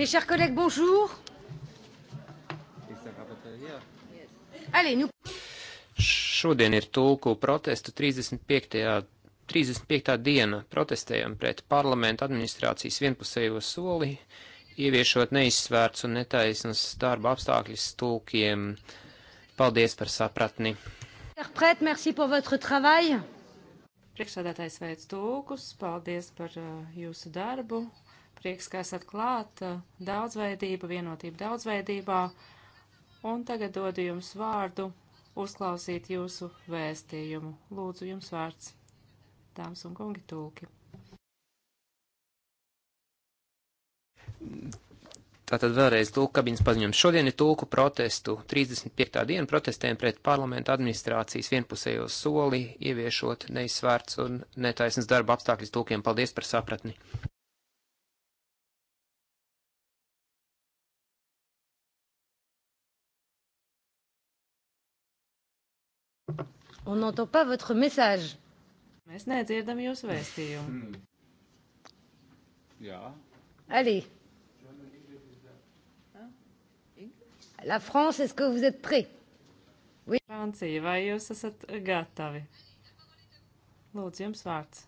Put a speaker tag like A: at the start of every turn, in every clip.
A: Mes chers collègues, bonjour. Allez, nous...
B: Šodien ir tulku protestu 35. 35. diena. Protestējam pret parlamentu administrācijas vienpusējo soli, ieviešot neizsvērts un netaisnas darba apstākļus tulkiem. Paldies par sapratni.
C: Interprète, merci pour votre travail. Priekšsādātājs veids tūkus, paldies par uh, jūsu darbu Prieks, ka esat klāt. Eh, daudzveidība, vienotība daudzveidībā. Un tagad dodu jums vārdu uzklausīt jūsu vēstījumu. Lūdzu, jums vārds. Dāmas un kungi, tūki.
B: Tātad vēlreiz tulku kabiņas paziņojums. Šodien ir tulku protestu 35. diena protestēm pret parlamenta administrācijas vienpusējo soli, ieviešot neizsvērts un netaisnas darba apstākļus tulkiem. Paldies par sapratni!
C: On n'entend pas votre message. Mēs nedzirdam jūsu vēstījumu. Hmm. Jā. Allez. La France, est-ce que vous êtes prêts? Oui. Francija, vai jūs esat gatavi? Lūdzu, jums vārds.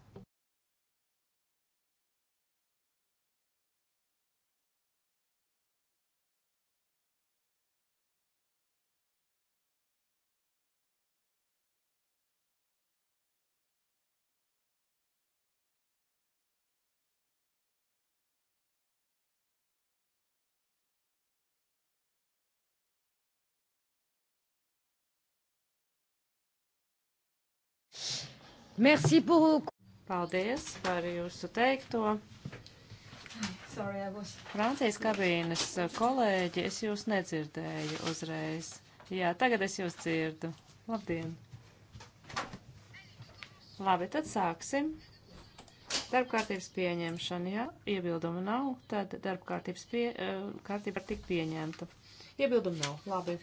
C: Merci beaucoup. Paldies par jūsu teikto. Sorry, was... Francijas kabīnes kolēģi, es jūs nedzirdēju uzreiz. Jā, tagad es jūs dzirdu. Labdien! Labi, tad sāksim. Darbkārtības pieņemšana, ja iebildumu nav, tad darbkārtības pie, eh, kārtība var tikt pieņemta. Iebildumu nav, labi.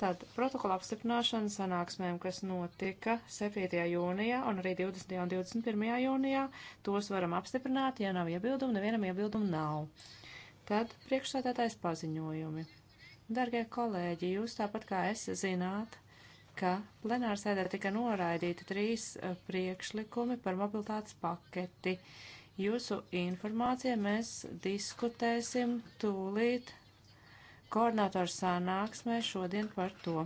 C: Tātad protokola apstiprināšana sanāksmēm, kas notika 7. jūnijā un arī 20. un 21. jūnijā, tos varam apstiprināt, ja nav iebildumu, nevienam iebildumu nav. Tad priekšsētātais paziņojumi. Dargie kolēģi, jūs tāpat kā es zināt, ka plenārsēdē tika noraidīti trīs eh, priekšlikumi par mobilitātes paketi. Jūsu informācija mēs diskutēsim tūlīt koordinātoru sanāksmē šodien par to.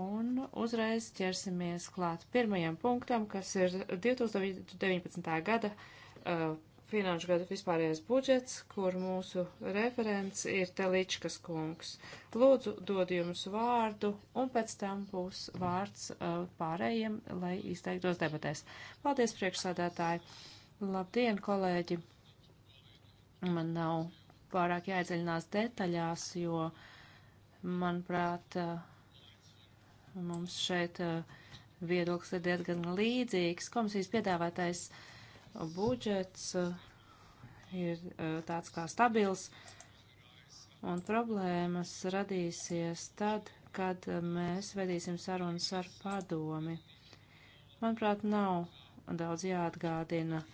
C: Un uzreiz ķersimies klāt pirmajam punktam, kas ir 2019. gada uh, finanšu gada vispārējais budžets, kur mūsu referents ir Teličkas kungs. Lūdzu, dod jums vārdu, un pēc tam būs vārds uh, pārējiem, lai izteiktos debatēs. Paldies, priekšsādātāji! Labdien, kolēģi! Man nav pārāk jāiedziļinās detaļās, jo, manuprāt, eh, mums šeit eh, viedoklis ir diezgan līdzīgs. Komisijas piedāvātais budžets eh, ir tāds kā stabils, un problēmas radīsies tad, kad mēs vedīsim sarunas ar padomi. Manuprāt, nav daudz jāatgādina,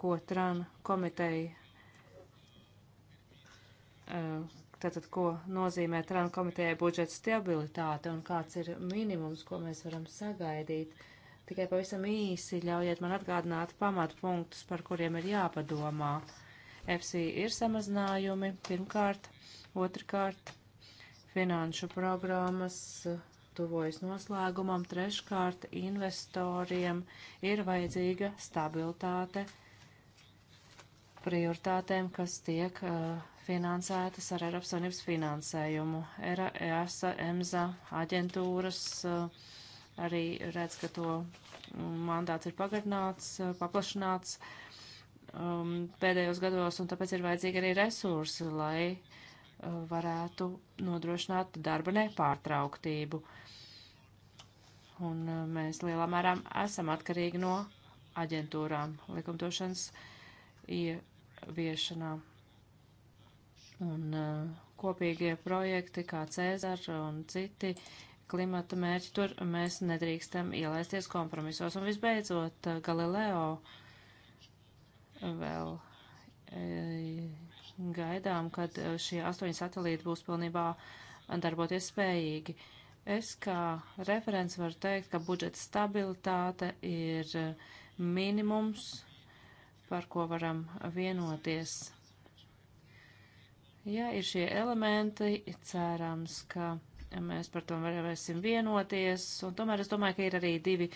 C: ko TRAN komiteja Eh, tātad, ko nozīmē Trump komitejai budžeta stabilitāte un kāds ir minimums, ko mēs varam sagaidīt. Tikai pavisam īsi ļaujiet man atgādināt pamatpunktus, par kuriem ir jāpadomā. FC ir samazinājumi pirmkārt, otrkārt, finanšu programmas eh, tuvojas noslēgumam, treškārt, investoriem ir vajadzīga stabilitāte prioritātēm, kas tiek uh, finansētas ar Eiropas Savienības finansējumu. ERA, EASA, EMSA aģentūras eh, arī redz, ka to mm, mandāts ir pagarināts, eh, paplašināts um, pēdējos gados, un tāpēc ir vajadzīgi arī resursi, lai uh, varētu nodrošināt darba nepārtrauktību. Un uh, mēs lielā mērā esam atkarīgi no aģentūrām likumdošanas ieviešanā. Ja Un uh, kopīgie projekti kā Cēzar un citi klimata mērķi, tur mēs nedrīkstam ielaisties kompromisos. Un visbeidzot, uh, Galileo vēl e, gaidām, kad uh, šie astoņi satelīti būs pilnībā darboties spējīgi. Es kā referents varu teikt, ka budžeta stabilitāte ir uh, minimums, par ko varam vienoties Ja ir šie elementi, cerams, ka mēs par to varēsim vienoties, un tomēr es domāju, ka ir arī divi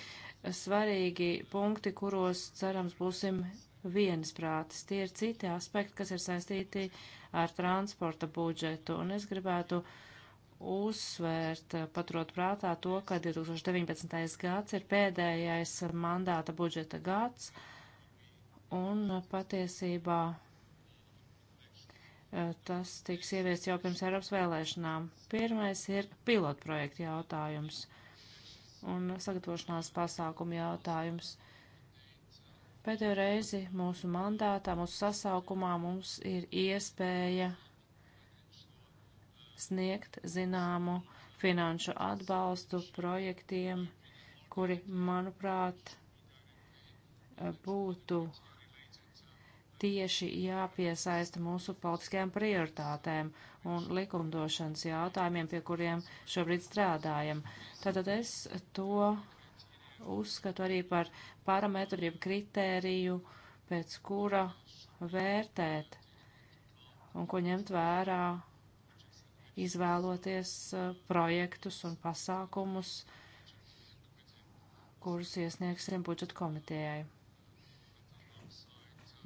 C: svarīgi punkti, kuros, cerams, būsim viensprātis. Tie ir citi aspekti, kas ir saistīti ar transporta budžetu, un es gribētu uzsvērt, paturot prātā to, ka 2019. gads ir pēdējais mandāta budžeta gads, un patiesībā Eh, tas tiks ieviests jau pirms Eiropas vēlēšanām. Pirmais ir pilotprojekta jautājums un sagatavošanās pasākumu jautājums. Pēdējo reizi mūsu mandātā, mūsu sasaukumā mums ir iespēja sniegt zināmu finanšu atbalstu projektiem, kuri, manuprāt, eh, būtu uh, tieši jāpiesaista mūsu politiskajām prioritātēm un likumdošanas jautājumiem, pie kuriem šobrīd strādājam. Tātad es to uzskatu arī par parametru, jeb kritēriju, pēc kura vērtēt un ko ņemt vērā, izvēloties uh, projektus un pasākumus, kurus iesniegsim budžeta komitejai.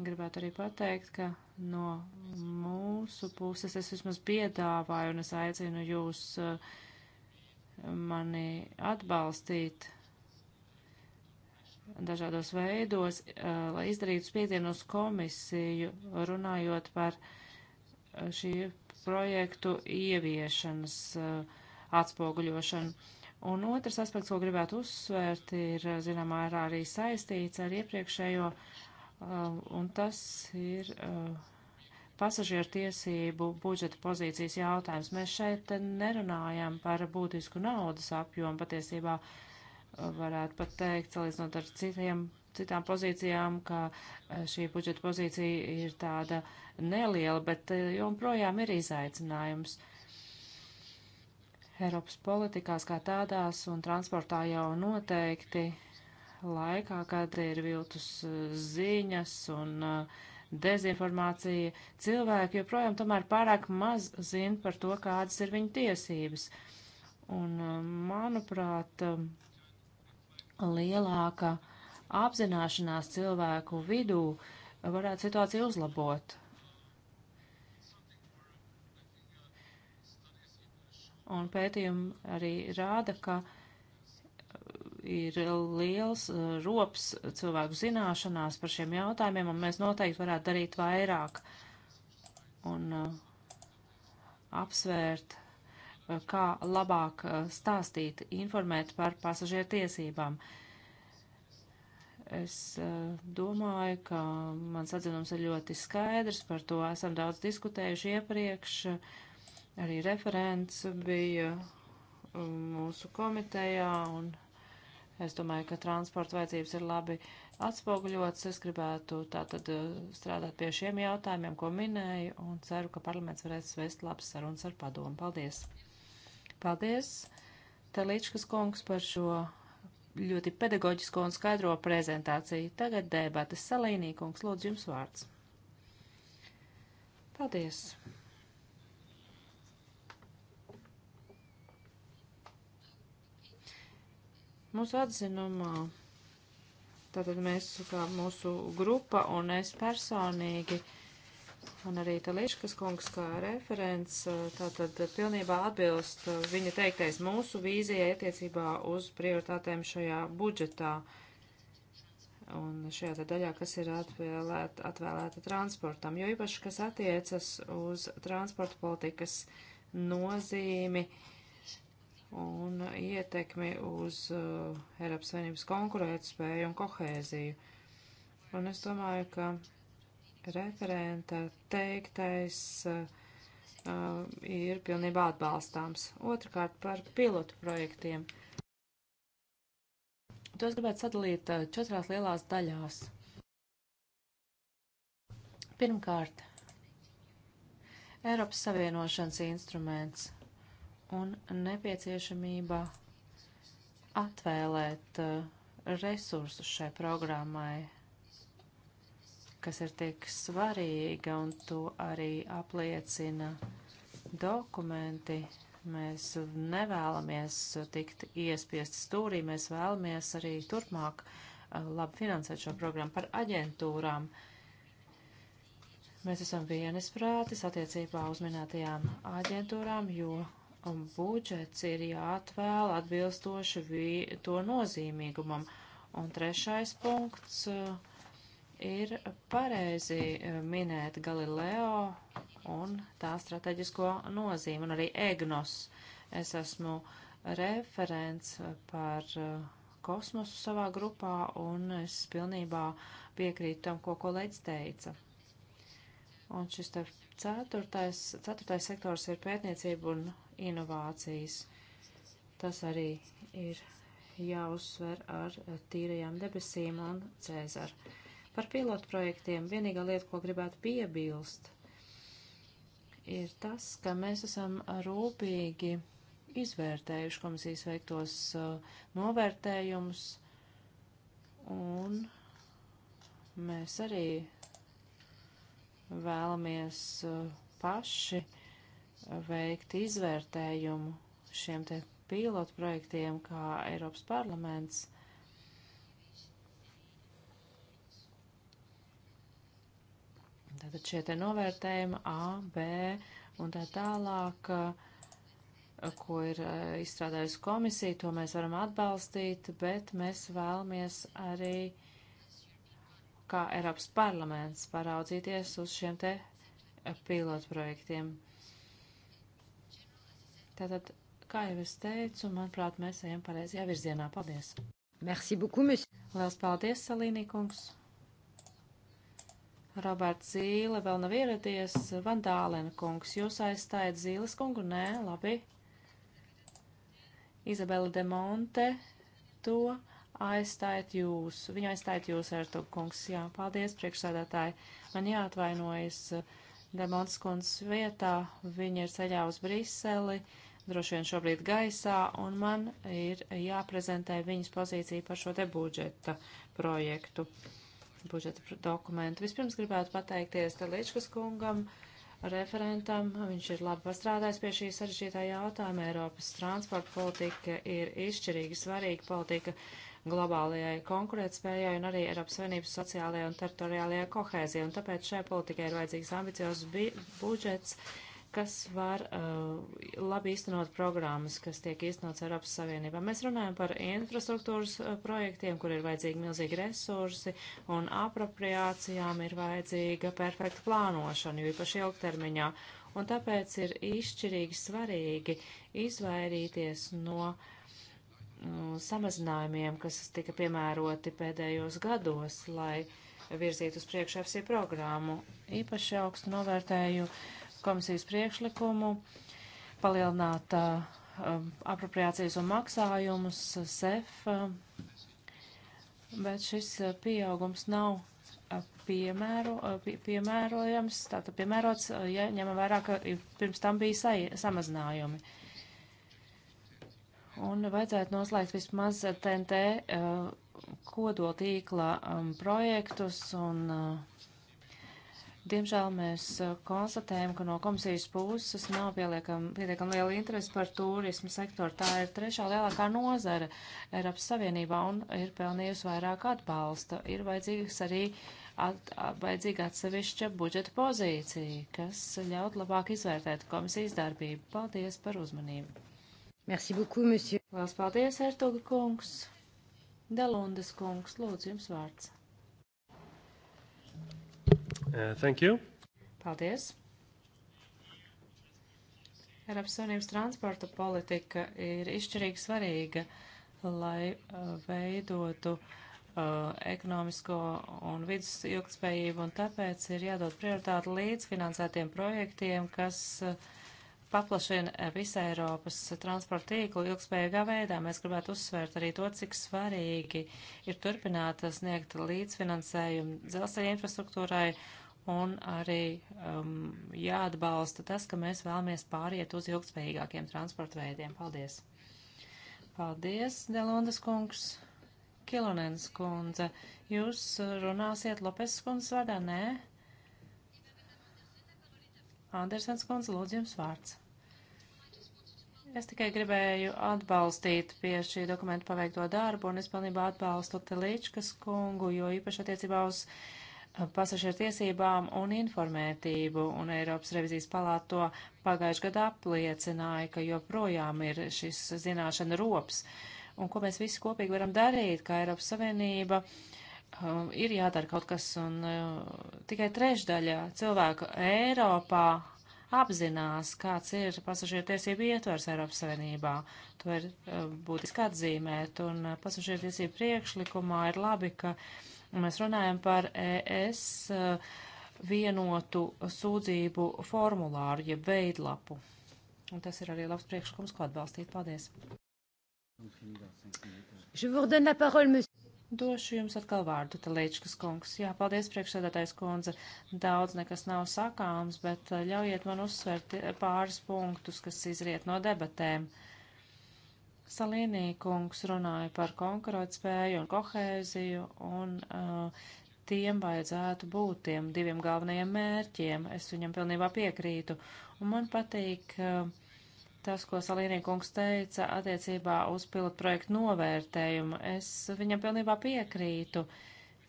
C: Gribētu arī pateikt, ka no mūsu puses es vismaz piedāvāju un es aicinu jūs eh, mani atbalstīt dažādos veidos, eh, lai izdarītu spiedienus komisiju, runājot par eh, šī projektu ieviešanas atspoguļošanu. Un otrs aspekts, ko gribētu uzsvērt, ir, zināmā mērā, arī saistīts ar iepriekšējo uh, Uh, un tas ir uh, pasažieru tiesību budžeta pozīcijas jautājums. Mēs šeit nerunājam par būtisku naudas apjomu, patiesībā uh, varētu pat teikt, salīdzinot ar citiem, citām pozīcijām, ka šī budžeta pozīcija ir tāda neliela, bet joprojām ir izaicinājums. Eiropas politikās kā tādās un transportā jau noteikti laikā, kad ir viltus eh, ziņas un eh, dezinformācija, cilvēki joprojām tomēr pārāk maz zina par to, kādas ir viņu tiesības. Un, eh, manuprāt, lielāka apzināšanās cilvēku vidū varētu situāciju uzlabot. Un pētījumi arī rāda, ka uh, ir liels eh, rops cilvēku zināšanās par šiem jautājumiem, un mēs noteikti varētu darīt vairāk un eh, apsvērt, eh, kā labāk stāstīt, informēt par pasažieru tiesībām. Es domāju, ka mans atzinums ir ļoti skaidrs, par to esam daudz diskutējuši iepriekš. Arī referents bija mūsu komitejā un Es domāju, ka transporta vajadzības ir labi atspoguļotas. Es gribētu tātad eh, strādāt pie šiem jautājumiem, ko minēju, un ceru, ka parlaments varēs svest labas sarunas ar padomu. Paldies! Paldies, Telīčkas kungs, par šo ļoti pedagoģisko un skaidro prezentāciju. Tagad debatas. Salīnī kungs, lūdzu jums vārds. Paldies! Mūsu atzinumā, tātad mēs kā mūsu grupa un es personīgi, un arī Tališkas kungs kā referents, tātad pilnībā atbilst viņa teiktais mūsu vīzijai attiecībā uz prioritātēm šajā budžetā un šajā te daļā, kas ir atvēlēt, atvēlēta transportam, jo īpaši, kas attiecas uz transporta politikas nozīmi, uh, un ietekmi uz uh, Eiropas Savienības konkurētspēju un kohēziju. Un es domāju, ka referenta teiktais uh, uh, ir pilnībā atbalstāms. Otrakārt par pilotu projektiem. To es gribētu sadalīt uh, četrās lielās daļās. Pirmkārt, Eiropas Savienošanas instruments un nepieciešamība atvēlēt eh, resursus šai programmai, kas ir tik svarīga, un to arī apliecina dokumenti. Mēs nevēlamies tikt iespiest stūrī, mēs vēlamies arī turpmāk eh, labi finansēt šo programmu par aģentūrām. Mēs esam vienisprātis attiecībā uz minētajām aģentūrām, jo budžets ir jāatvēl atbilstoši to nozīmīgumam. Un trešais punkts eh, ir pareizi eh, minēt Galileo un tā strateģisko nozīmi, un arī EGNOS. Es esmu referents par eh, kosmosu savā grupā, un es pilnībā piekrītu tam, ko kolēģis teica. Un šis te ceturtais, ceturtais sektors ir pētniecība un inovācijas. Tas arī ir jāuzsver ar tīrajām debesīm un Cēzaru. Par pilotu projektiem vienīgā lieta, ko gribētu piebilst, ir tas, ka mēs esam rūpīgi izvērtējuši komisijas veiktos uh, novērtējumus, un mēs arī vēlamies uh, paši uh, veikt izvērtējumu šiem te pilotu projektiem, kā Eiropas parlaments. Tātad šie te novērtējumi A, B un tā tālāk, ko ir eh, izstrādājusi komisija, to mēs varam atbalstīt, bet mēs vēlamies arī, kā Eiropas parlaments, paraudzīties uz šiem te eh, pilotu projektiem. Tātad, kā jau es teicu, manuprāt, mēs ejam pareizajā virzienā. Paldies! Merci beaucoup, monsieur! Liels paldies, Salīnī kungs! Roberts Zīle vēl nav ieradies. Vandālēna kungs, jūs aizstājat Zīles kungu? Nē, labi. Izabela de Monte, to aizstājat jūs. Viņu aizstājat jūs, Ertug kungs. Jā, paldies, priekšsādātāji. Man jāatvainojas eh, Demons kundzes vietā. Viņa ir ceļā uz Briseli. Uh, droši vien šobrīd gaisā, un man ir jāprezentē viņas pozīcija par šo te budžeta projektu, budžeta dokumentu. Vispirms gribētu pateikties Taliečkas kungam, referentam. Viņš ir labi pastrādājis pie šī sarežģītā jautājuma. Eiropas transporta politika ir izšķirīgi svarīga politika globālajai konkurētspējai un arī Eiropas Savienības sociālajai un teritoriālajai kohēzijai, un tāpēc šai politikai ir vajadzīgs ambiciozs budžets kas var uh, labi īstenot programmas, kas tiek īstenots Eiropas Savienībā. Mēs runājam par infrastruktūras uh, projektiem, kur ir vajadzīgi milzīgi resursi, un apropriācijām ir vajadzīga perfekta plānošana, jo īpaši ilgtermiņā. Un tāpēc ir izšķirīgi svarīgi izvairīties no uh, samazinājumiem, kas tika piemēroti pēdējos gados, lai virzītu uz priekšu FC programmu. Īpaši augstu novērtēju uh, komisijas priekšlikumu palielināt uh, um, apropriācijas un maksājumus uh, SEF, uh, bet šis uh, pieaugums nav piemēro, pie, piemērojams, tātad piemērots, ja ņemam vērā, ka pirms tam bija sa, samazinājumi. Un vajadzētu noslēgt vismaz TNT kodotīkla um, projektus un uh, Diemžēl mēs uh, konstatējam, ka no komisijas puses nav pietiekami liela interese par turismu sektoru. Tā ir trešā lielākā nozara Eiropas Savienībā un ir pelnījusi vairāk atbalsta. Ir vajadzīgs arī at, vajadzīga atsevišķa budžeta pozīcija, kas ļaut labāk izvērtēt komisijas darbību. Paldies par uzmanību. Merci beaucoup, monsieur. Lielas paldies, Ertuga kungs. Delundes kungs, lūdzu jums vārds.
A: Uh, thank you.
C: Paldies. Eiropas Savienības transporta politika ir izšķirīgi svarīga, lai uh, veidotu uh, ekonomisko un vidus ilgtspējību, un tāpēc ir jādod prioritāti līdzfinansētiem projektiem, kas uh, paplašina uh, visu Eiropas transporta tīklu ilgspējīgā veidā. Mēs gribētu uzsvērt arī to, cik svarīgi ir turpināt sniegt līdzfinansējumu dzelzceļa infrastruktūrai un arī um, jāatbalsta tas, ka mēs vēlamies pāriet uz ilgspējīgākiem transporta veidiem. Paldies! Paldies, Delondas kungs! Kilonens kundze, jūs runāsiet Lopes kundzes vārdā, nē? Andersens kundze, lūdzu jums vārds. Es tikai gribēju atbalstīt pie šī dokumenta paveikto darbu, un es pilnībā atbalstu Telīčkas kungu, jo īpaši attiecībā uz uh, pasažieru tiesībām un informētību, un Eiropas revizijas palāta to pagājuši gadu apliecināja, ka joprojām ir šis zināšana rops. Un ko mēs visi kopīgi varam darīt, kā Eiropas Savienība, um, ir jādara kaut kas, un uh, tikai trešdaļa cilvēku Eiropā apzinās, kāds ir pasažieru tiesību ietvers Eiropas Savienībā. To ir uh, būtiski atzīmēt, un uh, pasažieru tiesību priekšlikumā ir labi, ka uh, Un mēs runājam par ES eh, vienotu sūdzību formulāru, jeb ja veidlapu. Un tas ir arī labs priekšlikums, ko atbalstīt. Paldies! Došu jums atkal vārdu, Talēčkas kungs. Jā, paldies, priekšsēdētājs kundze. Daudz nekas nav sakāms, bet eh, ļaujiet man uzsvērt eh, pāris punktus, kas izriet no debatēm. Uh, Salienī kungs runāja par konkurētspēju un kohēziju, un uh, tiem vajadzētu būt tiem diviem galvenajiem mērķiem. Es viņam pilnībā piekrītu. Un man patīk uh, tas, ko Salīnī kungs teica attiecībā uz pilotprojektu novērtējumu. Es viņam pilnībā piekrītu,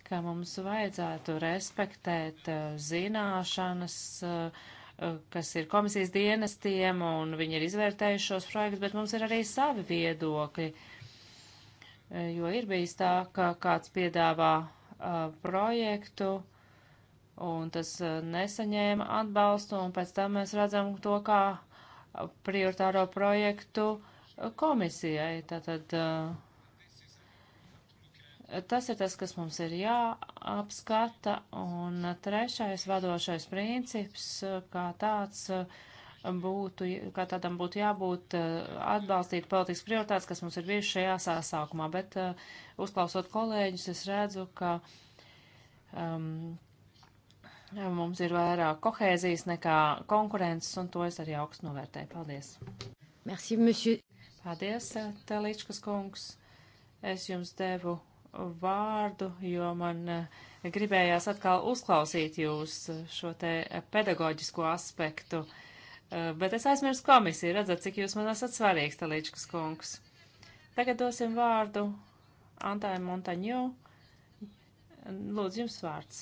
C: ka mums vajadzētu respektēt uh, zināšanas. Uh, Eh, kas ir komisijas dienestiem, un viņi ir izvērtējuši šos projektus, bet mums ir arī savi viedokļi, eh, jo ir bijis tā, ka kāds piedāvā eh, projektu, un tas nesaņēma atbalstu, un pēc tam mēs redzam to kā prioritāro projektu komisijai. Tātad uh, Tas ir tas, kas mums ir jāapskata, un trešais vadošais princips kā tāds būtu, kā tādam būtu jābūt atbalstīt politikas prioritātes, kas mums ir bijuši šajā sāsākumā, bet uh, uzklausot kolēģus, es redzu, ka um, mums ir vairāk kohēzijas nekā konkurences, un to es arī augstu novērtēju. Paldies! Merci, monsieur! Paldies, Teličkas kungs! Es jums devu vārdu, jo man eh, gribējās atkal uzklausīt jūs eh, šo te eh, pedagoģisko aspektu, bet es aizmirsu komisiju, redzat, cik jūs man esat svarīgs, Talīčkas kungs. Tagad dosim vārdu Antai Montaņu. Lūdzu, jums vārds.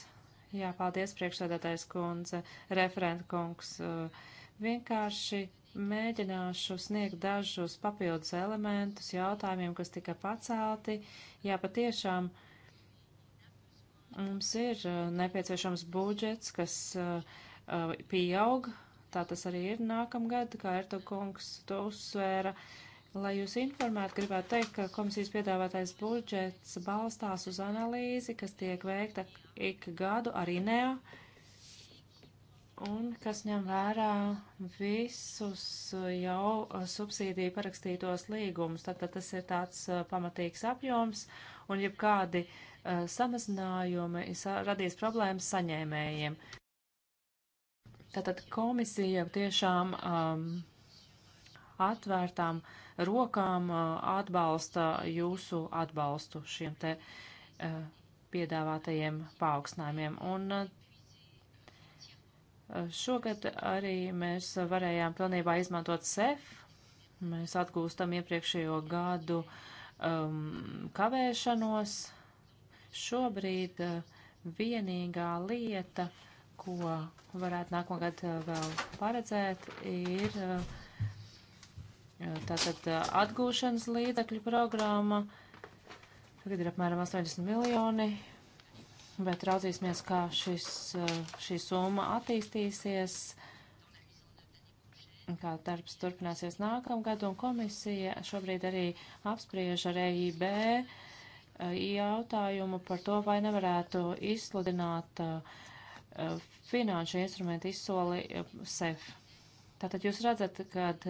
C: Jā, paldies, priekšsēdētājs kundze, referenta kungs. Vienkārši mēģināšu sniegt dažus papildus elementus jautājumiem, kas tika pacelti. Jā, patiešām mums ir uh, nepieciešams budžets, kas uh, uh, pieaug, tā tas arī ir nākamgad, kā Erto kungs to uzsvēra. Lai jūs informētu, gribētu teikt, ka komisijas piedāvātais budžets balstās uz analīzi, kas tiek veikta ik gadu arī NEA un kas ņem vērā visus jau subsīdiju parakstītos līgumus. Tātad tas ir tāds pamatīgs apjoms, un jebkādi uh, samazinājumi radīs problēmas saņēmējiem. Tātad komisija tiešām um, atvērtām rokām uh, atbalsta jūsu atbalstu šiem te uh, piedāvātajiem paaugstinājumiem. Un Šogad arī mēs varējām pilnībā izmantot SEF. Mēs atgūstam iepriekšējo gadu um, kavēšanos. Šobrīd uh, vienīgā lieta, ko varētu nākamgad uh, vēl paredzēt, ir uh, tātad uh, atgūšanas līdzekļu programma. Tagad ir apmēram 80 miljoni bet raudzīsimies, kā šis, eh, šī summa attīstīsies, kā darbs turpināsies nākamgad, un komisija šobrīd arī apspriež ar EIB eh, jautājumu par to, vai nevarētu izsludināt eh, finanšu instrumentu izsoli SEF. Tātad jūs redzat, kad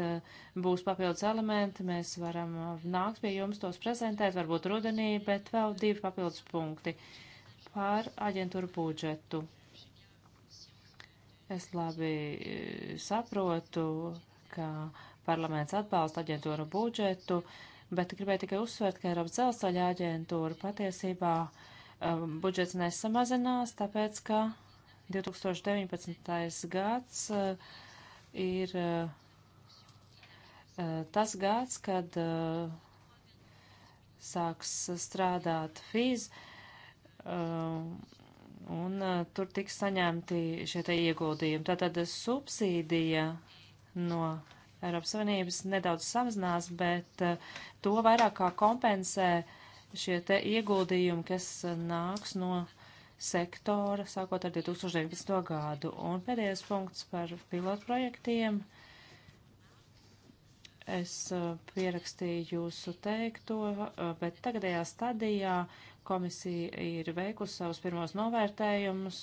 C: būs papildus elementi, mēs varam nākt pie jums tos prezentēt, varbūt rudenī, bet vēl divi papildus punkti. Uh, par aģentūru budžetu. Es labi e, saprotu, ka parlaments atbalsta aģentūru budžetu, bet gribēju tikai uzsvērt, ka Eiropas dzelzceļa aģentūra patiesībā um, budžets nesamazinās, tāpēc ka 2019. gads uh, ir uh, tas gads, kad uh, sāks strādāt FIZ. Uh, Um, un uh, tur tiks saņemti šie te ieguldījumi. Tātad subsīdija no Eiropas Savienības nedaudz samazinās, bet uh, to vairāk kā kompensē šie te ieguldījumi, kas nāks no sektora, sākot ar 2019. gadu. Un pēdējais punkts par pilotprojektiem. Es uh, pierakstīju jūsu teikto, bet tagadējā stadijā Komisija ir veikusi savus pirmos novērtējumus.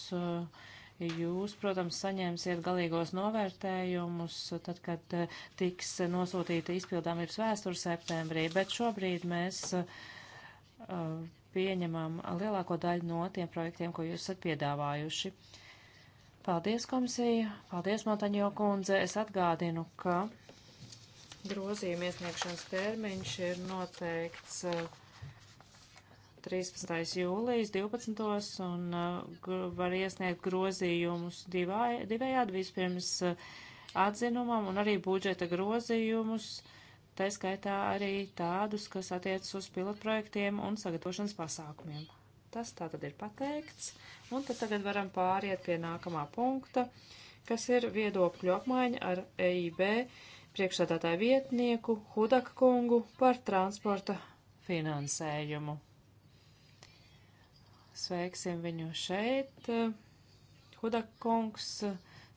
C: Jūs, protams, saņemsiet galīgos novērtējumus, tad, kad eh, tiks nosūtīta izpildāmības vēsture septembrī, bet šobrīd mēs eh, pieņemam lielāko daļu no tiem projektiem, ko jūs esat piedāvājuši. Paldies, komisija! Paldies, Montaņo kundze! Es atgādinu, ka grozījuma iesniegšanas termiņš ir noteikts eh, 13. jūlijas 12. un uh, var iesniegt grozījumus divai, divējādi vispirms uh, atzinumam un arī budžeta grozījumus, tā skaitā arī tādus, kas attiecas uz pilotprojektiem un sagatavošanas pasākumiem. Tas tā tad ir pateikts, un tad tagad varam pāriet pie nākamā punkta, kas ir viedokļu apmaiņa ar EIB priekšsādātāju vietnieku Hudaka kungu par transporta finansējumu. Sveiksim viņu šeit. Hudakungs,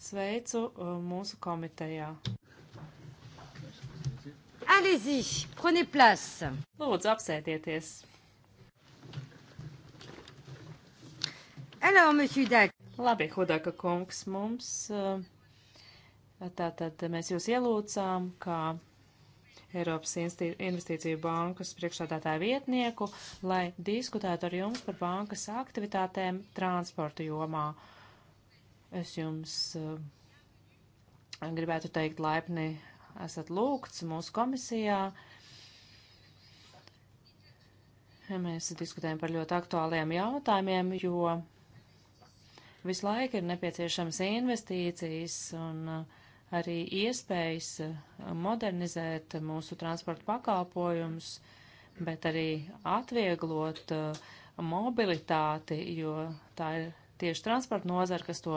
C: sveicu uh, mūsu komitejā. Allez-y, prenez place. Lūdzu, apsēdieties. Alors, monsieur Dak. Labi, Hudaka kungs, mums uh, tātad mēs jūs ielūcām, kā Eiropas Investīciju bankas priekšstādātāju vietnieku, lai diskutētu ar jums par bankas aktivitātēm transporta jomā. Es jums uh, gribētu teikt laipni esat lūgts mūsu komisijā. Mēs diskutējam par ļoti aktuāliem jautājumiem, jo visu laiku ir nepieciešamas investīcijas un uh, arī iespējas eh, modernizēt mūsu transporta pakalpojumus, bet arī atvieglot eh, mobilitāti, jo tā ir tieši transporta nozara, kas to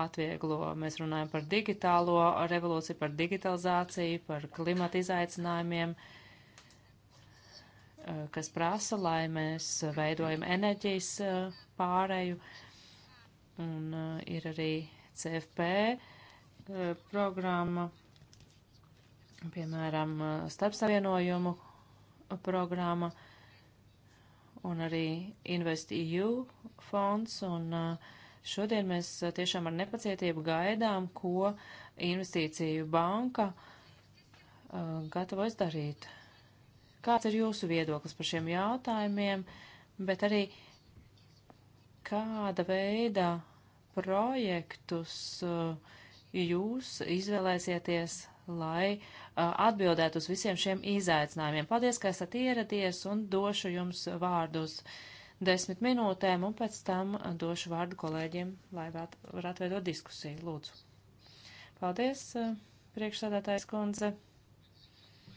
C: atvieglo. Mēs runājam par digitālo revolūciju, par digitalizāciju, par klimata izaicinājumiem, eh, kas prasa, lai mēs veidojam enerģijas pāreju. Un ir arī CFP, uh, Eh, programma, piemēram, eh, starpsavienojumu programma un arī InvestEU fonds. Un eh, šodien mēs tiešām ar nepacietību gaidām, ko investīciju banka gatavojas darīt. Kāds ir jūsu viedoklis par šiem jautājumiem, bet arī kāda veida projektus uh, jūs izvēlēsieties, lai uh, atbildētu uz visiem šiem izaicinājumiem. Paldies, ka esat ieradies un došu jums vārdus desmit minūtēm un pēc tam došu vārdu kolēģiem, lai varētu veidot diskusiju. Lūdzu. Paldies, uh, priekšsādātājs kundze.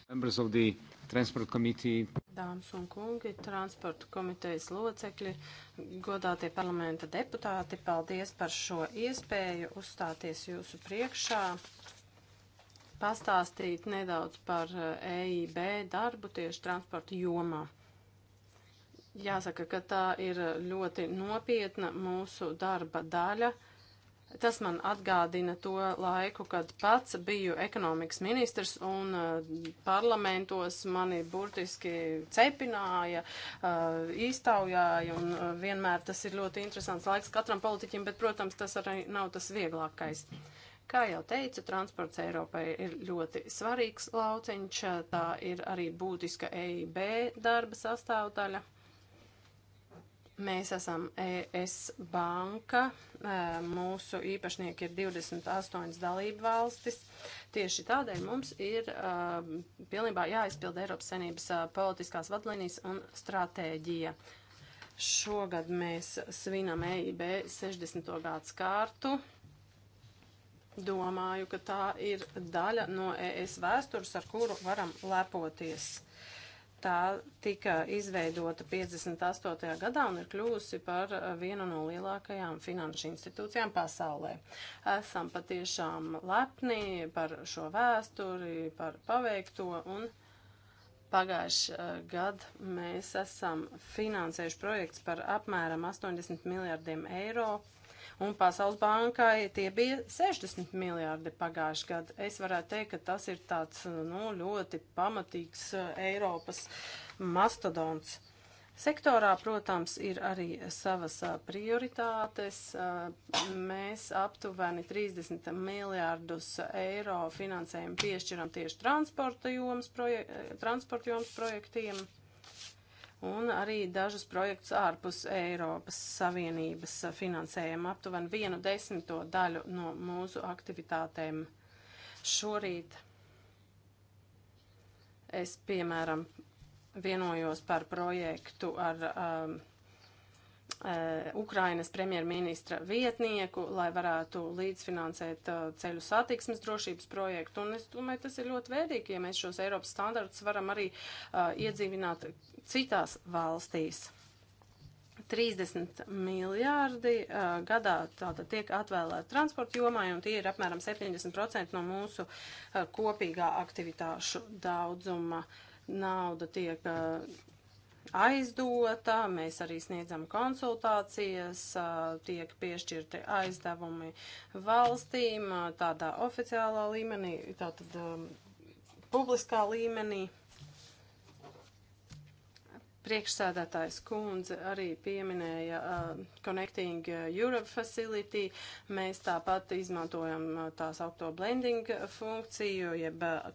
B: Members of the Transport Committee.
A: Dāmas un kungi, transporta komitejas locekļi, godātie parlamenta deputāti, paldies par šo iespēju uzstāties jūsu priekšā, pastāstīt nedaudz par EIB eh, e darbu tieši transporta jomā. Jāsaka, ka tā ir eh, ļoti nopietna mūsu darba daļa. Uh, Tas man atgādina to laiku, kad pats biju ekonomikas ministrs un eh, parlamentos mani burtiski cepināja, īstaujāja eh, un eh, vienmēr tas ir ļoti interesants laiks katram politiķim, bet, protams, tas arī nav tas vieglākais. Kā jau teicu, transports Eiropai ir ļoti svarīgs lauciņš, tā ir arī būtiska EIB darba sastāvdaļa. Mēs esam ES banka, mūsu īpašnieki ir 28 dalību valstis. Tieši tādēļ mums ir pilnībā jāizpilda Eiropas Savienības politiskās vadlīnijas un stratēģija. Šogad mēs svinam EIB 60. gads kārtu. Domāju, ka tā ir daļa no ES vēstures, ar kuru varam lepoties. Tā tika izveidota 58. gadā un ir kļūsi par eh, vienu no lielākajām finanšu institūcijām pasaulē. Esam patiešām lepni par šo vēsturi, par paveikto un pagājuši eh, gadu mēs esam finansējuši projekts par apmēram 80 miljardiem eiro un Pasaules bankai tie bija 60 miljārdi pagājuši gadu. Es varētu teikt, ka tas ir tāds nu, ļoti pamatīgs eh, Eiropas mastodons. Sektorā, protams, ir arī savas eh, prioritātes. Eh, mēs aptuveni 30 miljārdus eiro finansējumu piešķiram tieši transporta jomas, projek transporta jomas projektiem un arī dažus projektus ārpus Eiropas Savienības finansējuma aptuveni vienu desmito daļu no mūsu aktivitātēm. Šorīt es, piemēram, vienojos par projektu ar um, Eh, Ukrainas premjerministra vietnieku, lai varētu līdzfinansēt eh, ceļu satiksmes drošības projektu. Un es domāju, tas ir ļoti vērīgi, ja mēs šos Eiropas standartus varam arī uh, iedzīvināt citās valstīs. 30 miljārdi uh, gadā tātad tiek atvēlēti transporta jomai, un tie ir apmēram 70% no mūsu uh, kopīgā aktivitāšu daudzuma. Nauda tiek uh, aizdota, mēs arī sniedzam konsultācijas, tiek piešķirti aizdevumi valstīm tādā oficiālā līmenī, tātad publiskā līmenī. Priekšsēdētājs kundze arī pieminēja uh, Connecting Europe Facility. Mēs tāpat izmantojam uh, tās augto blending funkciju, jeb uh,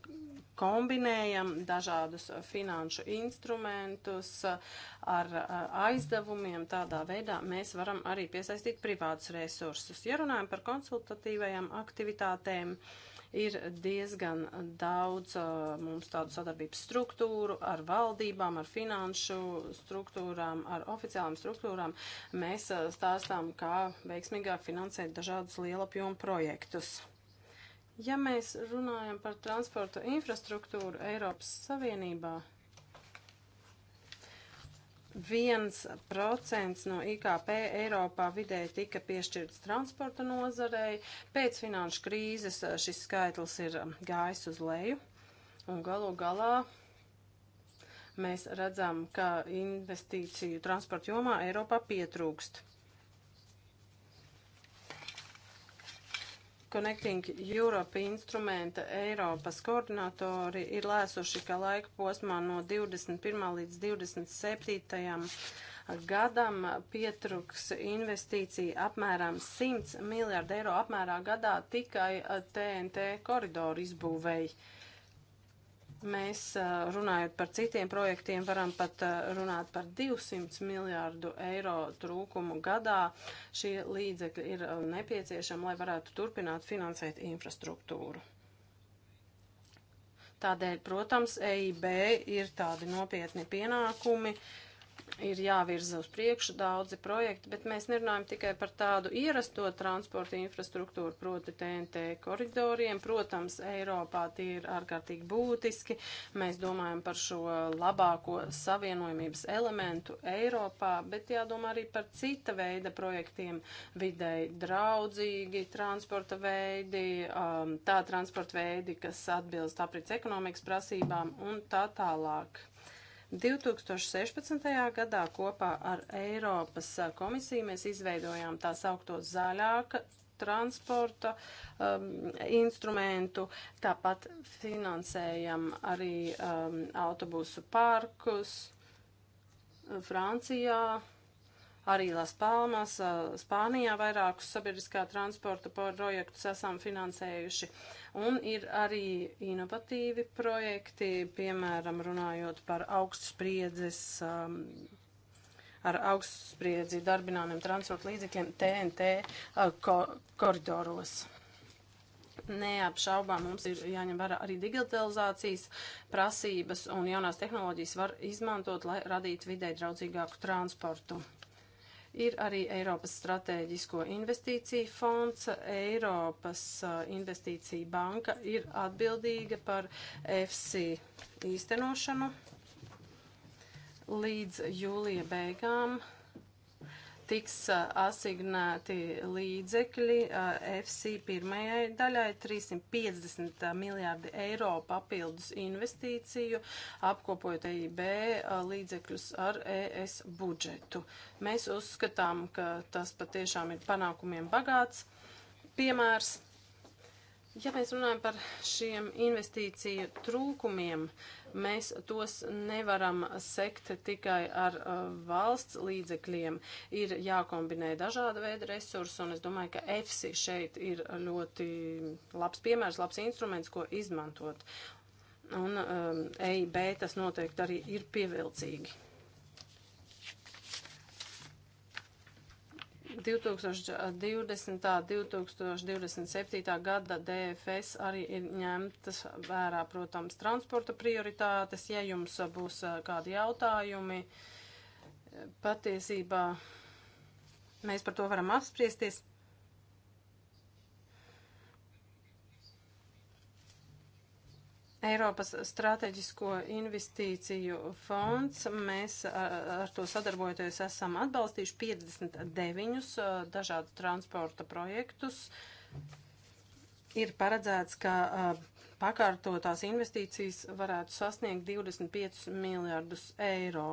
A: kombinējam dažādus finanšu instrumentus uh, ar uh, aizdevumiem. Tādā veidā mēs varam arī piesaistīt privātus resursus. Ja runājam par konsultatīvajām aktivitātēm, uh, Ir diezgan daudz uh, mums tādu sadarbības struktūru ar valdībām, ar finanšu struktūrām, ar oficiālām struktūrām. Mēs uh, stāstām, kā veiksmīgāk finansēt dažādus lielapjomu projektus. Ja mēs runājam par transporta infrastruktūru Eiropas Savienībā, viens procents no IKP Eiropā vidēji tika piešķirts transporta nozarei. Pēc finanšu krīzes eh, šis skaitlis ir eh, gājis uz leju. Un galu galā mēs redzam, ka investīciju transporta jomā Eiropā pietrūkst. Connecting Europe instrumenta Eiropas koordinatori ir lēsuši, ka laika posmā no 21. līdz 27. gadam pietruks investīcija apmēram 100 miljārdu eiro apmērā gadā tikai TNT koridoru izbūvēja. Mēs runājot par citiem projektiem, varam pat runāt par 200 miljārdu eiro trūkumu gadā. Šie līdzekļi ir nepieciešami, lai varētu turpināt finansēt infrastruktūru. Tādēļ, protams, EIB ir tādi nopietni pienākumi, uh, ir jāvirza uz priekšu daudzi projekti, bet mēs nerunājam tikai par tādu ierasto transporta infrastruktūru, proti TNT koridoriem. Protams, Eiropā tie ir ārkārtīgi būtiski. Mēs domājam par šo labāko savienojumības elementu Eiropā, bet jādomā arī par cita veida projektiem - videi draudzīgi transporta veidi, um, tā transporta veidi, kas atbilst aprits ekonomikas prasībām un tā tālāk. 2016. gadā kopā ar Eiropas komisiju mēs izveidojām tā saukto zaļāka transporta um, instrumentu, tāpat finansējam arī um, autobusu parkus uh, Francijā. Arī Las Palmas, Spānijā vairākus sabiedriskā transporta projektus esam finansējuši. Un ir arī inovatīvi projekti, piemēram, runājot par augstspriedzes, um, ar augstspriedzi darbināmiem transporta līdzekļiem TNT uh, ko koridoros. Neapšaubām mums ir jāņem vērā arī digitalizācijas prasības un jaunās tehnoloģijas var izmantot, lai radītu vidē draudzīgāku transportu. Ir arī Eiropas strateģisko investīciju fonds, Eiropas investīcija banka ir atbildīga par FC īstenošanu līdz jūlija beigām tiks asignēti līdzekļi FC pirmajai daļai 350 miljārdi eiro papildus investīciju, apkopojot EIB līdzekļus ar ES budžetu. Mēs uzskatām, ka tas patiešām ir panākumiem bagāts piemērs. Ja mēs runājam par šiem investīciju trūkumiem, uh, Mēs tos nevaram sekt tikai ar uh, valsts līdzekļiem. Ir jākombinē dažāda veida resursi, un es domāju, ka EFSI šeit ir ļoti labs piemērs, labs instruments, ko izmantot. Un um, EIB tas noteikti arī ir pievilcīgi. 2020. 2027. gada DFS arī ir ņemtas vērā, protams, transporta prioritātes. Ja jums būs kādi jautājumi, patiesībā mēs par to varam apspriesties. Eiropas strateģisko investīciju fonds, mēs ar to sadarbojoties esam atbalstījuši 59 dažādu transporta projektus. Ir paredzēts, ka pakārtotās investīcijas varētu sasniegt 25 miljardus eiro.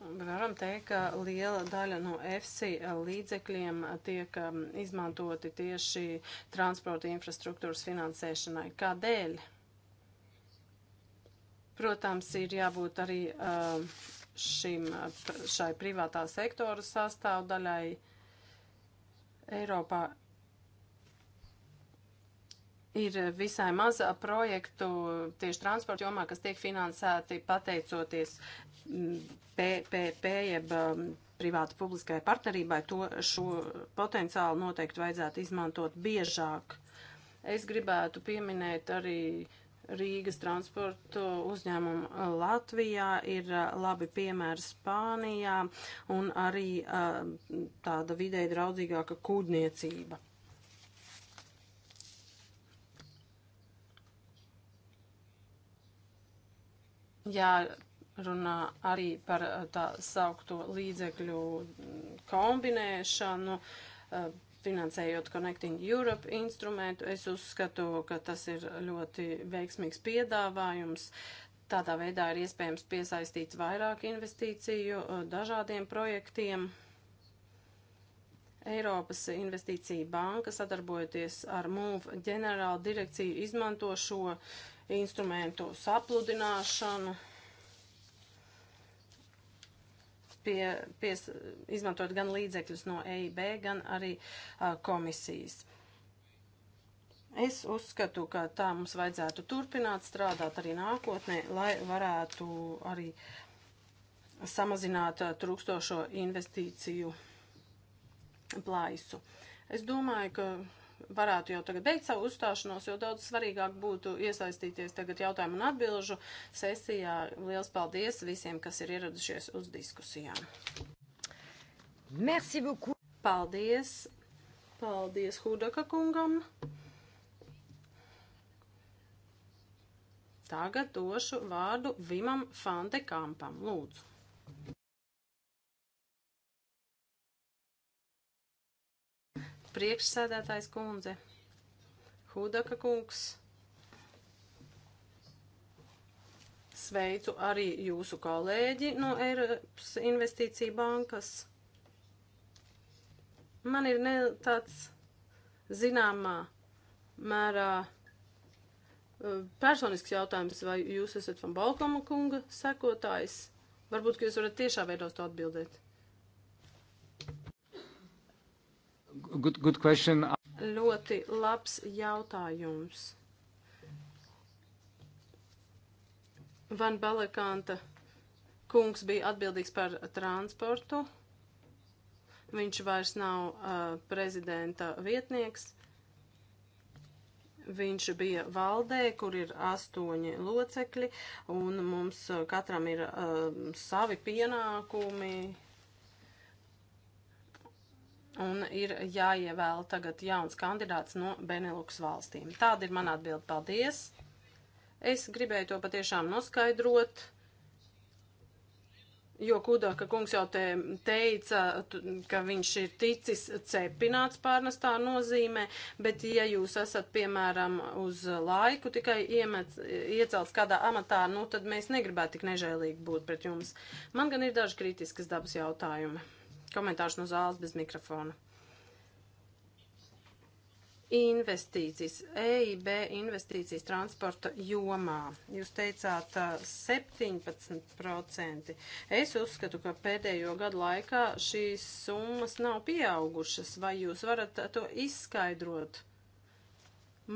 A: Varam teikt, ka liela daļa no EFSI līdzekļiem tiek um, izmantoti tieši transporta infrastruktūras finansēšanai. Kādēļ? Protams, ir jābūt arī um, šim, šai privātā sektora sastāvdaļai. Eiropā ir visai maz projektu tieši transporta jomā, kas tiek finansēti pateicoties PPP jeb um, privāta publiskai partnerībai. To šo potenciālu noteikti vajadzētu izmantot biežāk. Es gribētu pieminēt arī Rīgas transportu uzņēmumu Latvijā, ir uh, labi piemēri Spānijā un arī uh, tāda vidē draudzīgāka kūdniecība. jārunā arī par eh, tā saukto līdzekļu kombinēšanu, eh, finansējot Connecting Europe instrumentu. Es uzskatu, ka tas ir ļoti veiksmīgs piedāvājums. Tādā veidā ir iespējams piesaistīt vairāk investīciju eh, dažādiem projektiem. Eiropas Investīcija banka sadarbojoties ar MUV ģenerāla direkciju izmanto šo uh, instrumentu sapludināšanu, pie, pies, izmantot gan līdzekļus no EIB, gan arī a, komisijas. Es uzskatu, ka tā mums vajadzētu turpināt strādāt arī nākotnē, lai varētu arī samazināt trūkstošo investīciju plaisu. Es domāju, ka varētu jau tagad beigt savu uzstāšanos, jo daudz svarīgāk būtu iesaistīties tagad jautājumu un atbilžu sesijā. Liels paldies visiem, kas ir ieradušies uz diskusijām. Merci beaucoup! Paldies! Paldies Hudaka kungam! Tagad došu vārdu Vimam Fante Kampam. Lūdzu! Priekšsēdētājs kundze, Hudaka kungs, sveicu arī jūsu kolēģi no Eiropas investīcija bankas. Man ir ne tāds zināmā mērā uh, personisks jautājums, vai jūs esat Van Balkoma kunga sekotājs? Varbūt, ka jūs varat tiešā veidā uz to atbildēt.
B: Good, good question.
A: Ļoti labs jautājums. Van Balekanta kungs bija atbildīgs par transportu. Viņš vairs nav uh, prezidenta vietnieks. Viņš bija valdē, kur ir astoņi locekļi, un mums uh, katram ir uh, savi pienākumi, un ir jāievēl tagad jauns kandidāts no Benelux valstīm. Tāda ir mana atbilde. Paldies! Es gribēju to patiešām noskaidrot, jo Kudaka kungs jau te teica, ka viņš ir ticis cepināts pārnestā nozīmē, bet ja jūs esat, piemēram, uz laiku tikai iemec, iecelts kādā amatā, nu tad mēs negribētu tik nežēlīgi būt pret jums. Man gan ir daži kritiskas dabas jautājumi. Komentārs no zāles bez mikrofona. Investīcijas, EIB investīcijas transporta jomā. Jūs teicāt 17%. Es uzskatu, ka pēdējo gadu laikā šīs summas nav pieaugušas. Vai jūs varat to izskaidrot?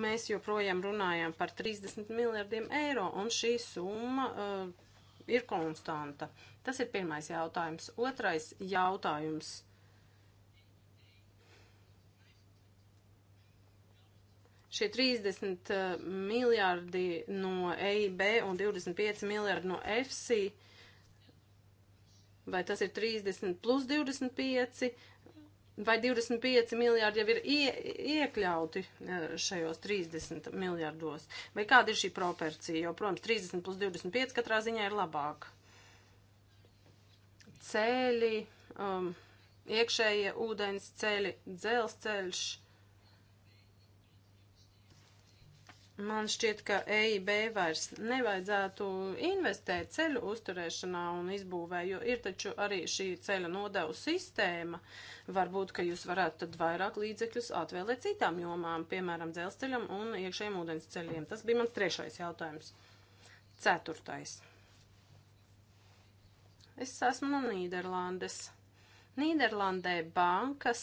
A: Mēs joprojām runājam par 30 miljardiem eiro, un šī summa uh, ir konstanta. Uh, Tas ir pirmais jautājums. Otrais jautājums. Šie 30 eh, miljardi no EIB un 25 miljardi no EFSI, vai tas ir 30 plus 25, vai 25 miljardi jau ir ie, iekļauti eh, šajos 30 miljardos, vai kāda ir šī proporcija, jo, protams, 30 plus 25 katrā ziņā ir labāk ceļi, um, iekšējie ūdens ceļi, dzelzceļš. Man šķiet, ka EIB vairs nevajadzētu investēt ceļu uzturēšanā un izbūvē, jo ir taču arī šī ceļa nodevu sistēma. Varbūt, ka jūs varētu tad vairāk līdzekļus atvēlēt citām jomām, piemēram, dzelzceļam un iekšējiem ūdens ceļiem. Tas bija mans trešais jautājums. Ceturtais. Es esmu no Nīderlandes. Nīderlandē bankas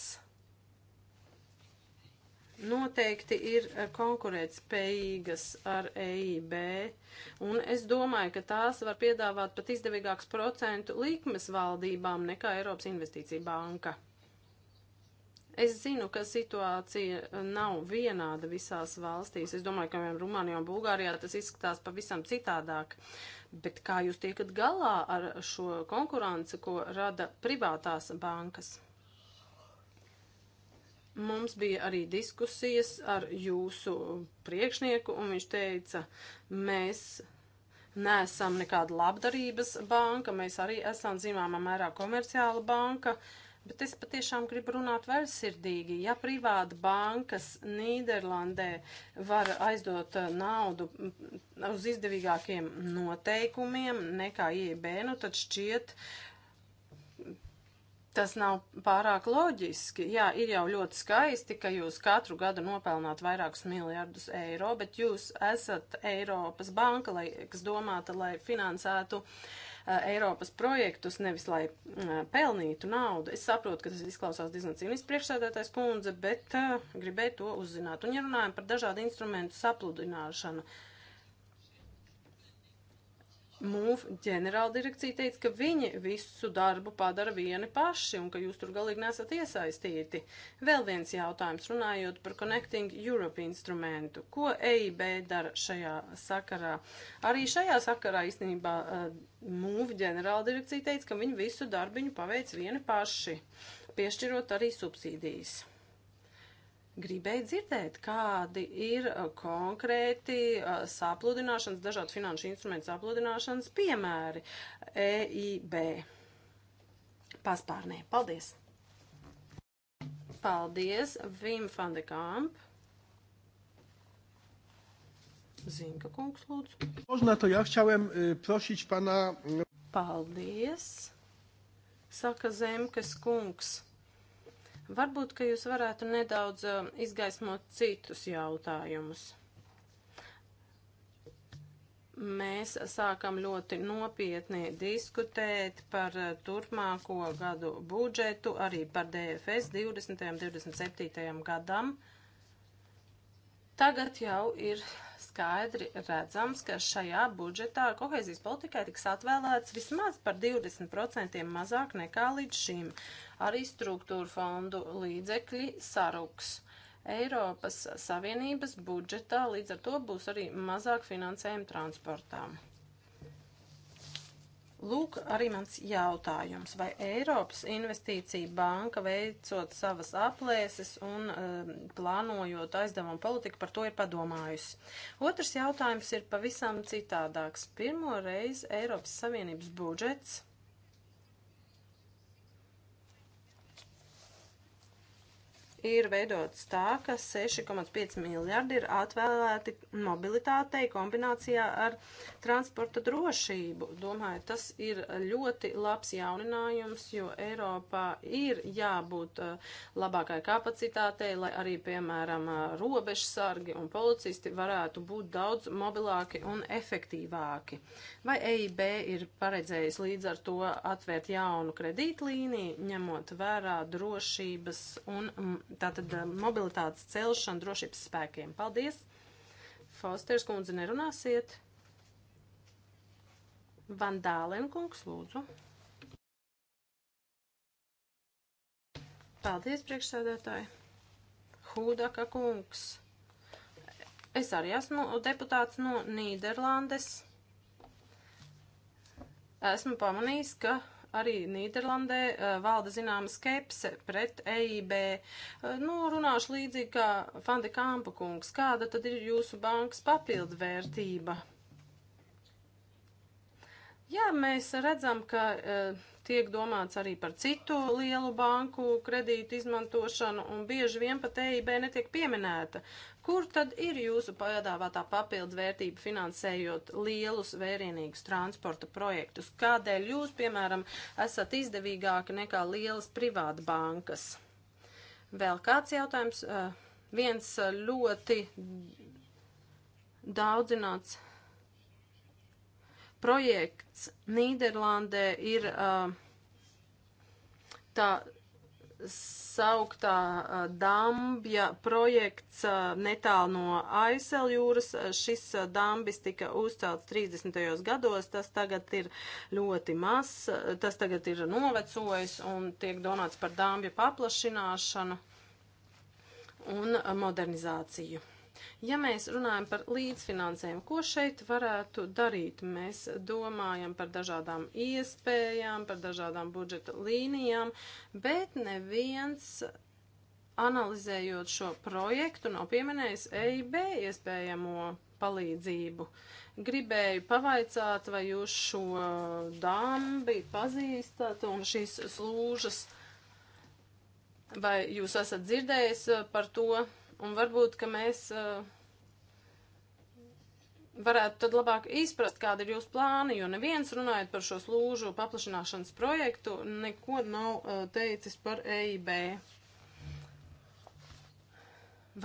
A: noteikti ir eh, konkurētspējīgas ar EIB, un es domāju, ka tās var piedāvāt pat izdevīgākas procentu likmes valdībām nekā Eiropas Investīcija banka. Es zinu, ka situācija nav vienāda visās valstīs. Es domāju, ka piemēram Rumānijā un Bulgārijā tas izskatās pavisam citādāk. Bet kā jūs tiekat galā ar šo konkurenci, ko rada privātās bankas? Mums bija arī diskusijas ar jūsu priekšnieku, un viņš teica, mēs neesam nekāda labdarības banka, mēs arī esam zināmā mērā komerciāla banka. Uh, Bet es patiešām gribu runāt vaļsirdīgi. Ja privāta bankas Nīderlandē var aizdot eh, naudu mm, uz izdevīgākiem noteikumiem nekā IEB, nu tad šķiet, tas nav pārāk loģiski. Jā, ir jau ļoti skaisti, ka jūs katru gadu nopelnāt vairākus miljardus eiro, bet jūs esat Eiropas banka, lai, kas domāta, lai finansētu uh, Eiropas projektus, nevis lai pelnītu naudu. Es saprotu, ka tas izklausās diezgan cīnīs priekšsēdētājs kundze, bet gribēju to uzzināt. Un ja runājam par dažādu instrumentu sapludināšanu, uh, MUF ģenerāldirekcija teica, ka viņi visu darbu padara vieni paši un ka jūs tur galīgi nesat iesaistīti. Vēl viens jautājums runājot par Connecting Europe instrumentu. Ko EIB dara šajā sakarā? Arī šajā sakarā īstenībā eh, MUF ģenerāldirekcija teica, ka viņi visu darbiņu paveic vieni paši, piešķirot arī subsīdijas. Gribēju dzirdēt, kādi ir uh, konkrēti uh, sapludināšanas, dažādu finanšu instrumentu sapludināšanas piemēri EIB paspārnē. Paldies! Paldies, Vim van de Kamp. Zinka kungs, lūdzu. Można, to ja chciałem prosić pana... Paldies, saka Zemkes kungs. Varbūt, ka jūs varētu nedaudz um, izgaismot citus jautājumus. Mēs sākam ļoti nopietni diskutēt par uh, turpmāko gadu budžetu, arī par DFS 20. un 27. gadam. Tagad jau ir skaidri redzams, ka šajā budžetā kohēzijas politikai tiks atvēlēts vismaz par 20% mazāk nekā līdz šim. Arī struktūra fondu līdzekļi saruks. Eiropas Savienības budžetā līdz ar to būs arī mazāk finansējumu transportām. Lūk, arī mans jautājums, vai Eiropas investīcija banka veicot savas aplēses un um, plānojot aizdevumu politiku par to ir padomājusi. Otrs jautājums ir pavisam citādāks. Pirmo reizi Eiropas Savienības budžets ir veidots tā, ka 6,5 miljardi ir atvēlēti mobilitātei kombinācijā ar transporta drošību. Domāju, tas ir ļoti labs jauninājums, jo Eiropā ir jābūt eh, labākai kapacitātei, lai arī, piemēram, eh, robežsargi un policisti varētu būt daudz mobilāki un efektīvāki. Vai EIB ir paredzējis līdz ar to atvērt jaunu kredītlīniju, ņemot vērā drošības un tātad mobilitātes celšana drošības spēkiem. Paldies! Fausters kundze nerunāsiet. Vandālēn kungs, lūdzu. Paldies, priekšsēdētāji. Hūdaka kungs. Es arī esmu deputāts no Nīderlandes. Esmu pamanījis, ka arī Nīderlandē valda zināma skepse pret EIB. Nu, runāšu līdzīgi kā Fandi Kampa kungs. Kāda tad ir jūsu bankas papildvērtība? Jā, mēs redzam, ka uh, tiek domāts arī par citu lielu banku kredītu izmantošanu, un bieži vien pat EIB netiek pieminēta. Kur tad ir jūsu piedāvātā papildu vērtība finansējot lielus vērienīgus transporta projektus? Kādēļ jūs, piemēram, esat izdevīgāki nekā lielas privāta bankas? Vēl kāds jautājums? Uh, viens eh, ļoti daudzināts projekts Nīderlandē ir uh, tā sauktā uh, dambja projekts uh, netālu no Aisel jūras. Šis uh, dambis tika uzcelts 30. gados, tas tagad ir ļoti mazs, tas tagad ir novecojis un tiek domāts par dambja paplašināšanu un modernizāciju. Ja mēs runājam par līdzfinansējumu, ko šeit varētu darīt? Mēs domājam par dažādām iespējām, par dažādām budžeta līnijām, bet neviens analizējot šo projektu nav pieminējis EIB iespējamo palīdzību. Gribēju pavaicāt, vai jūs šo dambi pazīstat un šīs slūžas, vai jūs esat dzirdējis par to, Un varbūt, ka mēs uh, varētu tad labāk izprast, kāda ir jūsu plāna, jo neviens runājot par šo slūžu paplašināšanas projektu, neko nav uh, teicis par EIB.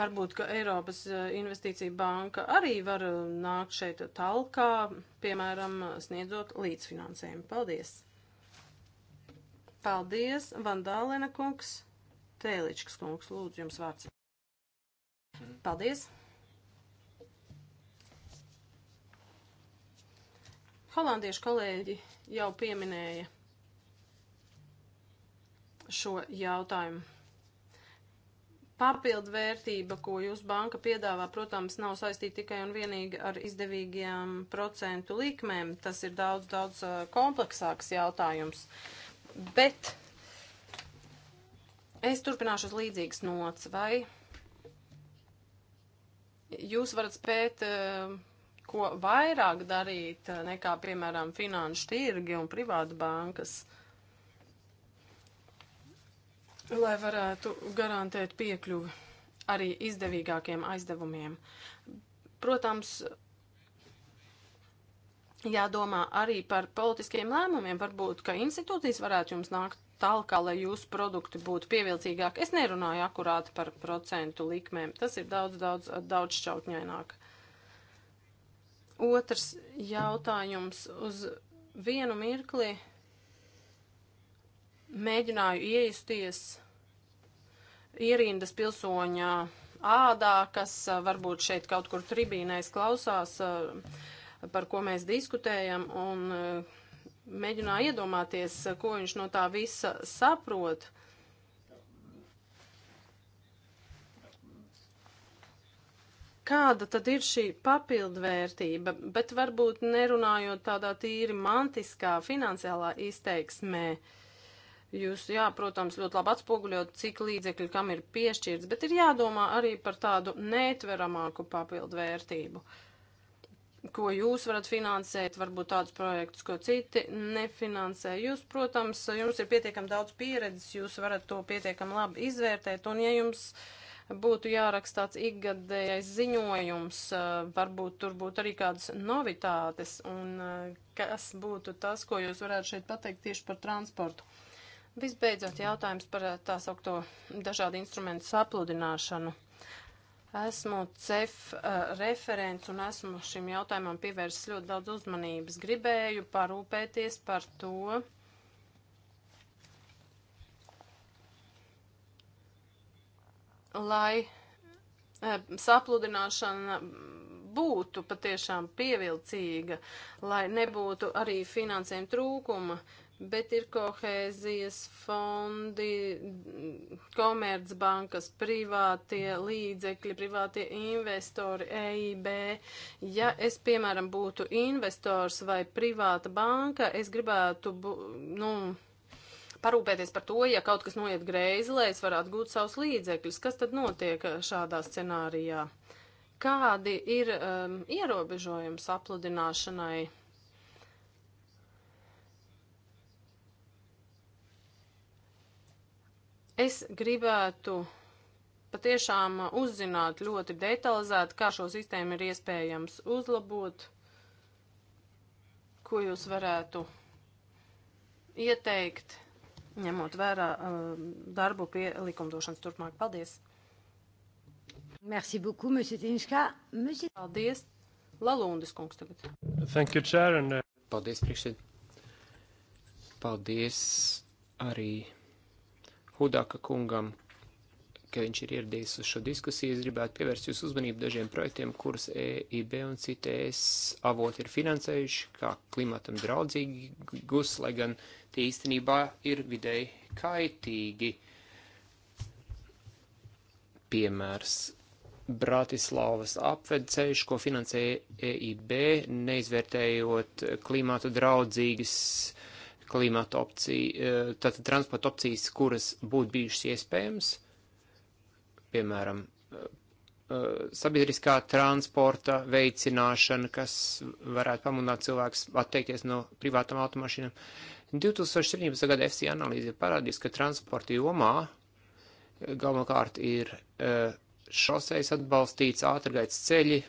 A: Varbūt, ka Eiropas uh, investīcija banka arī var uh, nākt šeit talkā, piemēram, sniedzot līdzfinansējumu. Paldies! Paldies, Vandālena kungs, Tēličkas kungs, lūdzu jums vārds. Paldies! Holandiešu kolēģi jau pieminēja šo jautājumu. Papildvērtība, ko jūs banka piedāvā, protams, nav saistīta tikai un vienīgi ar izdevīgiem procentu likmēm. Tas ir daudz, daudz kompleksāks jautājums. Bet es turpināšu uz līdzīgas nots. Vai jūs varat spēt eh, ko vairāk darīt eh, nekā, piemēram, finanšu tirgi un privātu bankas, lai varētu garantēt piekļuvi arī izdevīgākiem aizdevumiem. Protams, jādomā arī par politiskiem lēmumiem. Varbūt, ka institūcijas varētu jums nākt talkā, lai jūsu produkti būtu pievilcīgāki. Es nerunāju akurāti par procentu likmēm. Tas ir daudz, daudz, daudz šķautņaināk. Otrs jautājums uz vienu mirkli mēģināju iejusties ierindas pilsoņā ādā, kas varbūt šeit kaut kur tribīnēs klausās, par ko mēs diskutējam, un mēģināju iedomāties, ko viņš no tā visa saprot. Kāda tad ir šī papildvērtība, bet varbūt nerunājot tādā tīri mantiskā, finansiālā izteiksmē, jūs, jā, protams, ļoti labi atspoguļot, cik līdzekļu kam ir piešķirts, bet ir jādomā arī par tādu netveramāku papildvērtību. Uh, ko jūs varat finansēt, varbūt tādus projektus, ko citi nefinansē. Jūs, protams, jums ir pietiekami daudz pieredzes, jūs varat to pietiekami labi izvērtēt, un ja jums būtu jāraksta tāds ikgadējais ziņojums, varbūt tur būtu arī kādas novitātes, un kas būtu tas, ko jūs varētu šeit pateikt tieši par transportu. Visbeidzot, jautājums par tā saukto dažādu instrumentu sapludināšanu. Esmu CEF uh, referents un esmu šim jautājumam pievērsis ļoti daudz uzmanības. Gribēju parūpēties par to, lai eh, sapludināšana būtu patiešām pievilcīga, lai nebūtu arī finansējuma trūkuma. Uh, bet ir kohēzijas fondi, komercbankas, privātie līdzekļi, privātie investori, EIB. Ja es, piemēram, būtu investors vai privāta banka, es gribētu, nu, parūpēties par to, ja kaut kas noiet greizi, lai es varētu gūt savus līdzekļus. Kas tad notiek eh, šādā scenārijā? Kādi ir um, ierobežojumi sapludināšanai? Es gribētu patiešām uzzināt ļoti detalizēti, kā šo sistēmu ir iespējams uzlabot, ko jūs varētu ieteikt, ņemot vērā um, darbu pie likumdošanas turpmāk. Paldies! Merci beaucoup, monsieur Tiniškā. Monsieur... Paldies! Lalundas kungs tagad. Thank you, Chair. And...
B: Uh, Paldies, priekšsēd. Paldies arī Hudaka kungam, ka viņš ir ieradies uz šo diskusiju. Es gribētu pievērst jūsu uzmanību dažiem projektiem, kurus EIB un CTS e avoti ir finansējuši, kā klimatam draudzīgi gus, lai gan tie īstenībā ir videi kaitīgi. Piemērs Bratislavas apvedceļš, ko finansēja EIB, neizvērtējot klimatu draudzīgas klimata opcija, e, tātad transporta opcijas, kuras būtu bijušas iespējams, piemēram, e, e, sabiedriskā transporta veicināšana, kas varētu pamudināt cilvēks atteikties no privātām automašīnām. 2017. gada FCI analīze ir parādījusi, ka transporta jomā galvenokārt ir šoseis atbalstīts, ātrgaitas ceļi,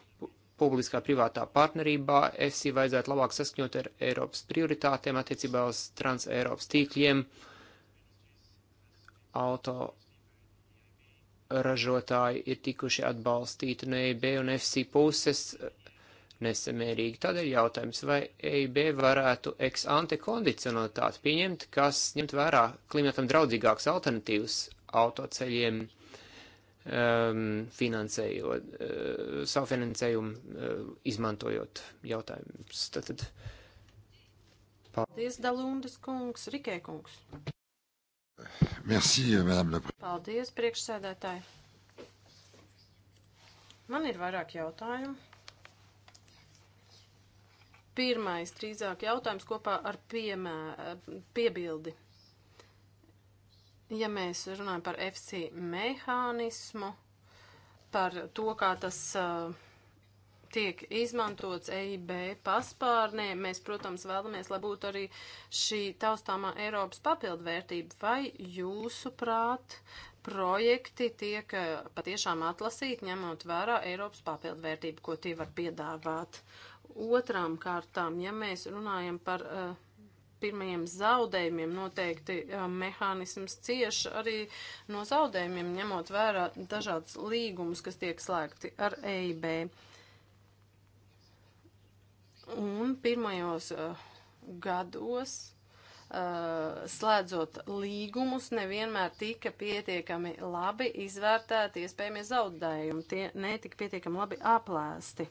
B: publiskā privātā partnerībā ESI vajadzētu labāk saskaņot ar Eiropas prioritātēm attiecībā uz trans-Eiropas tīkļiem, auto ražotāji ir tikuši atbalstīti no EIB un FC puses eh, nesamērīgi. Tādēļ jautājums, vai EIB varētu ex ante kondicionalitāti pieņemt, kas ņemt vērā klimatam draudzīgākas alternatīvas autoceļiem um, finansējot, uh, savu finansējumu uh, izmantojot jautājumus. Tātad.
A: Paldies, Dalundas kungs, Rikē kungs.
C: Merci, euh, madame la
A: Paldies, priekšsēdētāji. Man ir vairāk jautājumu. Pirmais, drīzāk jautājums kopā ar piemē, piebildi. Ja mēs runājam par FC mehānismu, par to, kā tas uh, tiek izmantots EIB paspārnē, mēs, protams, vēlamies, lai būtu arī šī taustāmā Eiropas papildvērtība. Vai jūsuprāt, projekti tiek uh, patiešām atlasīti, ņemot vērā Eiropas papildvērtību, ko tie var piedāvāt? Otrām kārtām, ja mēs runājam par uh, pirmajiem zaudējumiem noteikti mehānisms cieš arī no zaudējumiem, ņemot vērā dažādas līgumus, kas tiek slēgti ar EIB. Un pirmajos uh, gados uh, slēdzot līgumus, nevienmēr tika pietiekami labi izvērtēti iespējamie zaudējumi, tie netika pietiekami labi aplēsti.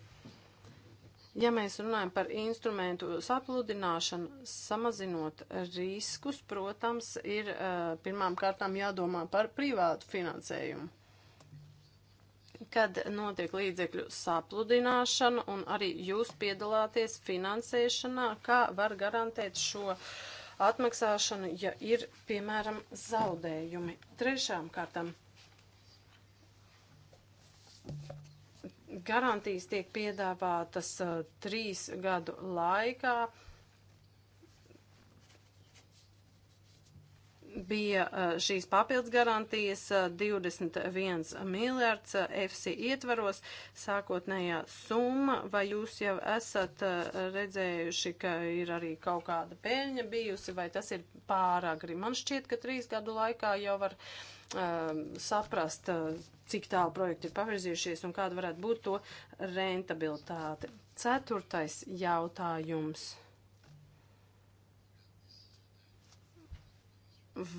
A: Ja mēs runājam par instrumentu sapludināšanu, samazinot riskus, protams, ir eh, pirmām kārtām jādomā par privātu finansējumu. Kad notiek līdzekļu sapludināšana un arī jūs piedalāties finansēšanā, kā var garantēt šo atmaksāšanu, ja ir, piemēram, zaudējumi. Trešām kārtām garantijas tiek piedāvātas uh, trīs gadu laikā. Bija uh, šīs papildus garantijas uh, 21 miljards uh, FC ietvaros sākotnējā summa, vai jūs jau esat uh, redzējuši, ka ir arī kaut kāda peļņa bijusi, vai tas ir pāragri? Man šķiet, ka trīs gadu laikā jau var uh, saprast. Uh, cik tālu projekti ir pavirzījušies un kāda varētu būt to rentabilitāte. Ceturtais jautājums.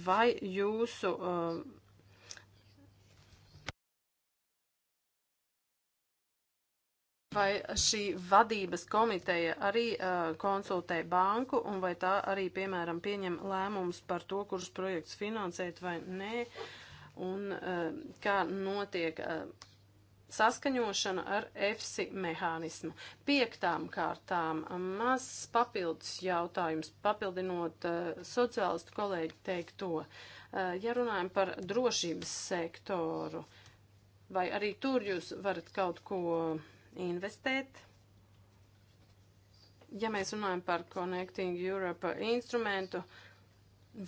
A: Vai jūsu uh, Vai šī vadības komiteja arī uh, konsultē banku un vai tā arī, piemēram, pieņem lēmumus par to, kurus projekts finansēt vai nē? Uh, un e, kā notiek e, saskaņošana ar EFSI mehānismu. Piektām kārtām mazs papildus jautājums, papildinot uh, sociālistu kolēģi teikto. Uh, ja runājam par drošības sektoru, vai arī tur jūs varat kaut ko investēt? Ja mēs runājam par Connecting Europe instrumentu,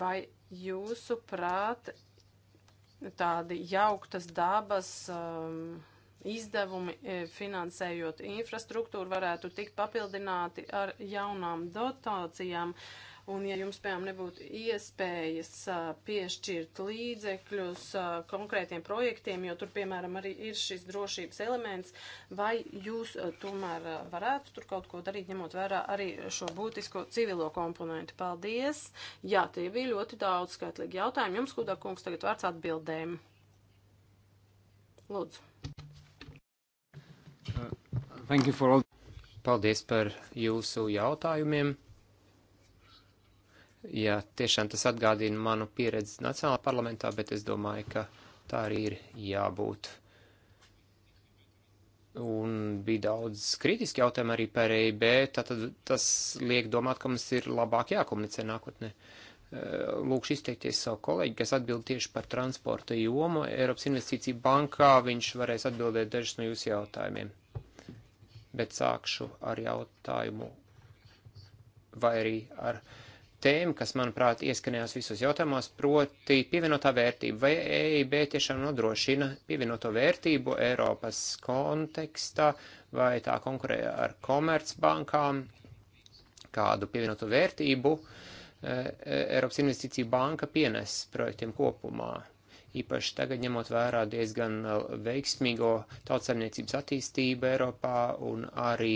A: vai jūsu prāt tādi jauktas dabas um, izdevumi e, finansējot infrastruktūru varētu tikt papildināti ar jaunām dotācijām. Uh, Un ja jums, piemēram, nebūtu iespējas piešķirt līdzekļus konkrētiem projektiem, jo tur, piemēram, arī ir šis drošības elements, vai jūs tomēr varētu tur kaut ko darīt, ņemot vērā arī šo būtisko civilo komponentu? Paldies! Jā, tie bija ļoti daudz skaitlīgi jautājumi. Jums, Kudā kungs, tagad vārds atbildēm. Lūdzu.
B: Thank you for all. Paldies par jūsu jautājumiem ja tiešām tas atgādina manu pieredzi Nacionālā parlamentā, bet es domāju, ka tā arī ir jābūt. Un bija daudz kritiski jautājumi arī par EIB, tātad tas liek domāt, ka mums ir labāk jākomunicē nākotnē. Eh, Lūkšu izteikties savu kolēģi, kas atbild tieši par transporta jomu. Eiropas investīcija bankā viņš varēs atbildēt dažus no jūsu jautājumiem. Bet sākšu ar jautājumu vai arī ar uh, tēma, kas, manuprāt, ieskanējās visos jautājumos, proti pievienotā vērtība. Vai EIB tiešām nodrošina pievienoto vērtību Eiropas kontekstā, vai tā konkurē ar komercbankām, kādu pievienoto vērtību e, e, Eiropas investīcija banka pienes projektiem kopumā? īpaši tagad ņemot vērā diezgan uh, veiksmīgo tautsaimniecības attīstību Eiropā un arī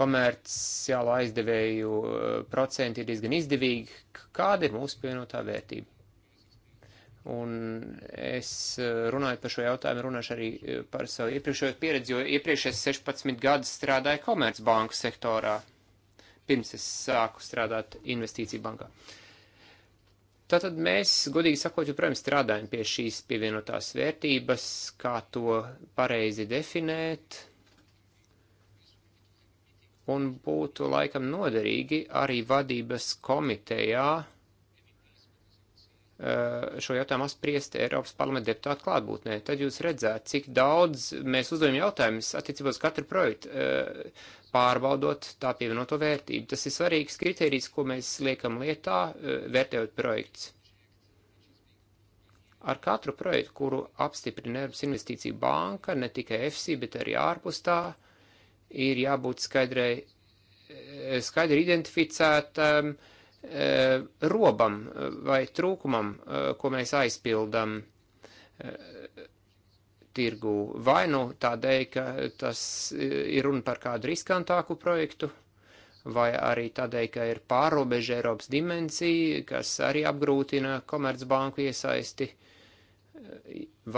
B: komerciālo aizdevēju uh, procenti ir diezgan izdevīgi. Kāda ir mūsu pievienotā vērtība? Un es uh, runāju par šo jautājumu, runāšu arī par savu iepriekšējo pieredzi, jo iepriekš es 16 gadus strādāju komercbanku sektorā, pirms es sāku strādāt investīciju bankā. Uh, Tātad mēs, godīgi sakot, joprojām strādājam pie šīs pievienotās vērtības, kā to pareizi definēt, un būtu laikam noderīgi arī vadības komitejā Eh, šo jautājumu spriest Eiropas parlamenta deputātu klātbūtnē. Tad jūs redzētu, cik daudz mēs uzdevām jautājumus attiecībā uz katru projektu, eh, pārbaudot tā pievienoto vērtību. Tas ir svarīgs kriterijs, ko mēs liekam lietā, eh, vērtējot projekts. Ar katru projektu, kuru apstiprina Eiropas investīcija banka, ne tikai FC, bet arī ārpus tā, ir jābūt skaidrai, skaidri identificētam. Um, Eh, robam eh, vai trūkumam, eh, ko mēs aizpildam tirgu. Vai nu tādēļ, ka tas ir runa par kādu riskantāku projektu, vai arī tādēļ, ka ir pārobeža Eiropas dimensija, kas arī apgrūtina komercbanku iesaisti,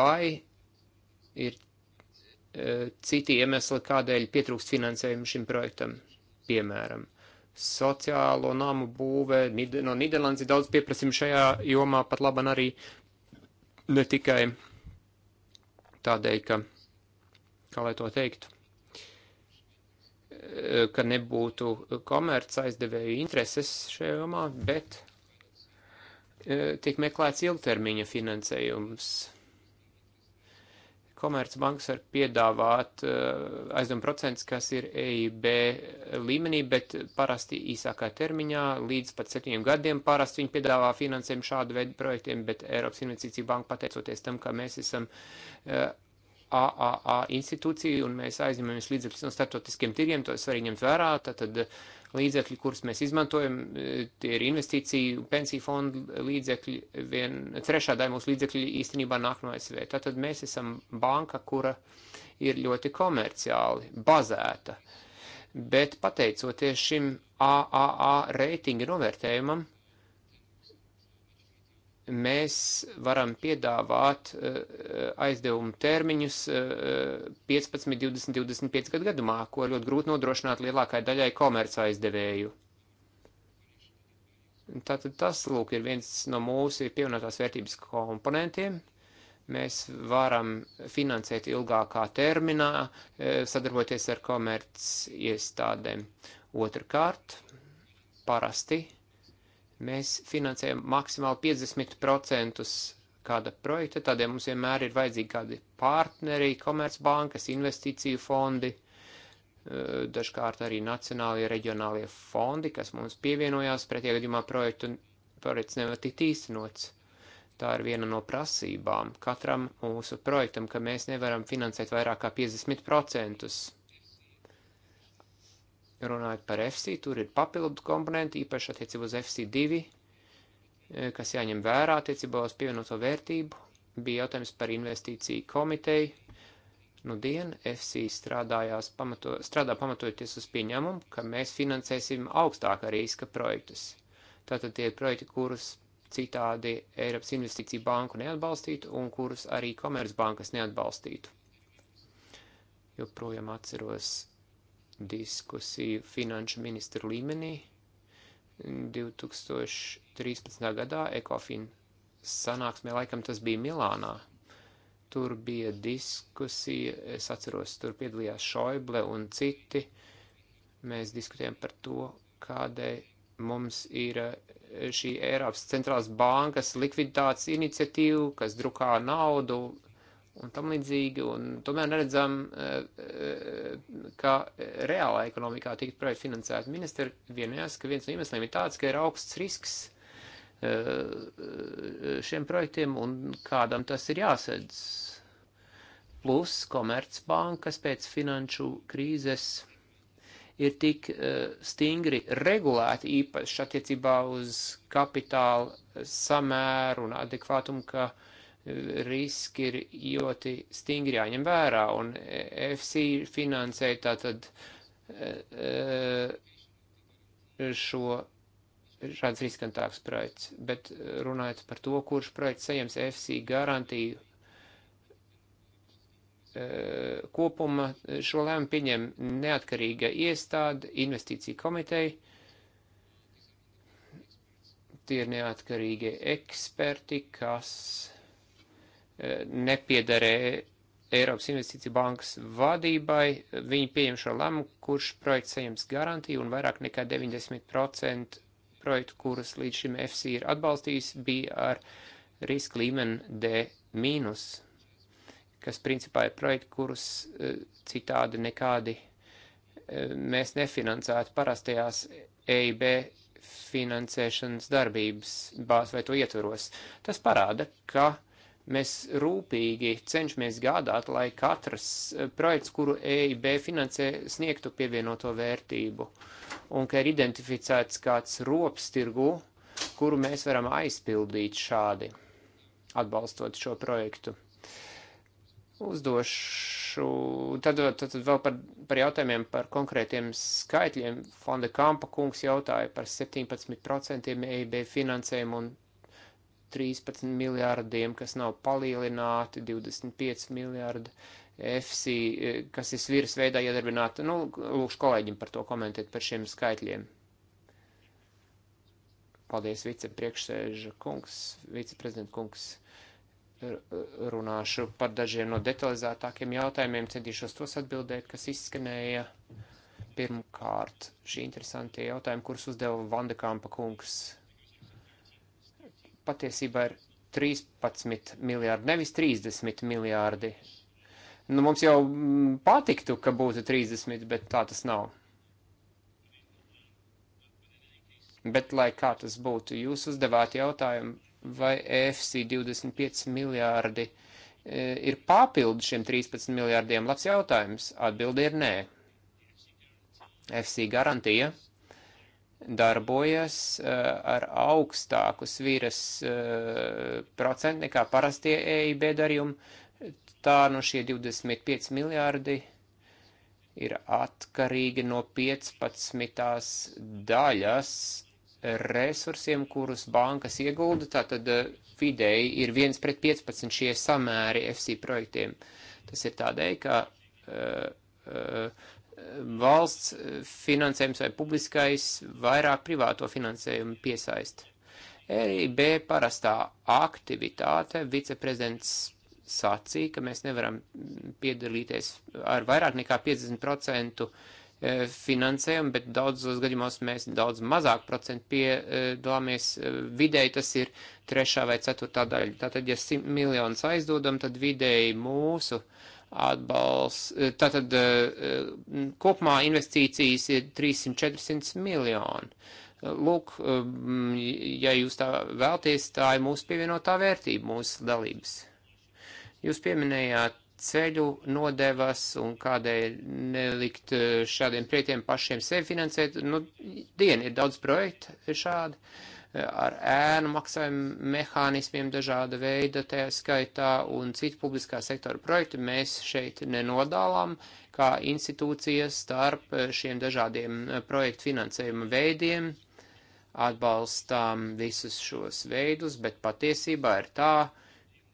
B: vai ir citi iemesli, kādēļ pietrūkst finansējumu šim projektam, piemēram sociālo namu būvē. No Nīderlandes ir daudz pieprasījumu šajā jomā, pat laban arī ne tikai tādēļ, ka, kā lai to teiktu, e, ka nebūtu komerc aizdevēju intereses šajā jomā, bet e, tiek meklēts ilgtermiņa finansējums Komercbanks var piedāvāt eh, aizdomu procents, kas ir EIB līmenī, bet parasti īsākā termiņā, līdz pat septiņiem gadiem, parasti viņi piedāvā finansējumu šādu veidu projektiem, bet Eiropas Investīcija Banka pateicoties tam, ka mēs esam AAA eh, institūcija un mēs aizņemamies līdzekļus no starptautiskiem tirgiem, to es varu ņemt vērā, tad līdzekļi, kurus mēs izmantojam, e, tie ir investīciju, pensiju fondu līdzekļi, vien trešā daļa mūsu līdzekļi īstenībā nāk no ASV. Tātad mēs esam banka, kura ir ļoti komerciāli bazēta. Bet pateicoties šim AAA reitinga novērtējumam, mēs varam piedāvāt uh, aizdevumu termiņus uh, 15, 20, 25 gadu gadumā, ko ir ļoti grūti nodrošināt lielākai daļai komerca aizdevēju. Tātad tas, lūk, ir viens no mūsu pievienotās vērtības komponentiem. Mēs varam finansēt ilgākā terminā, uh, sadarboties ar komerc iestādēm. Otrakārt, parasti Mēs finansējam maksimāli 50% kāda projekta, tādēļ mums vienmēr ir vajadzīgi kādi partneri, komercbankas, investīciju fondi, e, dažkārt arī nacionālie reģionālie fondi, kas mums pievienojās, pretējā gadījumā projektu projekts nevar tikt īstenots. Tā ir viena no prasībām katram mūsu projektam, ka mēs nevaram finansēt vairāk kā 50%. Runājot par FC, tur ir papildu komponenti, īpaši attiecībā uz FC2, e, kas jāņem vērā attiecībā uz pievienoto vērtību. Bija jautājums par investīciju komiteju. Nu dien FC pamato, strādā pamatojoties uz pieņemumu, ka mēs finansēsim augstāka riska projektus. Tātad tie ir projekti, kurus citādi Eiropas investīcija banku neatbalstītu un kurus arī Komercbankas neatbalstītu. Joprojām atceros diskusiju finanšu ministru līmenī 2013. gadā Ekofin sanāksmē, laikam tas bija Milānā. Tur bija diskusija, es atceros, tur piedalījās Šoible un citi. Mēs diskutējam par to, kādēļ mums ir eh, šī Eiropas centrālās bankas likviditātes iniciatīva, kas drukā naudu un tam līdzīgi, un tomēr neredzam, eh, eh, ka reālā ekonomikā tikt projekti finansēti. Ministri vienojās, ka viens no iemesliem ir tāds, ka ir augsts risks eh, šiem projektiem un kādam tas ir jāsedz. Plus Komercbankas pēc finanšu krīzes ir tik stingri regulēti īpaši attiecībā uz kapitāla samēru un adekvātumu, ka uh, riski ir ļoti stingri jāņem vērā, un FC finansēja tātad eh, eh, šo šāds riskantāks projekts, bet runājot par to, kurš projekts saņems FC garantiju eh, kopuma, šo lēmu pieņem neatkarīga iestāde, investīcija komiteja, tie ir neatkarīgi eksperti, kas Eh, nepiedarē Eiropas Investīcija bankas vadībai. Viņi pieņem šo lēmumu, kurš projekts saņems garantiju un vairāk nekā 90% projektu, kurus līdz šim FC ir atbalstījis, bija ar riska līmeni D-, kas principā ir projekti, kurus eh, citādi nekādi eh, mēs nefinansētu parastajās EIB finansēšanas darbības bāzes vai to ietvaros. Tas parāda, ka Mēs rūpīgi cenšamies gādāt, lai katrs eh, projekts, kuru EIB finansē, sniegtu pievienoto vērtību, un ka ir identificēts kāds rops tirgu, kuru mēs varam aizpildīt šādi, atbalstot šo projektu. Uzdošu, tad, tad, tad vēl par, par jautājumiem par konkrētiem skaitļiem. Fonda Kampa kungs jautāja par 17% EIB finansējumu un 13 miljārdiem, kas nav palielināti, 25 miljārdi FC, e, kas ir sviras veidā iedarbināta. Nu, lūkšu kolēģim par to komentēt par šiem skaitļiem. Paldies, vicepriekšsēža kungs, viceprezidenta kungs. Runāšu par dažiem no detalizētākiem jautājumiem, centīšos tos atbildēt, kas izskanēja. Pirmkārt, šī interesantie jautājumi, kurus uzdeva Vandekāmpa kungs patiesībā ir 13 miljārdi, nevis 30 miljārdi. Nu, mums jau mm, patiktu, ka būtu 30, bet tā tas nav. Bet, lai kā tas būtu, jūs uzdevāt jautājumu, vai EFC 25 miljārdi e, ir papildu šiem 13 miljārdiem? Labs jautājums. Atbildi ir nē. EFC garantija darbojas eh, ar augstāku svīras eh, procentu nekā parastie EIB darījumi. Tā no nu šie 25 miljārdi ir atkarīgi no 15. daļas resursiem, kurus bankas iegulda, tātad vidēji eh, ir 1 pret 15 šie samēri FC projektiem. Tas ir tādēļ, ka uh, uh, valsts eh, finansējums vai publiskais vairāk privāto finansējumu piesaist. EIB parastā aktivitāte viceprezidents sacīja, ka mēs nevaram piedalīties ar vairāk nekā 50% eh, finansējumu, bet daudzos gadījumos mēs daudz mazāk procentu piedalāmies. Eh, vidēji tas ir trešā vai ceturtā daļa. Tātad, ja 100 miljonus aizdodam, tad vidēji mūsu uh, atbalsts. Eh, tātad eh, eh, kopumā investīcijas ir 300-400 miljoni. Lūk, ja jūs tā vēlties, tā ir mūsu pievienotā vērtība, mūsu dalības. Jūs pieminējāt ceļu nodevas un kādēļ nelikt šādiem priekiem pašiem sevi finansēt. Nu, dien ir daudz projektu šādi. Uh, ar ēnu maksājumu mehānismiem dažāda veida, tajā skaitā un citu publiskā sektora projektu mēs šeit nenodālām kā institūcijas starp eh, šiem dažādiem eh, projektu finansējuma veidiem, atbalstām visus šos veidus, bet patiesībā ir tā,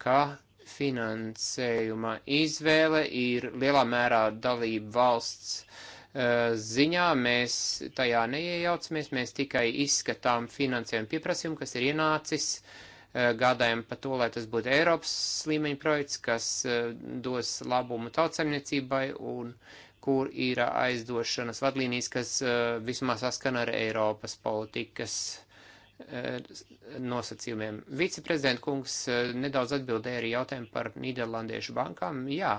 B: ka finansējuma izvēle ir lielā mērā dalība valsts uh, Eh, ziņā mēs tajā neiejaucamies, mēs tikai izskatām finansējumu pieprasījumu, kas ir ienācis, eh, gādājam par to, lai tas būtu Eiropas līmeņa projekts, kas eh, dos labumu tautsaimniecībai un kur ir aizdošanas vadlīnijas, kas vismaz saskana ar Eiropas politikas Eh, nosacījumiem. Viceprezidenta kungs eh, nedaudz atbildēja arī jautājumu par Nīderlandiešu bankām. Jā,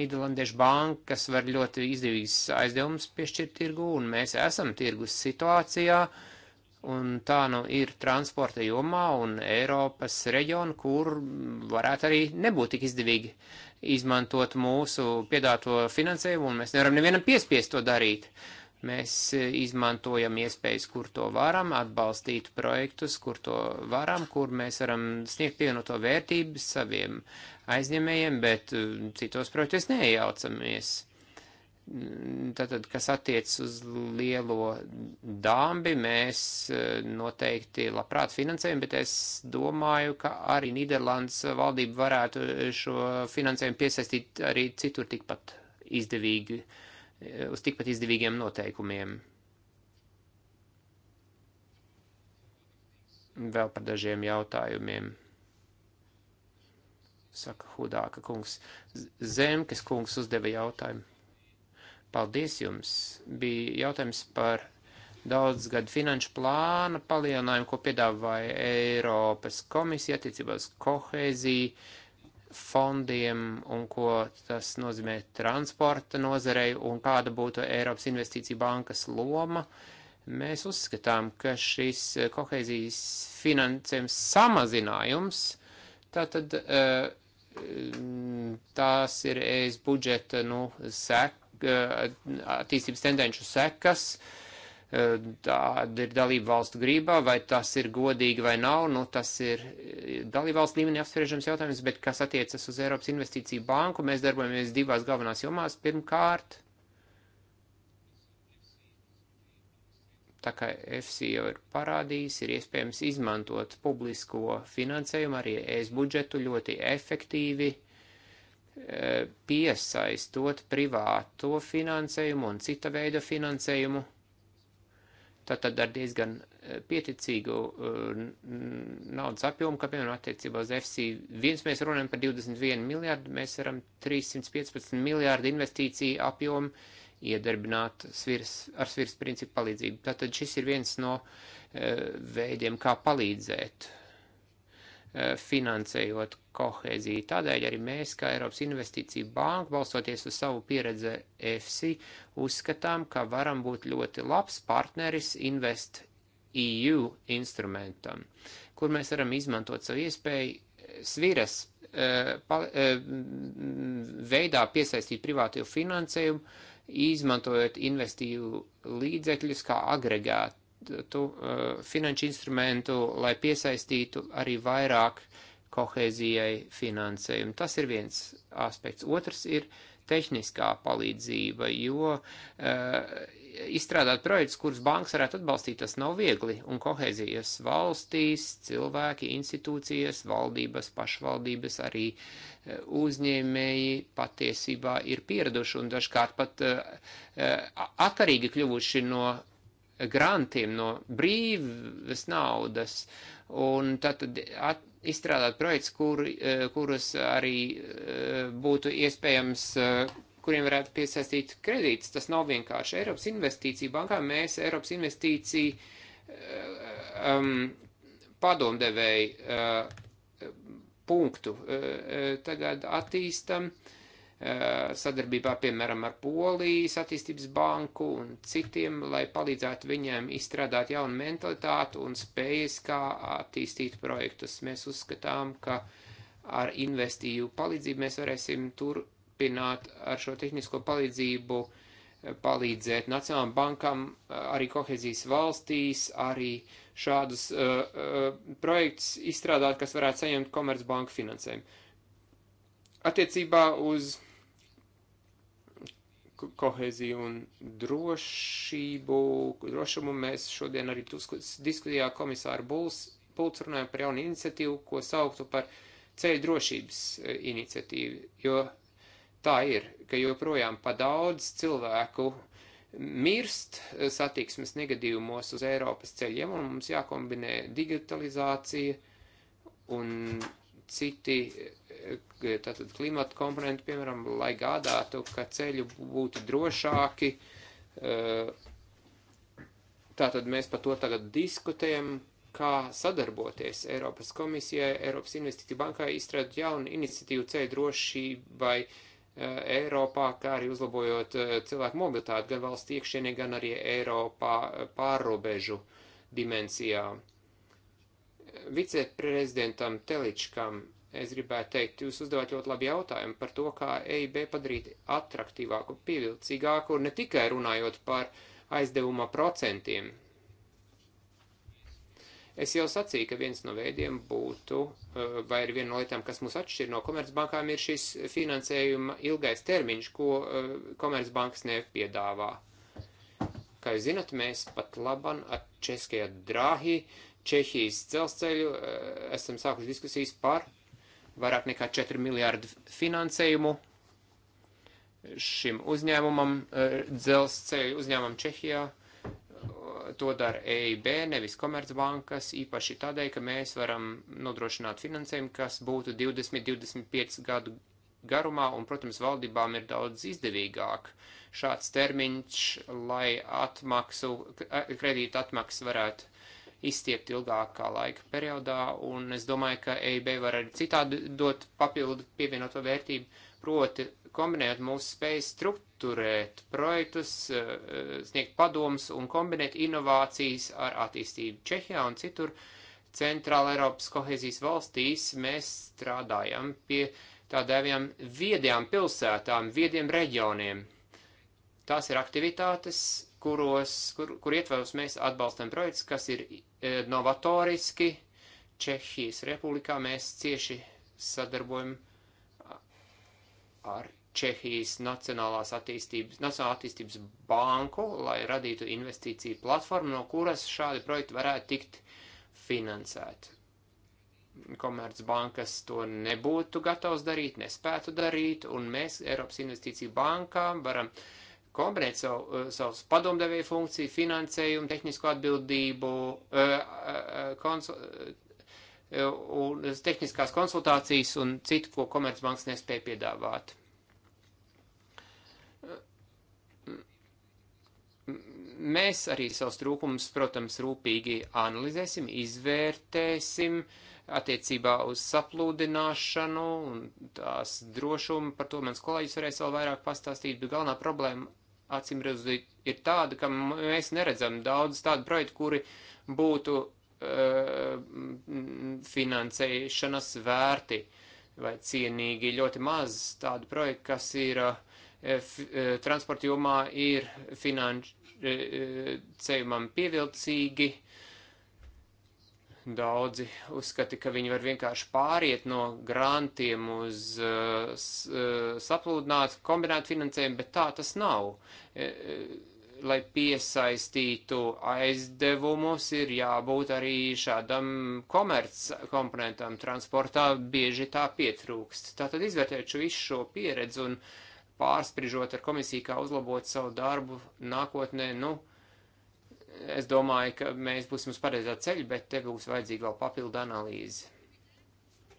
B: Nīderlandiešu bankas var ļoti izdevīgas aizdevumus piešķirt tirgu, un mēs esam tirgus situācijā, un tā nu ir transporta jomā un Eiropas reģionu, kur varētu arī nebūt tik izdevīgi izmantot mūsu piedāto finansējumu, un mēs nevaram nevienam piespiest to darīt. Uh, Mēs e, izmantojam iespējas, kur to varam, atbalstīt projektus, kur to varam, kur mēs varam sniegt pievienoto vērtību saviem aizņēmējiem, bet e, citos projektos neiejaucamies. Tātad, kas attiec uz lielo dāmbi, mēs e, noteikti labprāt finansējam, bet es domāju, ka arī Nīderlandes valdība varētu šo finansējumu piesaistīt arī citur tikpat izdevīgi. Uh, Eh, uz tikpat izdevīgiem noteikumiem. Vēl par dažiem jautājumiem. Saka Hudāka kungs. Zemkes kungs uzdeva jautājumu. Paldies jums! Bija jautājums par daudz gadu finanšu plāna palielinājumu, ko piedāvāja Eiropas komisija attiecībās kohēzija fondiem un ko tas nozīmē transporta nozarei un kāda būtu Eiropas investīcija bankas loma. Mēs uzskatām, ka šis kohēzijas finansējums samazinājums, tātad eh, tās ir ES budžeta, nu, sek, eh, attīstības tendenču sekas, uh, Eh, tāda ir dalība valstu grībā, vai tas ir godīgi vai nav, nu tas ir eh, dalība valsts līmenī apspriežams jautājums, bet kas attiecas uz Eiropas investīciju banku, mēs darbojamies divās galvenās jomās. Pirmkārt, tā kā FC jau ir parādījis, ir iespējams izmantot publisko finansējumu arī ES budžetu ļoti efektīvi eh, piesaistot privāto finansējumu un cita veida finansējumu Tātad ar diezgan eh, pieticīgu eh, naudas apjomu, kā piemēram attiecībā uz FC1 mēs runājam par 21 miljārdu, mēs varam 315 miljārdu investīciju apjomu iedarbināt svirs, ar svirs principu palīdzību. Tātad šis ir viens no eh, veidiem, kā palīdzēt Eh, finansējot kohēziju. Tādēļ arī mēs, kā Eiropas Investīcija Banka, balstoties uz savu pieredzi EFSI, uzskatām, ka varam būt ļoti labs partneris Invest EU instrumentam, kur mēs varam izmantot savu iespēju eh, sviras eh, veidā piesaistīt privātu finansējumu, izmantojot investīvu e līdzekļus kā agregātu izmantotu uh, finanšu instrumentu, lai piesaistītu arī vairāk kohēzijai finansējumu. Tas ir viens aspekts. Otrs ir tehniskā palīdzība, jo uh, izstrādāt projekts, kurus banks varētu atbalstīt, tas nav viegli, un kohēzijas valstīs, cilvēki, institūcijas, valdības, pašvaldības, arī uh, uzņēmēji patiesībā ir pieraduši un dažkārt pat uh, uh atkarīgi kļuvuši no grantiem, no brīvas naudas, un tad at, izstrādāt projekts, kur, eh, kurus arī eh, būtu iespējams eh, kuriem varētu piesaistīt kredītus. Tas nav vienkārši Eiropas investīcija bankā. Mēs Eiropas investīciju um, padomdevēju uh, punktu uh, tagad attīstam. Uh, Eh, sadarbībā, piemēram, ar Polijas attīstības banku un citiem, lai palīdzētu viņiem izstrādāt jaunu mentalitātu un spējas, kā attīstīt projektus. Mēs uzskatām, ka ar investīvu palīdzību mēs varēsim turpināt ar šo tehnisko palīdzību eh, palīdzēt Nacionālajām bankām, eh, arī kohezijas valstīs, arī šādus uh, uh, projektus izstrādāt, kas varētu saņemt Komercbanku finansējumu. Attiecībā uz koheziju un drošību, drošumu mēs šodien arī diskusijā komisāru Bulls, Bulls runājam par jaunu iniciatīvu, ko sauktu par ceļu drošības e, iniciatīvu, jo tā ir, ka joprojām pa daudz cilvēku mirst e, satiksmes negadījumos uz Eiropas ceļiem, un mums jākombinē digitalizācija un citi E, tātad klimata komponentu, piemēram, lai gādātu, ka ceļi būtu drošāki. E, tātad mēs par to tagad diskutējam, kā sadarboties Eiropas komisijai, Eiropas investīcija bankai izstrādāt jaunu iniciatīvu ceļu drošībai e, Eiropā, kā arī uzlabojot cilvēku mobilitāti gan valsts iekšienē, gan arī Eiropā pārrobežu dimensijā. Viceprezidentam Teličkam Es gribētu teikt, jūs uzdevāt ļoti labu jautājumu par to, kā EIB padarīt attraktīvāku, pievilcīgāku, ne tikai runājot par aizdevuma procentiem. Es jau sacīju, ka viens no veidiem būtu, eh, vai ir viena no lietām, kas mūs atšķir no komercbankām, ir šis finansējuma ilgais termiņš, ko eh, komercbankas nepiedāvā. Kā jūs zinat, mēs pat laban ar Českajā drāhi, Čehijas dzelzceļu, eh, esam sākuši diskusijas par vairāk nekā 4 miljārdu finansējumu šim uzņēmumam, e, dzelzceļu uzņēmumam Čehijā. To dara EIB, nevis Komercbankas, īpaši tādēļ, ka mēs varam nodrošināt finansējumu, kas būtu 20-25 gadu garumā, un, protams, valdībām ir daudz izdevīgāk šāds termiņš, lai atmaksu, kredīta atmaksu varētu izstiept ilgākā laika periodā, un es domāju, ka EIB var arī citādi dot papildu pievienoto vērtību, proti kombinēt mūsu spēju struktūrēt projektus, eh, sniegt padomus un kombinēt inovācijas ar attīstību Čehijā un citur. Centrāla Eiropas kohēzijas valstīs mēs strādājam pie tādām viedajām pilsētām, viediem reģioniem. Tās ir aktivitātes, kuros, kur, kur ietvaros mēs atbalstam projekts, kas ir e, novatoriski. Čehijas republikā mēs cieši sadarbojam ar Čehijas Nacionālās attīstības, Nacionālā attīstības banku, lai radītu investīciju platformu, no kuras šādi projekti varētu tikt finansēti. Komercbankas to nebūtu gatavs darīt, nespētu darīt, un mēs Eiropas Investīciju bankām varam uh, kombinēt savu, eh, savus padomdevēju funkciju, finansējumu, tehnisko atbildību, eh, eh, konsul, un tehniskās konsultācijas un citu, ko Komercbanks nespēja piedāvāt. Mēs arī savus trūkumus, protams, rūpīgi analizēsim, izvērtēsim attiecībā uz saplūdināšanu un tās drošumu. Par to mans kolēģis varēs vēl vairāk pastāstīt, bet galvenā problēma acīm redzot, ir tāda, ka mēs neredzam daudz tādu projektu, kuri būtu uh, finansēšanas vērti vai cienīgi. Ļoti maz tādu projektu, kas ir uh, transporta jomā, ir finansējumam pievilcīgi. Uh, Daudzi uzskata, ka viņi var vienkārši pāriet no grantiem uz uh, eh, eh, saplūdinātu, kombinētu finansējumu, bet tā tas nav. E, e, lai piesaistītu aizdevumus, ir jābūt arī šādam komerc komponentam transportā, bieži tā pietrūkst. Tātad izvērtējot visu šo pieredzi un pārspriežot ar komisiju, kā uzlabot savu darbu nākotnē, nu, uh, es domāju, ka mēs būsim uz pareizā ceļa, bet te būs vajadzīga vēl papildu analīze.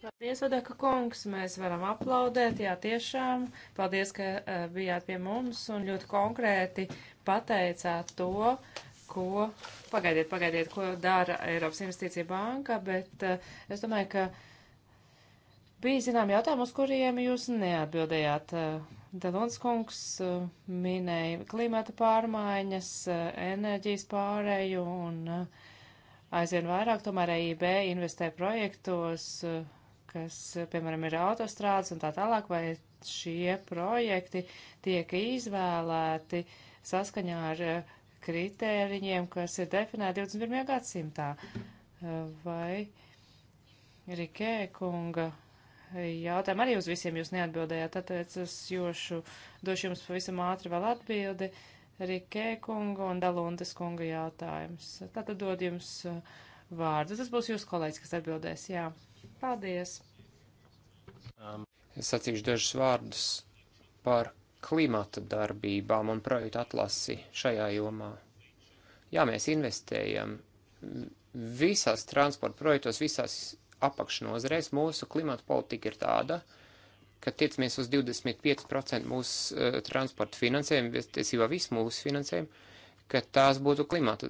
C: Paldies, Odeka kungs, mēs varam aplaudēt, jā, tiešām. Paldies, ka uh, bijāt pie mums un ļoti konkrēti pateicāt to, ko, pagaidiet, pagaidiet, ko dara Eiropas investīcija banka, bet uh, es domāju, ka bija zinām jautājumu, uz kuriem jūs neatbildējāt. Uh, Dalons kungs eh, minēja klimata pārmaiņas, eh, enerģijas pārēju un eh, aizvien vairāk tomēr EIB investē projektos, kas, piemēram, ir autostrādes un tā tālāk, vai šie projekti tiek izvēlēti saskaņā ar kritēriņiem, kas ir definēti 21. gadsimtā. Vai Rikē kunga jautājumu arī uz visiem jūs neatbildējāt, tāpēc es jošu, došu jums pavisam ātri vēl atbildi. Rikē kunga un Dalundes kunga jautājums. Tātad dod jums uh, vārdu. Tas būs jūsu kolēģis, kas atbildēs. Jā. Paldies. Um.
B: Es sacīšu dažus vārdus par klimata darbībām un projektu atlasi šajā jomā. Jā, mēs investējam visās transporta projektos, visās apakšnozarēs. Mūsu klimata politika ir tāda, ka tiecamies uz 25% mūsu uh, transporta finansējumu, tiesībā visu mūsu finansējumu, ka tās būtu klimata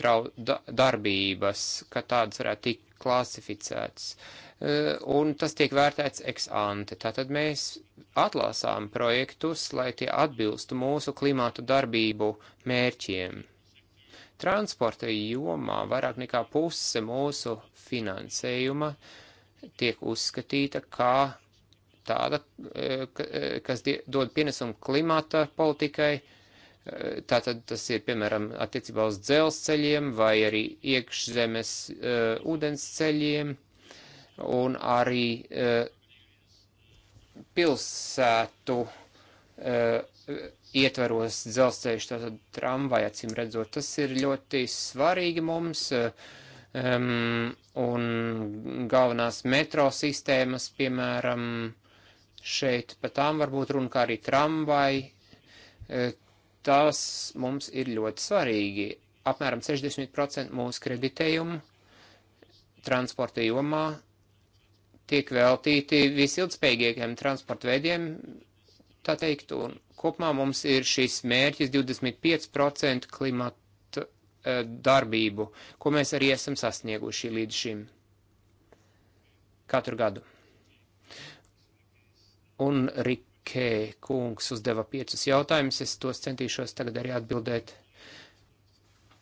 B: trau, da, darbības, ka tādas varētu tikt klasificētas. Uh, un tas tiek vērtēts ex ante. Tātad mēs atlasām projektus, lai tie atbilstu mūsu klimātu darbību mērķiem. Transporta jomā vairāk nekā puse mūsu finansējuma tiek uzskatīta kā tāda, e, e, kas dod pienesumu klimata politikai. E, tātad tas ir, piemēram, attiecībā uz dzelzceļiem vai arī iekšzemes uh, ūdensceļiem un arī uh, pilsētu uh, ietveros dzelzceļš, tātad tramvajā, acīm redzot, tas ir ļoti svarīgi mums. Um, un galvenās metro sistēmas, piemēram, šeit pa tām varbūt runa kā arī tramvai, e, tas mums ir ļoti svarīgi. Apmēram 60% mūsu kreditējumu transporta jomā tiek veltīti visilgspējīgākiem transporta veidiem, tā teikt, un kopumā mums ir šis mērķis 25% klimata e, darbību, ko mēs arī esam sasnieguši līdz šim katru gadu. Un Rikē kungs uzdeva piecus jautājumus, es tos centīšos tagad arī atbildēt.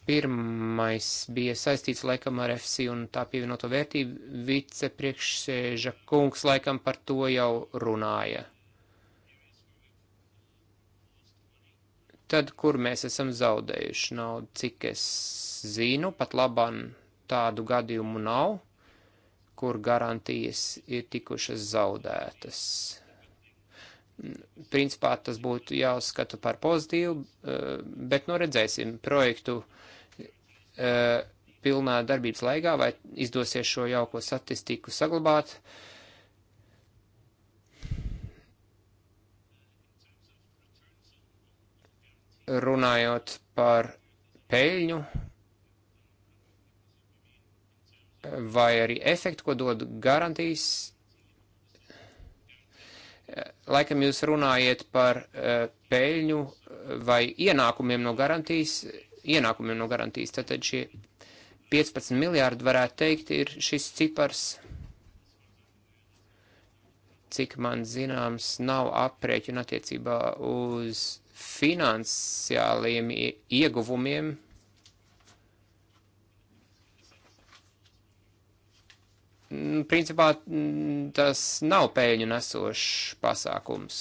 B: Pirmais bija saistīts laikam ar FC un tā pievienoto vērtību. Vicepriekšsēža kungs laikam par to jau runāja. tad, kur mēs esam zaudējuši naudu, cik es zinu, pat labam tādu gadījumu nav, kur garantijas ir tikušas zaudētas. Principā tas būtu jāuzskata par pozitīvu, eh, bet nu redzēsim projektu eh, pilnā darbības laikā, vai izdosies šo jauko statistiku saglabāt. Uh, runājot par peļņu vai arī efektu, ko dod garantijas, laikam jūs runājat par eh, peļņu eh, vai ienākumiem no garantijas, ienākumiem no garantijas, tad šie 15 miljārdi varētu teikt ir šis cipars cik man zināms, nav aprēķina attiecībā uz finansiāliem ieguvumiem principā tas nav pēļņu nesošs pasākums.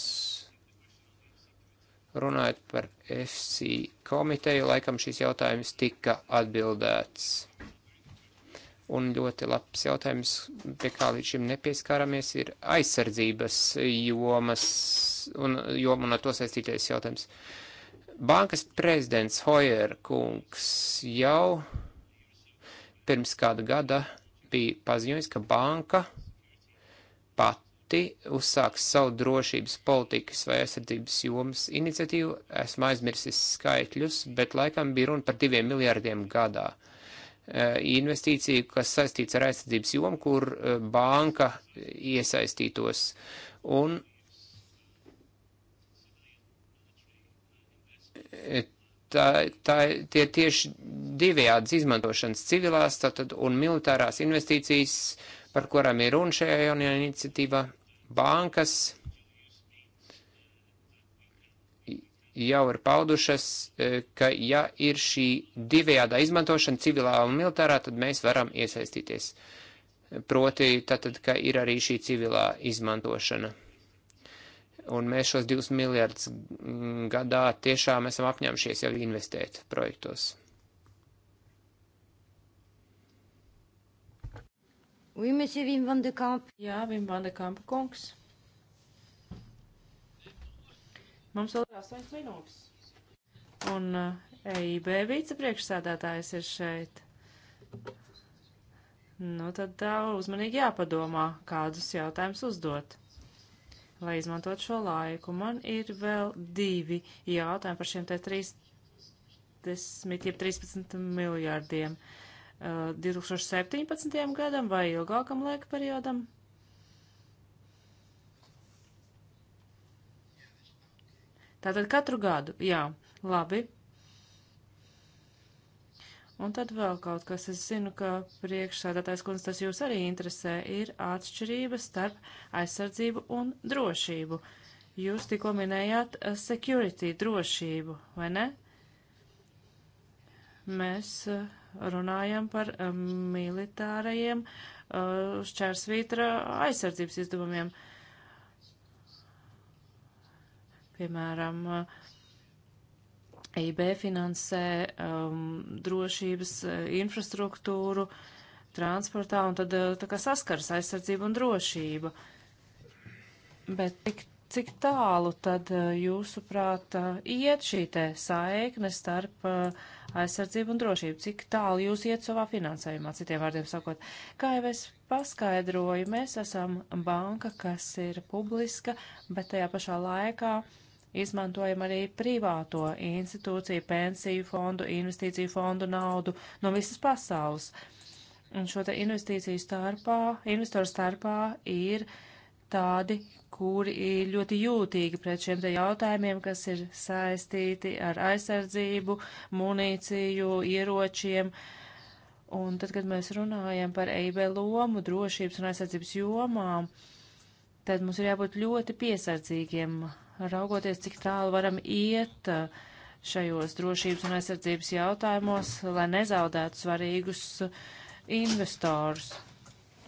B: Runājot par FC komiteju, laikam šis jautājums tika atbildēts. Un ļoti labs jautājums, pie kā līdz šim nepieskaramies, ir aizsardzības jomas un, jomu un ar to saistītais jautājums. Bankas prezidents Hoyer kungs jau pirms kāda gada bija paziņojis, ka banka pati uzsāks savu drošības politikas vai aizsardzības jomas iniciatīvu. Esmu aizmirsis skaitļus, bet laikam bija runa par diviem miljārdiem gadā e, investīciju, kas saistīts ar aizsardzības jomu, kur e, banka iesaistītos. Un tā, tā, tie tieši divējādas izmantošanas civilās tātad, un militārās investīcijas, par kurām ir runa šajā jaunajā iniciatīvā, bankas jau ir paudušas, e, ka ja ir šī divējādā izmantošana civilā un militārā, tad mēs varam iesaistīties. Proti, tātad, ka ir arī šī civilā izmantošana. Un mēs šos 2 miljardus mm, gadā tiešām esam apņēmušies jau investēt projektos.
C: Oui, monsieur Wim van de Kamp. Jā, Wim van de Kamp kungs. Mums vēl ir 8 minūtes. Un EIB eh, e vicepriekšsādātājs ir šeit. Nu, tad tā uzmanīgi jāpadomā, kādus jautājumus uzdot lai izmantot šo laiku. Man ir vēl divi jautājumi par šiem te 30, jeb 13 miljārdiem. Uh, 2017. gadam vai ilgākam laika periodam? Tātad katru gadu, jā, labi. Un tad vēl kaut kas, es zinu, ka priekšsādātājs kundze tas jūs arī interesē, ir atšķirība starp aizsardzību un drošību. Jūs tikko minējāt eh, security, drošību, vai ne? Mēs eh, runājam par eh, militārajiem šķērsvītra aizsardzības izdevumiem. Piemēram, uh, EIB finansē um, drošības e, infrastruktūru transportā un tad e, tā kā saskars aizsardzība un drošība. Bet tik cik tālu tad e, jūsuprāt iet šī te saikne starp aizsardzību un drošību? Cik tālu jūs iet savā finansējumā, citiem vārdiem sakot? Kā jau es paskaidroju, mēs esam banka, kas ir publiska, bet tajā pašā laikā uh, izmantojam arī privāto institūciju, pensiju fondu, investīciju fondu naudu no visas pasaules. Un šo te investīciju starpā, investoru starpā ir tādi, kuri ir ļoti jūtīgi pret šiem te jautājumiem, kas ir saistīti ar aizsardzību, munīciju, ieročiem. Un tad, kad mēs runājam par EIB lomu drošības un aizsardzības jomām, tad mums ir jābūt ļoti piesardzīgiem raugoties, cik tālu varam iet uh, šajos drošības un aizsardzības jautājumos, lai nezaudētu svarīgus uh, investors.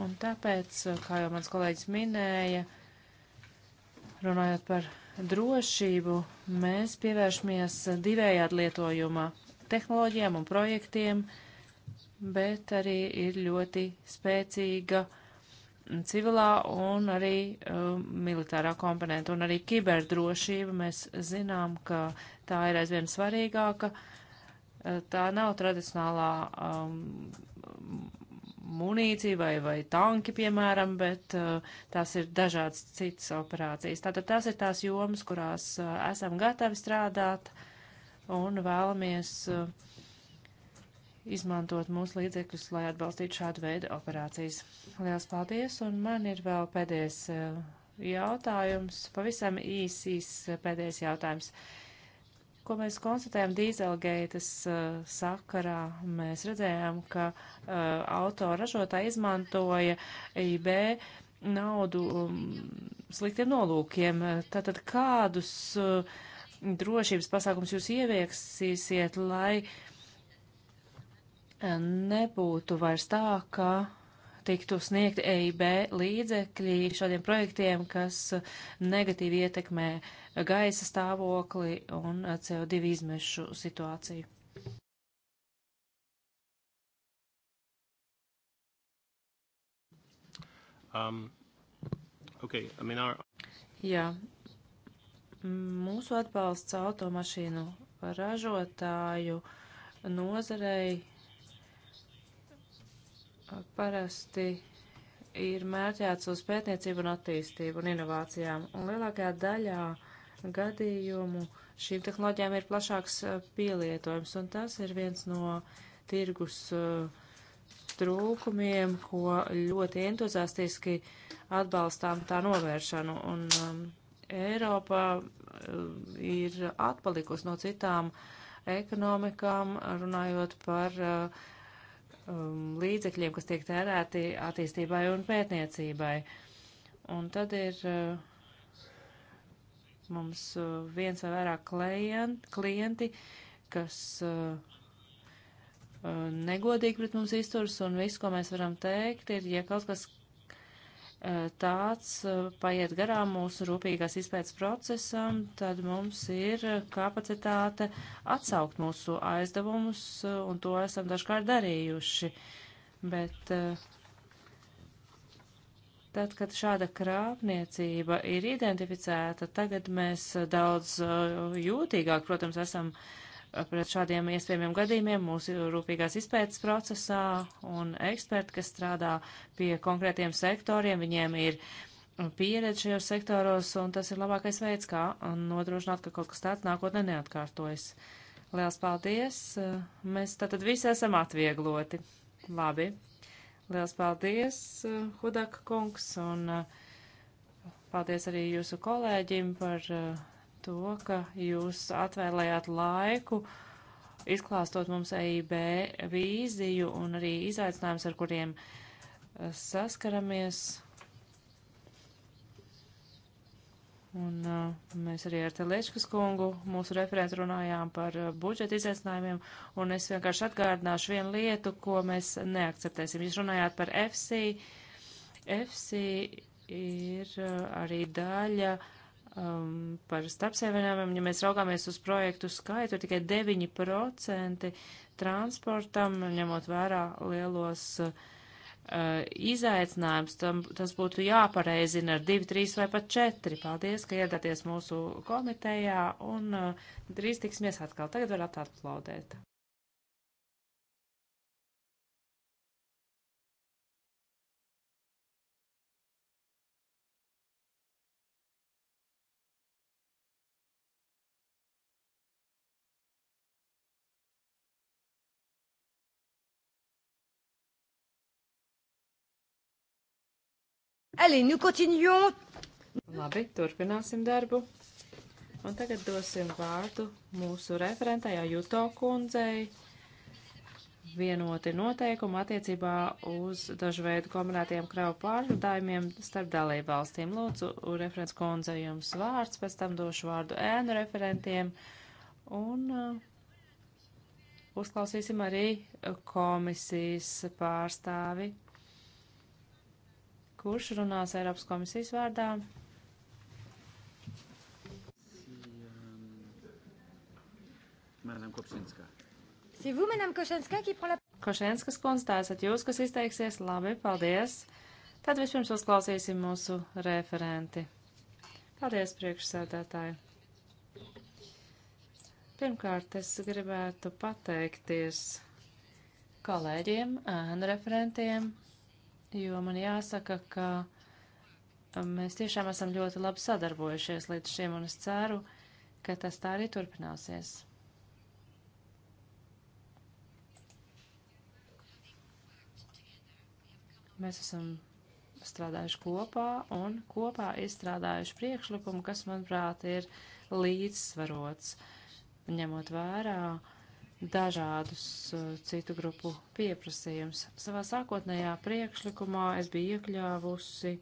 C: Un tāpēc, uh, kā jau mans kolēģis minēja, runājot par drošību, mēs pievēršamies divējādi lietojumā - tehnoloģijām un projektiem, bet arī ir ļoti spēcīga uh, civilā un arī um, militārā komponenta un arī kiberdrošība. Mēs zinām, ka tā ir aizvien svarīgāka. Uh, tā nav tradicionālā um, munīcija vai, vai tanki, piemēram, bet uh, tās ir dažādas citas operācijas. Tātad tās ir tās jomas, kurās uh, esam gatavi strādāt un vēlamies uh, izmantot mūsu līdzekļus, lai atbalstītu šādu veidu operācijas. Lielas paldies, un man ir vēl pēdējais eh, jautājums, pavisam īs, īs eh, pēdējais jautājums. Ko mēs konstatējam dīzelgeitas uh, eh, sakarā? Mēs redzējām, ka uh, autoražotāji izmantoja IB naudu um, sliktiem nolūkiem. Tātad kādus uh, drošības pasākums jūs ievieksīsiet, lai uh, nebūtu vairs tā, ka tiktu sniegti EIB līdzekļi šādiem projektiem, kas negatīvi ietekmē gaisa stāvokli un CO2 izmešu situāciju.
B: Um, okay, I mean our...
C: Jā, mūsu atbalsts automašīnu ražotāju nozarei parasti ir mērķēts uz pētniecību un attīstību un inovācijām, un lielākajā daļā gadījumu šīm tehnoloģijām ir plašāks eh, pielietojums, un tas ir viens no tirgus eh, trūkumiem, ko ļoti entuziastiski atbalstām tā novēršanu. Un, um, Eiropa eh, ir atpalikusi no citām ekonomikām, runājot par uh, um, līdzekļiem, kas tiek tērēti attīstībai un pētniecībai. Un tad ir uh, mums uh, viens vai vairāk klient, klienti, kas uh, uh, negodīgi pret mums izturs, un viss, ko mēs varam teikt, ir, ja kaut kas Eh, tāds eh, paiet garām mūsu rūpīgās izpētes procesam, tad mums ir eh, kapacitāte atsaukt mūsu aizdevumus, un to esam dažkārt darījuši. Bet tad, kad šāda krāpniecība ir identificēta, tagad mēs daudz jūtīgāk, protams, esam uh, pret šādiem iespējamiem gadījumiem mūsu rūpīgās izpētes procesā un eksperti, kas strādā pie konkrētiem sektoriem, viņiem ir pieredze šajos sektoros un tas ir labākais veids, kā nodrošināt, ka kaut kas tāds nākotnē neatkārtojas. Liels paldies! Mēs tātad visi esam atviegloti. Labi. Liels paldies, Hudaka kungs, un paldies arī jūsu kolēģim par uh, to, ka jūs atvēlējāt laiku, izklāstot mums EIB vīziju un arī izaicinājums, ar kuriem eh, saskaramies. Un uh, mēs arī ar Teliečkas kungu mūsu referentu runājām par uh, budžeta izaicinājumiem, un es vienkārši atgādināšu vienu lietu, ko mēs neakceptēsim. Jūs runājāt par FC. FC ir uh, arī daļa uh, um, par starpsēvienojumiem, ja mēs raugāmies uz projektu skaitu, tikai 9% transportam, ņemot vērā lielos uh, izaicinājums, tam, tas būtu jāpareizina ar 2, 3 vai pat 4. Paldies, ka iedāties mūsu komitejā un uh, drīz tiksimies atkal. Tagad var atplaudēt. Allez, nous nu continuons. Labi, turpināsim darbu. Un tagad dosim vārdu mūsu referentajā Juto kundzei vienoti noteikumi attiecībā uz dažu veidu kombinētiem kravu pārvadājumiem starp dalību valstīm. Lūdzu, referents kundze jums vārds, pēc tam došu vārdu ēnu referentiem un uh, uzklausīsim arī komisijas pārstāvi kurš runās Eiropas komisijas vārdā. Košenskas kundze, tā esat jūs, kas izteiksies. Labi, paldies. Tad vispirms uzklausīsim mūsu referenti. Paldies, priekšsēdētāji. Pirmkārt, es gribētu pateikties kolēģiem, ēnu referentiem, jo man jāsaka, ka um, mēs tiešām esam ļoti labi sadarbojušies līdz šim, un es ceru, ka tas tā arī turpināsies. Mēs esam strādājuši kopā un kopā izstrādājuši priekšlikumu, kas, manuprāt, ir līdzsvarots, ņemot vērā uh, dažādus uh, citu grupu pieprasījums. Savā sākotnējā priekšlikumā es biju iekļāvusi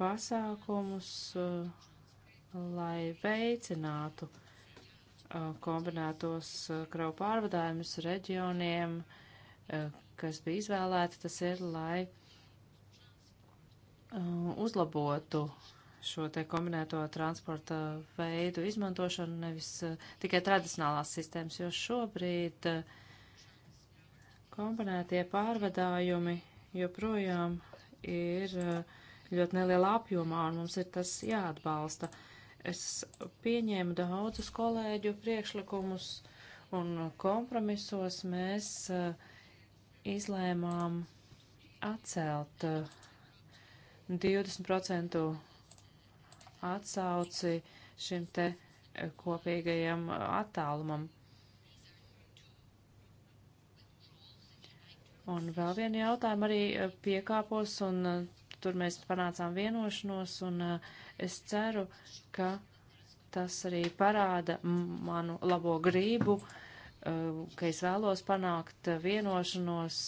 C: pasākumus, uh, lai veicinātu uh, kombinētos kravu pārvadājumus reģioniem, kas bija izvēlēti, tas ir, lai uzlabotu šo te kombinēto transporta veidu izmantošanu, nevis eh, tikai tradicionālās sistēmas, jo šobrīd eh, kombinētie pārvadājumi joprojām ir eh, ļoti nelielā apjomā, un mums ir tas jāatbalsta. Es pieņēmu daudzus kolēģu priekšlikumus, un kompromisos mēs izlēmām atcelt 20% atsauci šim te e, kopīgajam e, attālumam. Un vēl vienu jautājumu arī e, piekāpos, un tur mēs panācām vienošanos, un es ceru, ka tas arī parāda manu labo grību, ka es vēlos panākt vienošanos,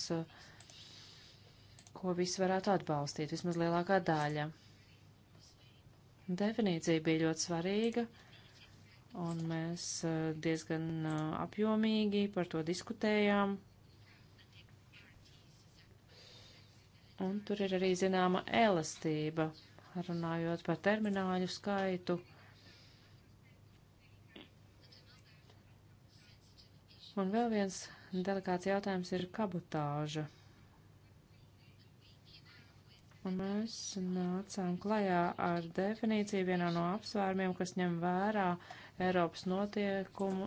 C: ko visi varētu atbalstīt, vismaz lielākā daļa. Definīcija bija ļoti svarīga, un mēs eh, diezgan eh, apjomīgi par to diskutējām. Un tur ir arī zināma elastība, runājot par termināļu skaitu. Un vēl viens delikāts jautājums ir kabotāža. Un mēs nācām klajā ar definīciju vienā no apsvērumiem, kas ņem vērā Eiropas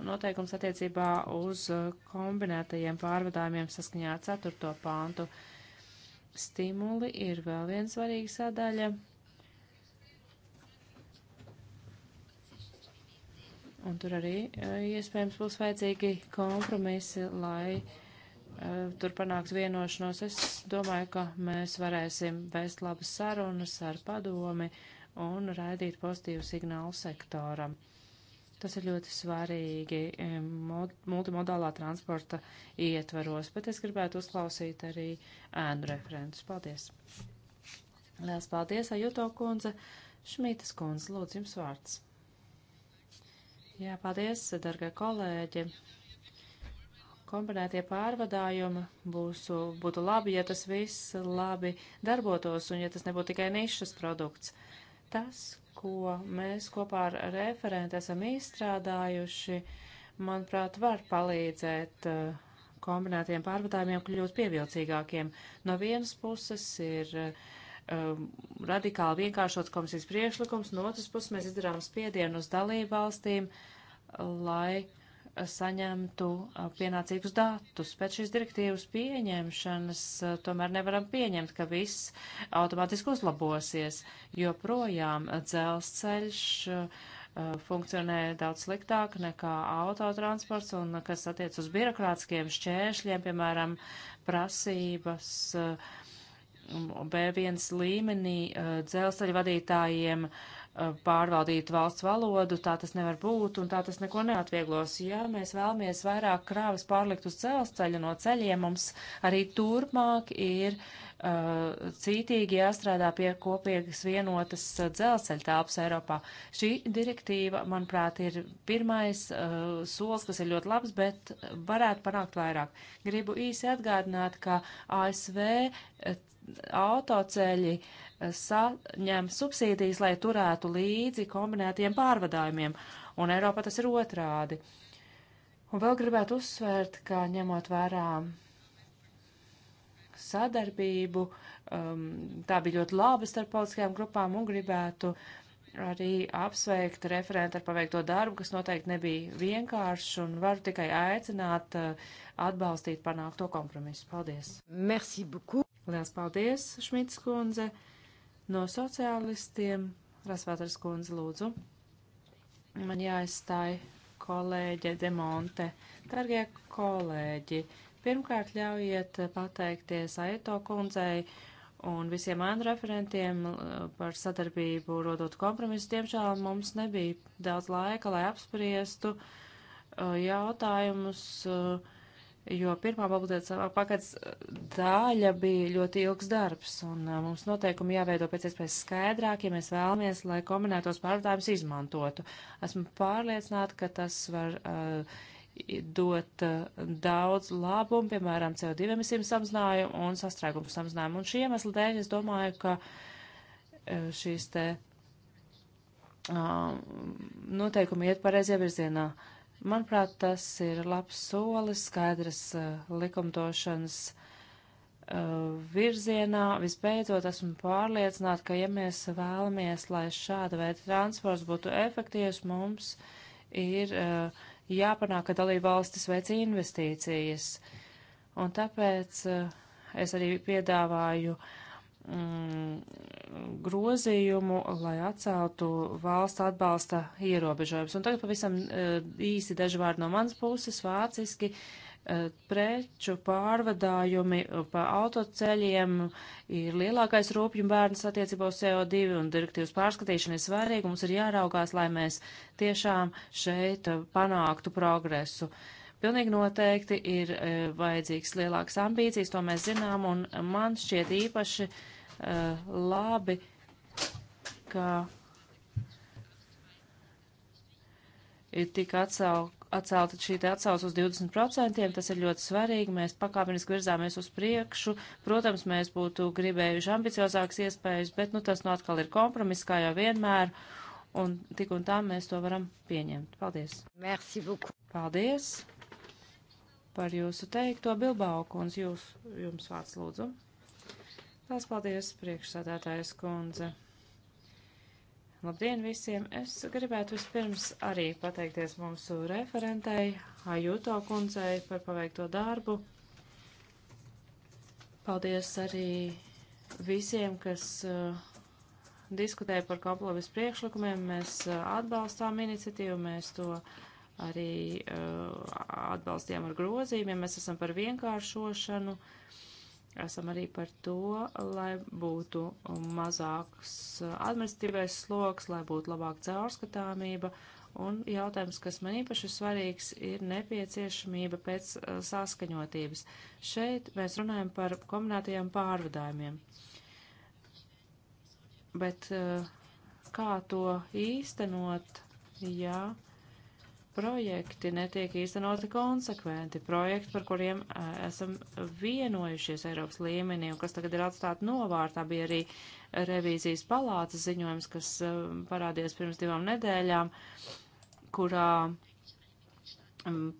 C: noteikums attiecībā uz uh, kombinētajiem pārvadājumiem saskaņā ar 4. pāntu. Stimuli ir vēl viena svarīga sadaļa. Un tur arī uh, iespējams būs vajadzīgi kompromisi, lai uh, Eh, tur panākt vienošanos. Es domāju, ka mēs varēsim vēst labas sarunas ar padomi un raidīt pozitīvu signālu sektoram. Tas ir ļoti svarīgi eh, multimodālā transporta ietvaros, bet es gribētu uzklausīt arī ēnu referentus. Paldies! Lielas paldies, Ajuto kundze! Šmītas kundze, lūdzu jums vārds. Jā, paldies, dargie kolēģi! kombinētie pārvadājumi būsu, būtu labi, ja tas viss labi darbotos un ja tas nebūtu tikai nišas produkts. Tas, ko mēs kopā ar referentu esam izstrādājuši, manuprāt, var palīdzēt eh, kombinētiem pārvadājumiem kļūt pievilcīgākiem. No vienas puses ir um, radikāli vienkāršots komisijas priekšlikums, no otras puses mēs izdarām spiedienu uz dalību valstīm, lai uh, saņemtu pienācīgus datus. Pēc šīs direktīvas pieņemšanas tomēr nevaram pieņemt, ka viss automātiski uzlabosies, jo projām dzelzceļš funkcionē daudz sliktāk nekā autotransports, un kas attiec uz birokrātiskiem šķēršļiem, piemēram, prasības B1 līmenī dzelzceļa vadītājiem Eh, pārvaldīt valsts valodu, tā tas nevar būt un tā tas neko neatvieglos. Ja mēs vēlamies vairāk krāvas pārlikt uz dzelzceļa no ceļiem, mums arī turpmāk ir uh, cītīgi jāstrādā pie kopīgas vienotas uh, dzelzceļa tāpas Eiropā. Šī direktīva, manuprāt, ir pirmais uh, solis, kas ir ļoti labs, bet varētu panākt vairāk. Gribu īsi atgādināt, ka ASV uh, autoceļi uh, saņem subsīdijas, lai turētu līdzi kombinētiem pārvadājumiem, un Eiropā tas ir otrādi. Un vēl gribētu uzsvērt, ka ņemot vērā sadarbību. Um, tā bija ļoti laba starp politiskajām grupām un gribētu arī apsveikt referentu ar paveikto darbu, kas noteikti nebija vienkāršs un varu tikai aicināt uh, atbalstīt panākto kompromisu. Paldies! Merci beaucoup! Liels paldies, Šmits kundze! No sociālistiem Rasvētars kundze lūdzu. Man jāizstāj kolēģe Demonte. Dargie kolēģi, Pirmkārt, ļaujiet eh, pateikties Aito kundzei un visiem ēnu referentiem eh, par sadarbību rodot kompromisu. Diemžēl mums nebija daudz laika, lai apspriestu eh, jautājumus, jo pirmā papildinātās pakaļs daļa bija ļoti ilgs darbs, un mums noteikumi jāveido pēc iespējas skaidrāk, ja mēs vēlamies, lai kombinētos pārvadājumus izmantotu. Esmu pārliecināta, ka tas var uh, dot eh, daudz labumu, piemēram, CO2 emisiju samazinājumu un sastrēgumu samazinājumu. Un šī iemesla dēļ es domāju, ka eh, šīs te noteikumi iet pareizajā virzienā. Manuprāt, tas ir labs solis skaidras eh, likumdošanas virzienā. Visbeidzot, esmu pārliecināta, ka ja mēs vēlamies, lai šāda veida transports būtu efektīvs, mums ir uh, jāpanāk, ka dalībvalstis veic investīcijas. Un tāpēc eh, es arī piedāvāju mm, grozījumu, lai atceltu valsts atbalsta ierobežojumus. Un tagad pavisam eh, īsi daži vārdi no manas puses vāciski. Uh, Eh, preču pārvadājumi eh, pa autoceļiem ir lielākais rūpju bērns attiecībā uz CO2 un direktīvas pārskatīšana ir svarīga. Mums ir jāraugās, lai mēs tiešām šeit eh, panāktu progresu. Pilnīgi noteikti ir vajadzīgs lielāks ambīcijas, to mēs zinām, un man šķiet īpaši uh, labi, ka ir tik atsauk atcelta šī te atsauce uz 20%, tas ir ļoti svarīgi, mēs pakāpeniski virzāmies uz priekšu, protams, mēs būtu gribējuši ambiciozākas iespējas, bet, nu, tas nu atkal ir kompromiss, kā jau vienmēr, un tik un tā mēs to varam pieņemt. Paldies! Merci beaucoup! Paldies par jūsu teikto, Bilbao kundze, jūs, jums vārds lūdzu. Tās paldies, priekšsādātājas kundze. Labdien visiem! Es gribētu vispirms arī pateikties mūsu referentei, Ajuto kundzei par paveikto darbu. Paldies arī visiem, kas uh, diskutēja par kompromisu priekšlikumiem. Mēs uh, atbalstām iniciatīvu, mēs to arī uh, atbalstījām ar grozījumiem. Mēs esam par vienkāršošanu. Uh, Esam arī par to, lai būtu mazāks administratīvais sloks, lai būtu labāka caurskatāmība. Un jautājums, kas man īpaši svarīgs, ir nepieciešamība pēc uh, saskaņotības. Šeit mēs runājam par kombinētajiem pārvadājumiem. Bet uh, kā to īstenot, ja. Jā projekti netiek īstenoti konsekventi, projekti, par kuriem a, esam vienojušies Eiropas līmenī un kas tagad ir atstāti novārtā, bija arī revīzijas palātas ziņojums, kas a, parādījās pirms divām nedēļām, kurā a,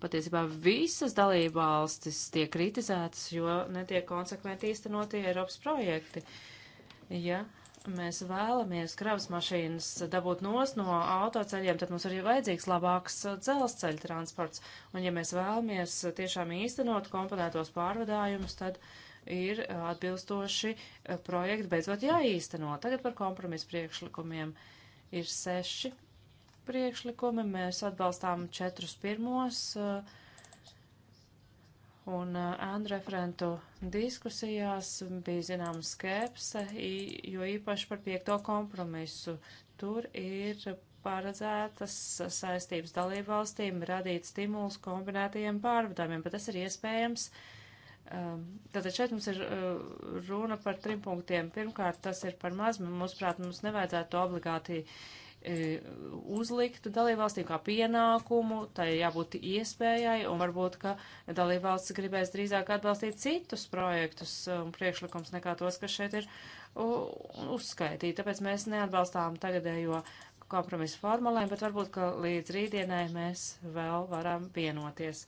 C: patiesībā visas dalībvalstis tiek kritizētas, jo netiek konsekventi īstenoti Eiropas projekti. Ja mēs vēlamies kravas mašīnas dabūt nost no autoceļiem, tad mums arī vajadzīgs labāks uh, dzelzceļa transports. Un ja mēs vēlamies uh, tiešām īstenot komponētos pārvadājumus, tad ir uh, atbilstoši projekti beidzot jāīsteno. Tagad par kompromisu priekšlikumiem ir seši priekšlikumi. Mēs atbalstām četrus pirmos. Uh, Un ēnu uh, referentu diskusijās bija zināma skepse, jo īpaši par piekto kompromisu. Tur ir paredzētas saistības dalībvalstīm radīt stimulus kombinētajiem pārvadājumiem, bet tas ir iespējams. Um, tātad šeit mums ir uh, runa par trim punktiem. Pirmkārt, tas ir par maz, mūsuprāt, mums nevajadzētu obligāti uh, E, uzliktu dalībvalstīm kā pienākumu, tai jābūt iespējai, un varbūt, ka dalībvalsts gribēs drīzāk atbalstīt citus projektus un priekšlikums nekā tos, kas šeit ir uzskaitīti. Tāpēc mēs neatbalstām tagadējo kompromisu formulēm, bet varbūt, ka līdz rītdienai mēs vēl varam vienoties.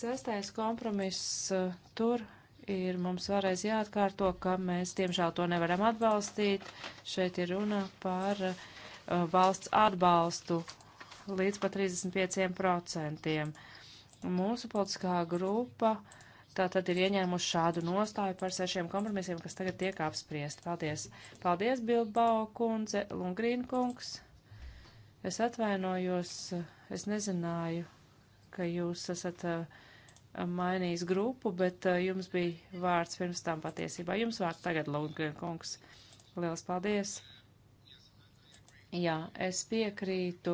C: Sestais kompromiss e, tur ir mums vēlreiz jāatkārto, ka mēs, diemžēl, to nevaram atbalstīt. Šeit ir runa par uh, Uh, valsts atbalstu līdz pat 35%. Mūsu politiskā grupa tā tad ir ieņēmuši šādu nostāju par sešiem kompromisiem, kas tagad tiek apspriest. Paldies! Paldies, Bilbao kundze, Lungrīn kungs! Es atvainojos, uh, es nezināju, ka jūs esat uh, mainījis grupu, bet jums bija vārds pirms tam patiesībā. Jums vārds tagad, Lungrīn kungs. Lielas paldies! Jā, es piekrītu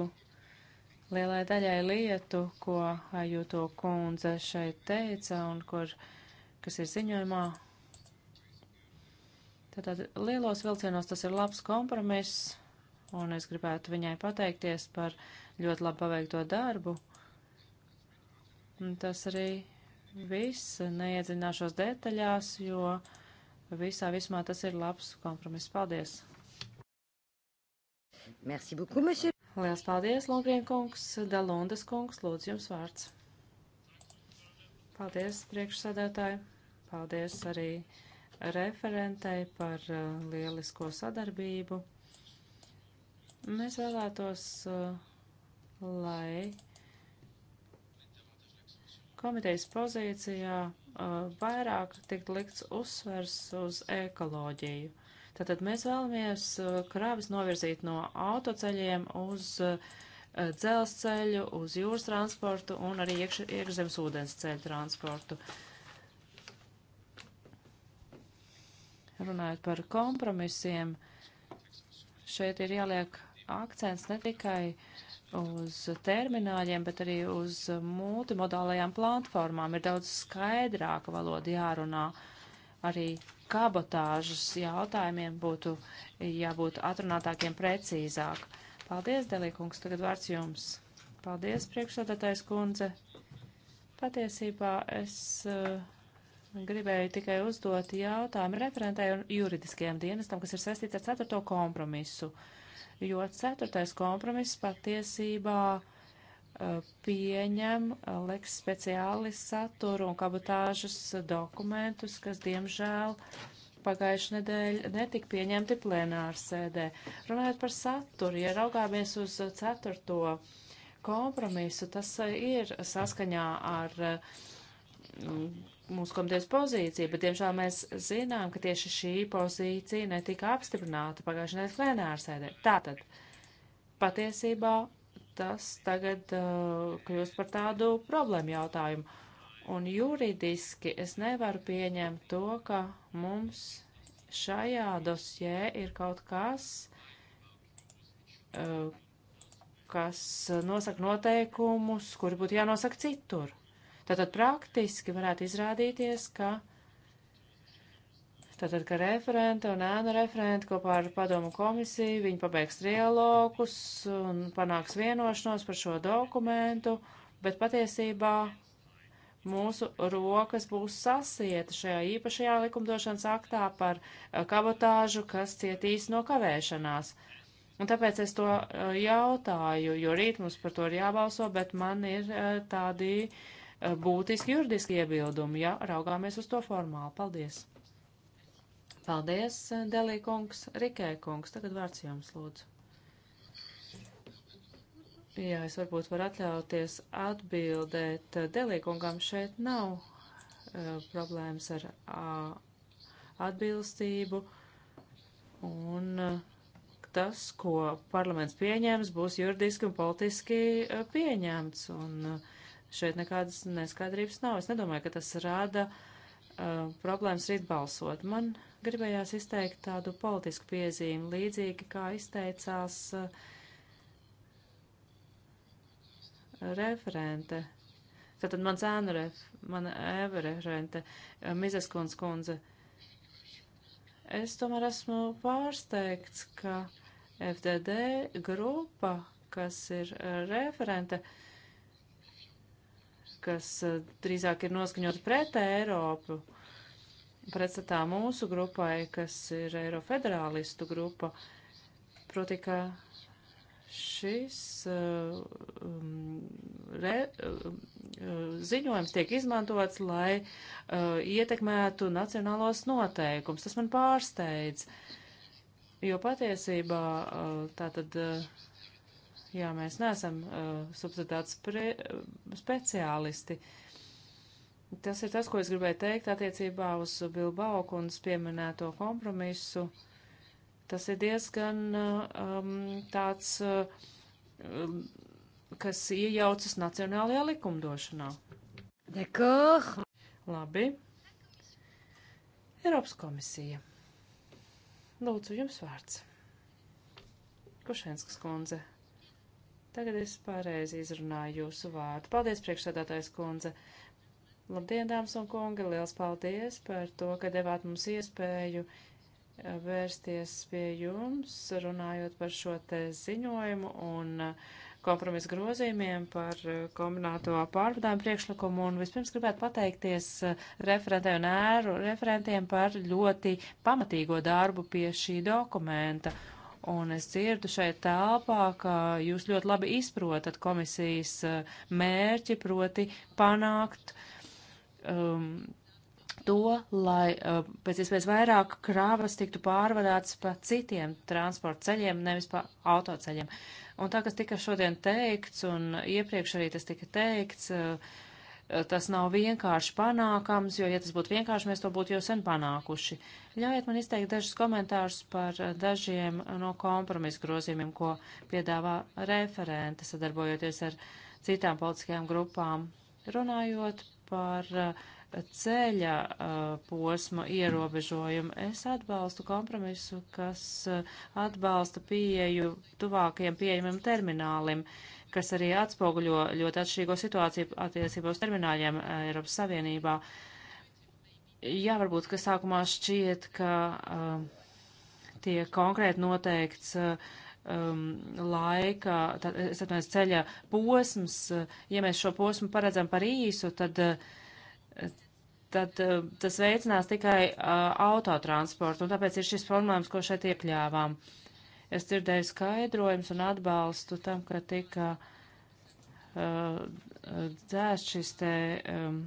C: lielai daļai lietu, ko Ajuto kundze šeit teica un kur, kas ir ziņojumā. Tātad lielos vilcienos tas ir labs kompromiss, un es gribētu viņai pateikties par ļoti labi paveikto darbu. Un tas arī viss, neiedziļināšos detaļās, jo visā vismā tas ir labs kompromiss. Paldies! Merci beaucoup, monsieur. Lielas paldies, Longrien kungs. Dalondas kungs, lūdzu jums vārds. Paldies, priekšsādātāji. Paldies arī referentei par uh, lielisko sadarbību. Mēs vēlētos, uh, lai komitejas pozīcijā uh, vairāk tiktu likts uzsvers uz ekoloģiju. Tātad mēs vēlamies uh, krāvis novirzīt no autoceļiem uz uh, dzelzceļu, uz jūras transportu un arī iekš, iekšzemes ūdens ceļu transportu. Runājot par kompromisiem, šeit ir jāliek akcents ne tikai uz termināļiem, bet arī uz multimodālajām platformām. Ir daudz skaidrāka valoda jārunā arī kabotāžas jautājumiem būtu jābūt atrunātākiem precīzāk. Paldies, Delīkungs, tagad vārds jums. Paldies, priekšsādātais kundze. Patiesībā es uh, gribēju tikai uzdot jautājumu referentē un juridiskajam dienestam, kas ir saistīts ar ceturto kompromisu, jo ceturtais kompromiss patiesībā uh, pieņem uh, leks speciāli saturu un kabatāžas dokumentus, kas, diemžēl, pagājuši nedēļ netika pieņemti plenāru sēdē. Runājot par saturu, ja raugāmies uz ceturto kompromisu, tas uh, ir saskaņā ar uh, mūsu komitejas pozīciju, bet, diemžēl, mēs zinām, ka tieši šī pozīcija netika apstiprināta pagājušajā nedēļas plenārsēdē. Tātad, patiesībā tas tagad uh, kļūst par tādu problēmu jautājumu. Un juridiski es nevaru pieņemt to, ka mums šajā dosjē ir kaut kas, uh, kas nosaka noteikumus, kuri būtu jānosaka citur. Tātad praktiski varētu izrādīties, ka uh, Tātad, ka referenta un ēna referenta kopā ar padomu komisiju, viņi pabeigs trialogus un panāks vienošanos par šo dokumentu, bet patiesībā mūsu rokas būs sasieta šajā īpašajā likumdošanas aktā par eh, kabotāžu, kas cietīs no kavēšanās. Un tāpēc es to eh, jautāju, jo rīt mums par to ir jābalso, bet man ir eh, tādi būtiski juridiski iebildumi, ja raugāmies uz to formāli. Paldies! Paldies, eh, Delī kungs, Rikē kungs. Tagad vārds jums lūdzu. Jā, es varbūt varu atļauties atbildēt. Eh, Delī kungam šeit nav uh, problēmas ar uh, atbilstību. Un uh, tas, ko parlaments pieņēms, būs juridiski un politiski uh, pieņemts. Un uh, šeit nekādas neskaidrības nav. Es nedomāju, ka tas rada uh, problēmas rīt balsot. Man uh, gribējās izteikt tādu politisku piezīmi, līdzīgi kā izteicās uh, referente. Tātad mans ēnu ref, mana ēva referente, uh, Mizes kundze kundze. Es tomēr esmu pārsteigts, ka FDD grupa, kas ir uh, referente, kas drīzāk ir noskaņot pret Eiropu, uh, pretstatā mūsu grupai, kas ir Eirofederālistu grupa, proti, ka šis uh, um, re, uh, uh, ziņojums tiek izmantots, lai uh, ietekmētu nacionālos noteikums. Tas man pārsteidz, jo patiesībā uh, tātad, uh, jā, mēs neesam subsidētas speciālisti. Uh, Tas ir tas, ko es gribēju teikt attiecībā uz Bilbao kundas pieminēto kompromisu. Tas ir diezgan um, tāds, um, kas iejaucas nacionālajā likumdošanā. Dekor. Labi. Eiropas komisija. Lūdzu, jums vārds. Košenskas kundze. Tagad es pareizi izrunāju jūsu vārdu. Paldies, priekšsēdātājs kundze. Uh, Labdien, dāmas un kungi! Liels paldies par to, ka devāt mums iespēju eh, vērsties pie jums, runājot par šo te ziņojumu un eh, kompromisu grozījumiem par eh, kombināto pārvadājumu priekšlikumu un vispirms gribētu pateikties referentē un ēru referentiem par ļoti pamatīgo darbu pie šī dokumenta. Un es dzirdu šeit telpā, ka jūs ļoti labi izprotat komisijas mērķi, proti panākt uh, um, to, lai uh, pēc iespējas vairāk krāvas tiktu pārvadātas pa citiem transporta ceļiem, nevis pa autoceļiem. Un tā, kas tika šodien teikts, un iepriekš arī tas tika teikts, uh, tas nav vienkārši panākams, jo, ja tas būtu vienkārši, mēs to būtu jau sen panākuši. Ļaujiet man izteikt dažus komentārus par dažiem no kompromisu grozījumiem, ko piedāvā referente, sadarbojoties ar citām politiskajām grupām. Runājot par eh, ceļa eh, posma ierobežojumu. Es atbalstu kompromisu, kas eh, atbalsta pieeju tuvākajam pieejamam terminālim, kas arī atspoguļo ļoti atšķirīgo situāciju attiecībā uz termināļiem Eiropas Savienībā. Jā, varbūt, ka sākumā šķiet, ka uh, tiek konkrēti noteikts uh, um, laika, tad, es atmanies, ceļa posms, uh, ja mēs šo posmu paredzam par īsu, tad, uh, tad uh, tas veicinās tikai uh, autotransportu, un tāpēc ir šis formulējums, ko šeit iekļāvām. Es dzirdēju skaidrojums un atbalstu tam, ka tika uh, dzēst šis te um,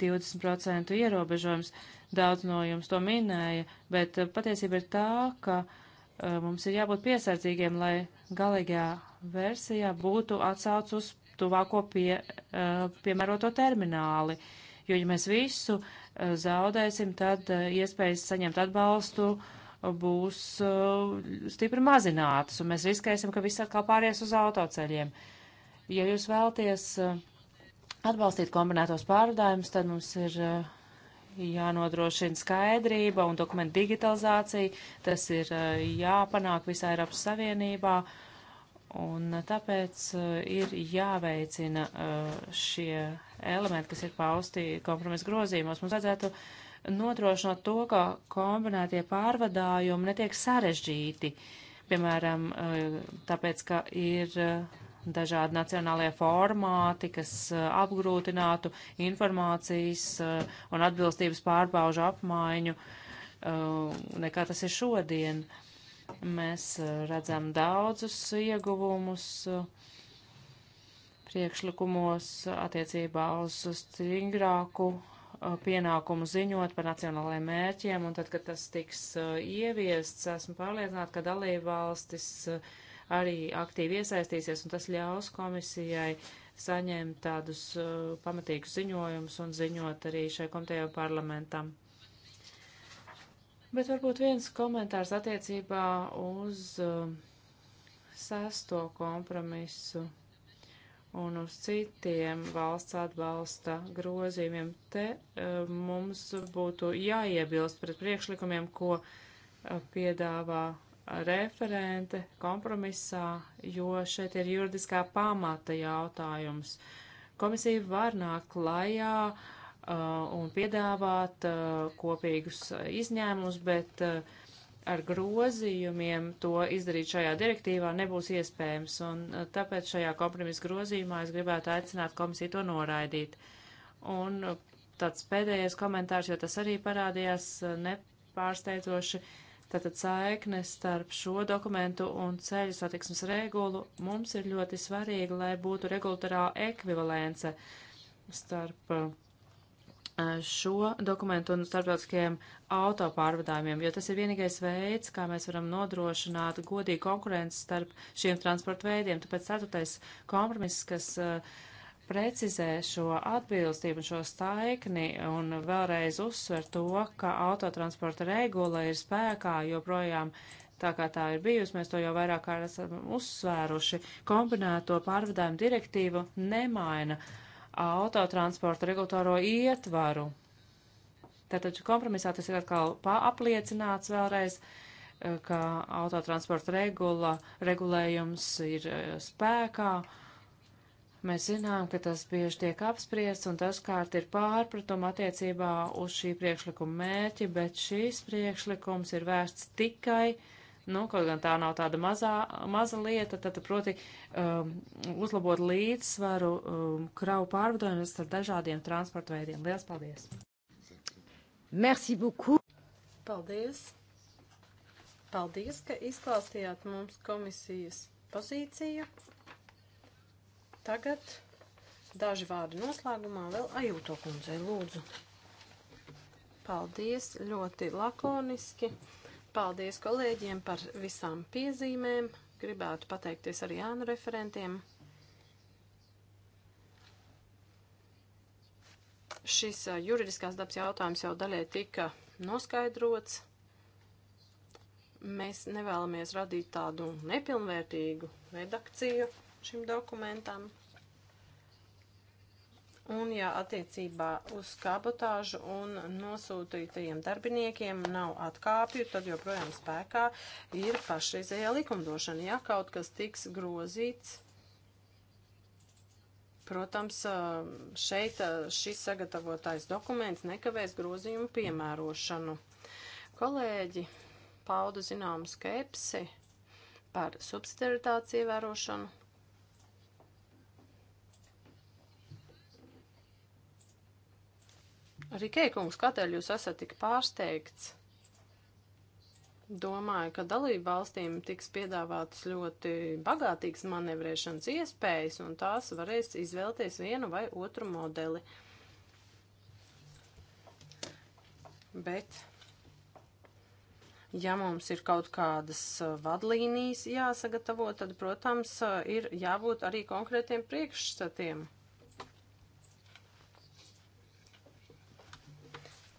C: 20% ierobežojums. Daudz no jums to minēja, bet patiesība ir tā, ka uh, mums ir jābūt piesardzīgiem, lai galīgajā versijā būtu atsauc uz tuvāko pie, piemēroto termināli. Jo, ja mēs visu zaudēsim, tad iespējas saņemt atbalstu būs stipri mazinātas, un mēs riskēsim, ka viss atkal pāries uz autoceļiem. Ja jūs vēlties atbalstīt kombinētos pārādājumus, tad mums ir uh, jānodrošina skaidrība un dokumentu digitalizācija. Tas ir eh, jāpanāk visā Eiropas Savienībā. Un eh, tāpēc eh, ir jāveicina šie elementi, kas ir pausti kompromisa grozījumos. Mums vajadzētu nodrošināt to, ka kombinētie pārvadājumi netiek sarežģīti. Piemēram, tāpēc, ka ir dažādi nacionālie formāti, kas uh, apgrūtinātu informācijas uh, un atbilstības pārbaužu apmaiņu, uh, nekā tas ir šodien. Mēs redzam daudzus ieguvumus priekšlikumos attiecībā uz stingrāku pienākumu ziņot par nacionālajiem mērķiem, un tad, kad tas tiks ieviests, esmu pārliecināta, ka dalībvalstis valstis arī aktīvi iesaistīsies, un tas ļaus komisijai saņemt tādus uh, pamatīgus ziņojumus un ziņot arī šai komitejai parlamentam. Bet varbūt viens komentārs attiecībā uz uh, sesto kompromisu un uz citiem valsts atbalsta grozījumiem. Te uh, mums būtu jāiebilst pret priekšlikumiem, ko uh, piedāvā referente kompromisā, jo šeit ir juridiskā pamata jautājums. Komisija var nākt klajā uh, un piedāvāt uh, kopīgus izņēmumus, bet uh, ar grozījumiem to izdarīt šajā direktīvā nebūs iespējams, un uh, tāpēc šajā kompromisa grozījumā es gribētu aicināt komisiju to noraidīt. Un uh, tāds pēdējais komentārs, jo tas arī parādījās uh, nepārsteidzoši. Uh, Tātad saiknes starp šo dokumentu un ceļu satiksmes regulu mums ir ļoti svarīgi, lai būtu regulatorā ekvivalence starp uh, šo dokumentu un starptautiskajiem autopārvadājumiem, jo tas ir vienīgais veids, kā mēs varam nodrošināt godīgu konkurenci starp šiem transporta veidiem. Tāpēc ceturtais kompromiss, kas uh, precizē šo atbilstību, šo staikni un vēlreiz uzsver to, ka autotransporta regula ir spēkā joprojām tā kā tā ir bijusi, mēs to jau vairāk kā esam uzsvēruši. Kombinēto pārvadājumu direktīvu nemaina autotransporta regulatoro ietvaru. Tātad kompromisā tas ir atkal apliecināts vēlreiz eh, ka autotransporta regula, regulējums ir eh, spēkā, uh, Mēs zinām, ka tas bieži tiek apspriests un dažkārt ir pārpratuma attiecībā uz šī priekšlikuma mērķi, bet šīs priekšlikums ir vērsts tikai, nu, kaut gan tā nav tāda mazā, maza lieta, tad proti um, uzlabot līdzsvaru um, kravu pārvadojumus starp dažādiem transporta veidiem. Lielas paldies! Merci beaucoup!
A: Paldies! Paldies, ka izklāstījāt mums komisijas pozīciju. Tagad daži vārdi noslēgumā vēl Ajūto kundzei lūdzu. Paldies, ļoti lakoniski. Paldies kolēģiem par visām piezīmēm. Gribētu pateikties arī Jānu referentiem. Šis juridiskās dabas jautājums jau daļai tika noskaidrots. Mēs nevēlamies radīt tādu nepilnvērtīgu redakciju šim dokumentam. Un, ja attiecībā uz kabotāžu un nosūtītajiem darbiniekiem nav atkāpju, tad joprojām spēkā ir pašreizējā likumdošana. Ja kaut kas tiks grozīts, protams, šeit šis sagatavotais dokuments nekavēs grozījumu piemērošanu. Kolēģi pauda zināmu skepsi par subsidiaritātes ievērošanu, Rikē, kungs, kādēļ jūs esat tik pārsteigts? Domāju, ka dalību valstīm tiks piedāvātas ļoti bagātīgas manevrēšanas iespējas, un tās varēs izvēlēties vienu vai otru modeli. Bet, ja mums ir kaut kādas uh, vadlīnijas jāsagatavo, tad, protams, uh, ir jābūt arī konkrētiem priekšstatiem.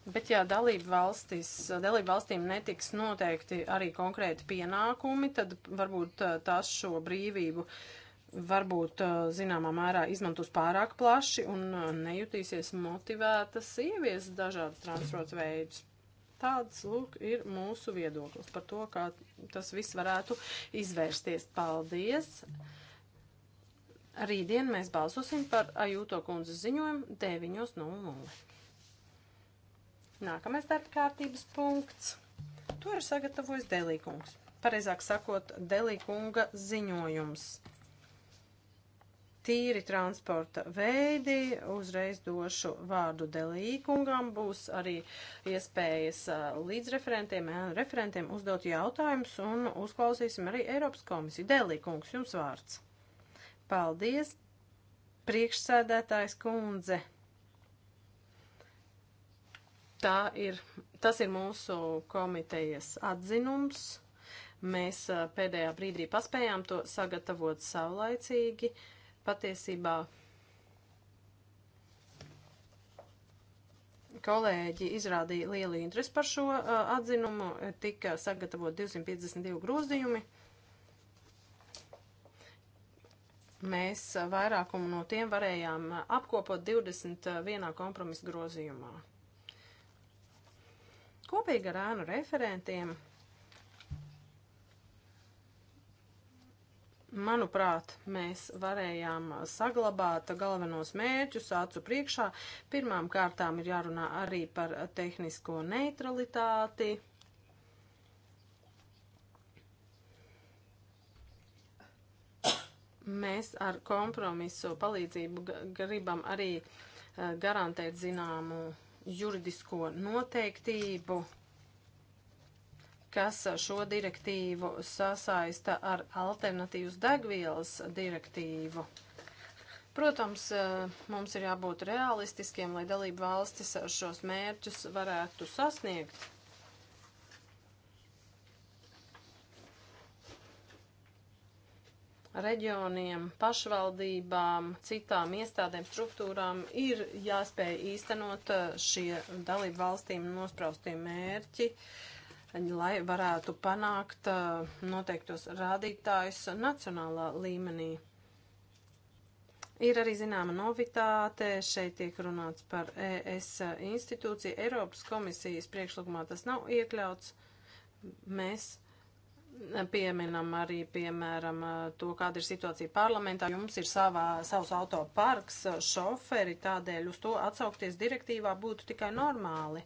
A: Bet ja dalību, valstis, dalību valstīm netiks noteikti arī konkrēti pienākumi, tad varbūt eh, tās šo brīvību varbūt eh, zināmā mērā izmantos pārāk plaši un eh, nejutīsies motivētas ievies dažādas transporta veidus. Tāds, lūk, ir mūsu viedoklis par to, kā tas viss varētu izvērsties. Paldies! Rītdien mēs balsosim par Ajūto kundzes ziņojumu 9.00. Nākamais darba kārtības punkts. To ir sagatavojis Delīkungs. Pareizāk sakot, Delīkunga ziņojums. Tīri transporta veidi, uzreiz došu vārdu Delīkungam, būs arī iespējas līdzreferentiem, referentiem uzdot jautājumus un uzklausīsim arī Eiropas komisiju. Delīkungs, jums vārds. Paldies, priekšsēdētājs kundze. Tā ir, tas ir mūsu komitejas atzinums. Mēs pēdējā brīdī paspējām to sagatavot saulaicīgi. Patiesībā kolēģi izrādīja lielu interesi par šo uh, atzinumu. Tika sagatavot 252 grozījumi. Mēs vairākumu no tiem varējām apkopot 21 kompromisa grozījumā. Kopīgi ar ēnu referentiem, manuprāt, mēs varējām saglabāt galvenos mērķus acu priekšā. Pirmām kārtām ir jārunā arī par tehnisko neutralitāti. mēs ar kompromisu palīdzību gribam arī eh, garantēt zināmu juridisko noteiktību, kas šo direktīvu sasaista ar alternatīvas degvielas direktīvu. Protams, eh, mums ir jābūt realistiskiem, lai dalību valstis šos mērķus varētu sasniegt. reģioniem, pašvaldībām, citām iestādēm, struktūrām ir jāspēj īstenot eh, šie dalību valstīm nospraustie mērķi, lai varētu panākt eh, noteiktos rādītājus nacionālā līmenī. Ir arī zināma novitāte, šeit tiek runāts par ES institūciju, Eiropas komisijas priekšlikumā tas nav iekļauts. Mēs pieminam arī, piemēram, to, kāda ir situācija parlamentā. Jums ir savā, savs autoparks, šoferi, tādēļ uz to atsaukties direktīvā būtu tikai normāli.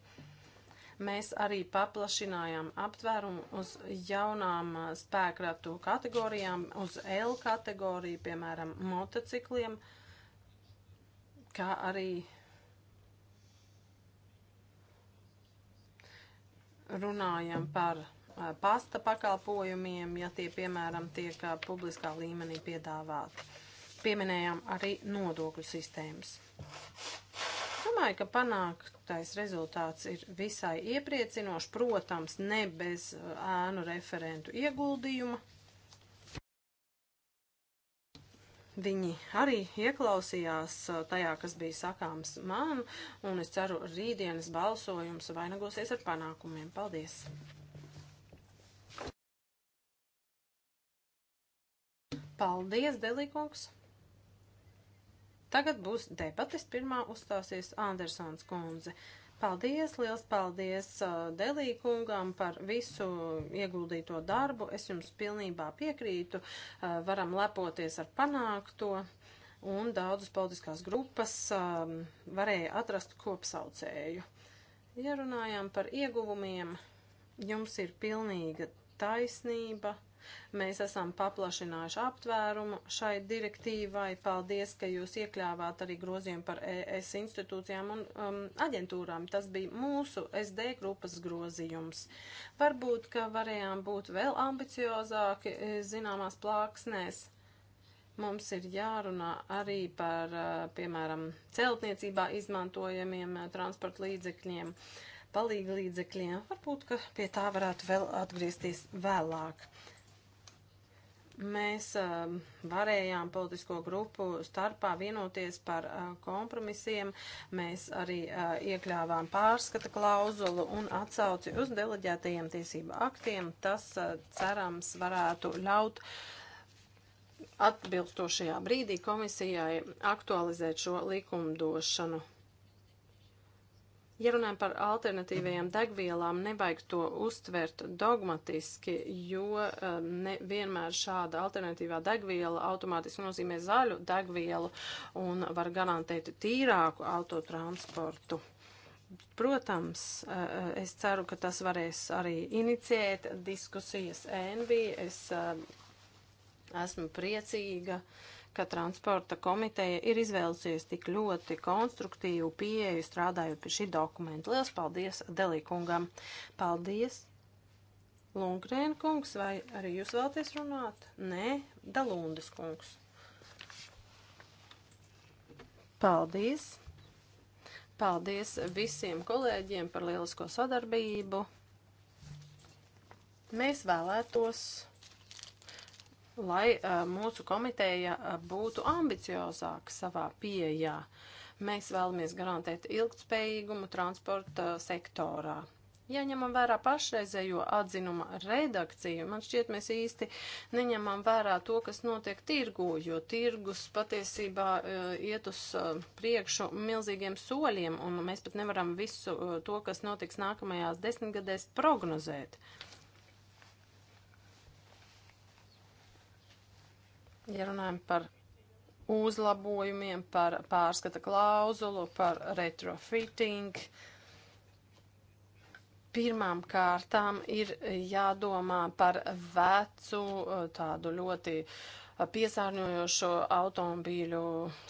A: Mēs arī paplašinājām aptvērumu uz jaunām spēkratu kategorijām, uz L kategoriju, piemēram, motocikliem, kā arī runājam par. Mm pasta pakalpojumiem, ja tie, piemēram, tiek publiskā līmenī piedāvāti. Pieminējām arī nodokļu sistēmas. Domāju, ka panāktais rezultāts ir visai iepriecinošs, protams, ne bez ēnu referentu ieguldījuma. Viņi arī ieklausījās tajā, kas bija sakāms man, un es ceru, rītdienas balsojums vainagosies ar panākumiem. Paldies! Paldies, Delīkungs! Tagad būs debates. Pirmā uzstāsies Andersons kundze. Paldies, liels paldies uh, Delī kungam par visu ieguldīto darbu. Es jums pilnībā piekrītu. Uh, varam lepoties ar panākto. Un daudzas politiskās grupas um, uh, varēja atrast kopsaucēju. Ja runājām par ieguvumiem, jums ir pilnīga taisnība Mēs esam paplašinājuši aptvērumu šai direktīvai. Paldies, ka jūs iekļāvāt arī grozījumu par ES institūcijām un um, aģentūrām. Tas bija mūsu SD grupas grozījums. Varbūt, ka varējām būt vēl ambiciozāki e, zināmās plāksnēs mums ir jārunā arī par, e, piemēram, celtniecībā izmantojamiem e, transporta līdzekļiem, palīgi līdzekļiem. Varbūt, ka pie tā varētu vēl atgriezties vēlāk mēs um, varējām politisko grupu starpā vienoties par uh, kompromisiem. Mēs arī uh, iekļāvām pārskata klauzulu un atsauci uz deleģētajiem tiesību aktiem. Tas, uh, cerams, varētu ļaut atbilstošajā brīdī komisijai aktualizēt šo likumdošanu. Ja runājam par alternatīvajām degvielām, nevajag to uztvert dogmatiski, jo um, nevienmēr šāda alternatīvā degviela automātiski nozīmē zaļu degvielu un var garantēt tīrāku autotransportu. Protams, uh, es ceru, ka tas varēs arī inicijēt diskusijas ENVI. Es uh, esmu priecīga. Uh, ka transporta komiteja ir izvēlusies tik ļoti konstruktīvu pieeju strādājot pie šī dokumenta. Lielas paldies Delīkungam! Paldies! Lunkrēna kungs, vai arī jūs vēlaties runāt? Nē, Dalundes kungs. Paldies! Paldies visiem kolēģiem par lielisko sadarbību. Mēs vēlētos lai mūsu komiteja būtu ambiciozāka savā pieejā. Mēs vēlamies garantēt ilgtspējīgumu transporta sektorā. Ja ņemam vērā pašreizējo atzinuma redakciju, man šķiet, mēs īsti neņemam vērā to, kas notiek tirgū, jo tirgus patiesībā iet uz priekšu milzīgiem soļiem, un mēs pat nevaram visu to, kas notiks nākamajās desmitgadēs, prognozēt. Uh, Ja runājam par uzlabojumiem, par pārskata klauzulu, par retrofitting, pirmām kārtām ir jādomā par vecu tādu ļoti piesārņojošo automobīļu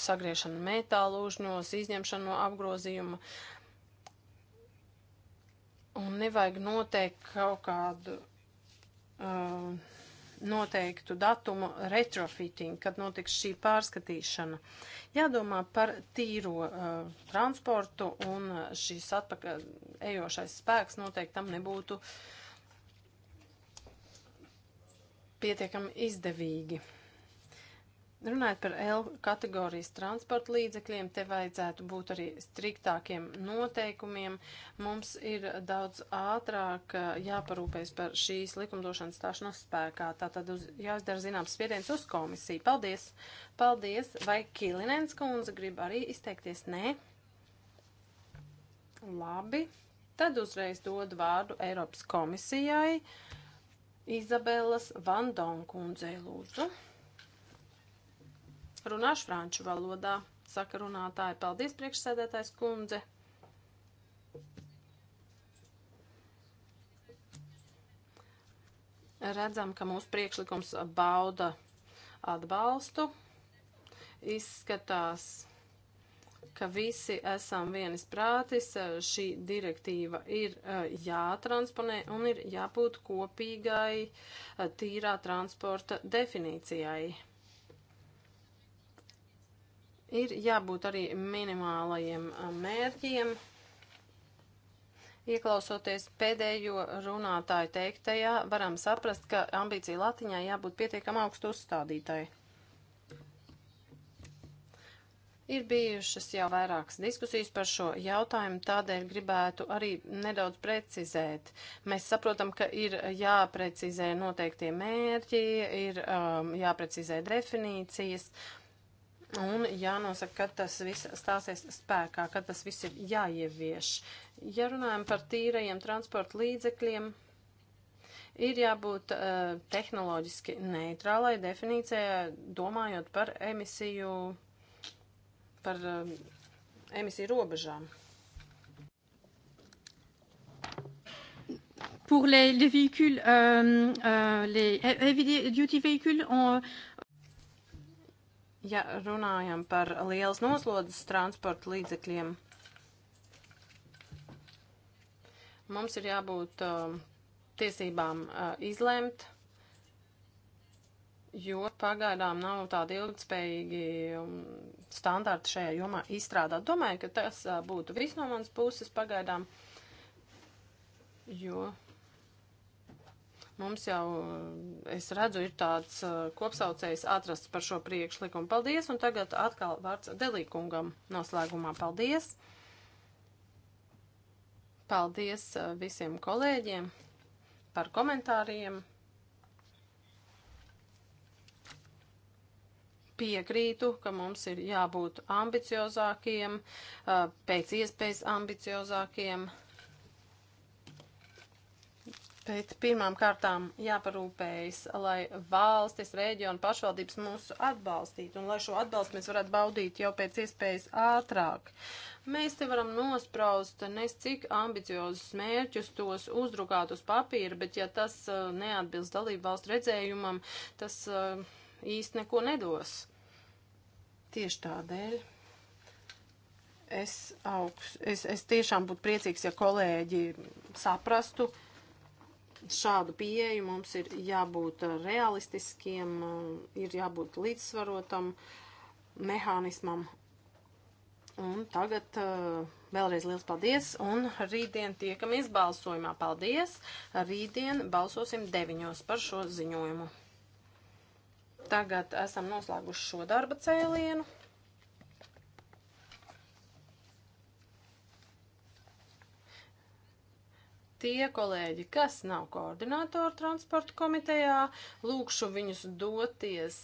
A: sagriešanu metālu uzņos, izņemšanu no apgrozījuma. Un nevajag noteikt kaut kādu. Uh, noteiktu datumu retrofitting, kad notiks šī pārskatīšana. Jādomā par tīro uh, transportu un uh, šīs atpakaļ ejošais spēks noteikti tam nebūtu pietiekami izdevīgi. Runājot par L kategorijas transporta līdzekļiem, te vajadzētu būt arī striktākiem noteikumiem. Mums ir daudz ātrāk eh, jāparūpēs par šīs likumdošanas stāšanos spēkā. Tātad uz, jāizdara zināms spiediens uz komisiju. Paldies! Paldies! Vai Kilinens kundze grib arī izteikties? Nē? Labi. Tad uzreiz dodu vārdu Eiropas komisijai. Izabelas Vandonkundzei lūdzu. Runāšu franču valodā, saka runātāji. Paldies, priekšsēdētājs kundze. Redzam, ka mūsu priekšlikums bauda atbalstu. Izskatās, ka visi esam vienis prātis, šī direktīva ir eh, jātransponē un ir jābūt kopīgai eh, tīrā transporta definīcijai. Ir jābūt arī minimālajiem mērķiem. Ieklausoties pēdējo runātāju teiktajā, varam saprast, ka ambīcija latiņā jābūt pietiekam augstu uzstādītai. Ir bijušas jau vairākas diskusijas par šo jautājumu, tādēļ gribētu arī nedaudz precizēt. Mēs saprotam, ka ir jāprecizē noteiktie mērķi, ir um, jāprecizē definīcijas, Un jānosaka, kad tas viss stāsies spēkā, kad tas viss ir jāievieš. Ja runājam par tīrajiem transporta līdzekļiem, ir jābūt uh, tehnoloģiski neitrālai definīcijai, domājot par emisiju, par uh, emisiju robežām.
C: Pour les, les
A: véhicules, euh, euh, les heavy duty véhicules, on, euh, Ja runājam par lielas noslodzes transporta līdzekļiem, mums ir jābūt uh, tiesībām uh, izlemt, jo pagaidām nav tādi ilgtspējīgi um, standarti šajā jomā izstrādāt. Domāju, ka tas uh, būtu viss no manas puses pagaidām, jo Mums jau, es redzu, ir tāds uh, kopsaucējs atrasts par šo priekšlikumu. Paldies, un tagad atkal vārds Delīkungam noslēgumā. Paldies! Paldies uh, visiem kolēģiem par komentāriem. piekrītu, ka mums ir jābūt ambiciozākiem, uh, pēc iespējas ambiciozākiem. Bet pirmām kārtām jāparūpējas, lai valstis, reģionu, pašvaldības mūsu atbalstītu un lai šo atbalstu mēs varētu baudīt jau pēc iespējas ātrāk. Mēs te varam nospraust nes cik ambiciozus mērķus tos uzdrukāt uz papīra, bet ja tas uh, neatbilst dalību valstu redzējumam, tas uh, īsti neko nedos. Tieši tādēļ. Es, augs, es, es tiešām būtu priecīgs, ja kolēģi saprastu, uh, šādu pieeju mums ir jābūt realistiskiem, ir jābūt līdzsvarotam mehānismam. Un tagad eh, vēlreiz liels paldies, un rītdien tiekamies balsojumā. Paldies! Rītdien balsosim deviņos par šo ziņojumu. Tagad esam noslēguši šo darba cēlienu. tie kolēģi, kas nav koordinātori transporta komitejā, lūkšu viņus doties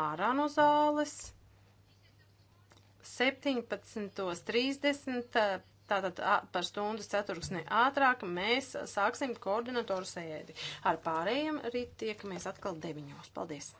A: ārā no zāles 17.30. Tātad par stundas ceturksni ātrāk mēs sāksim koordinatoru sēdi. Ar pārējiem rīt tiekamies atkal deviņos. Paldies!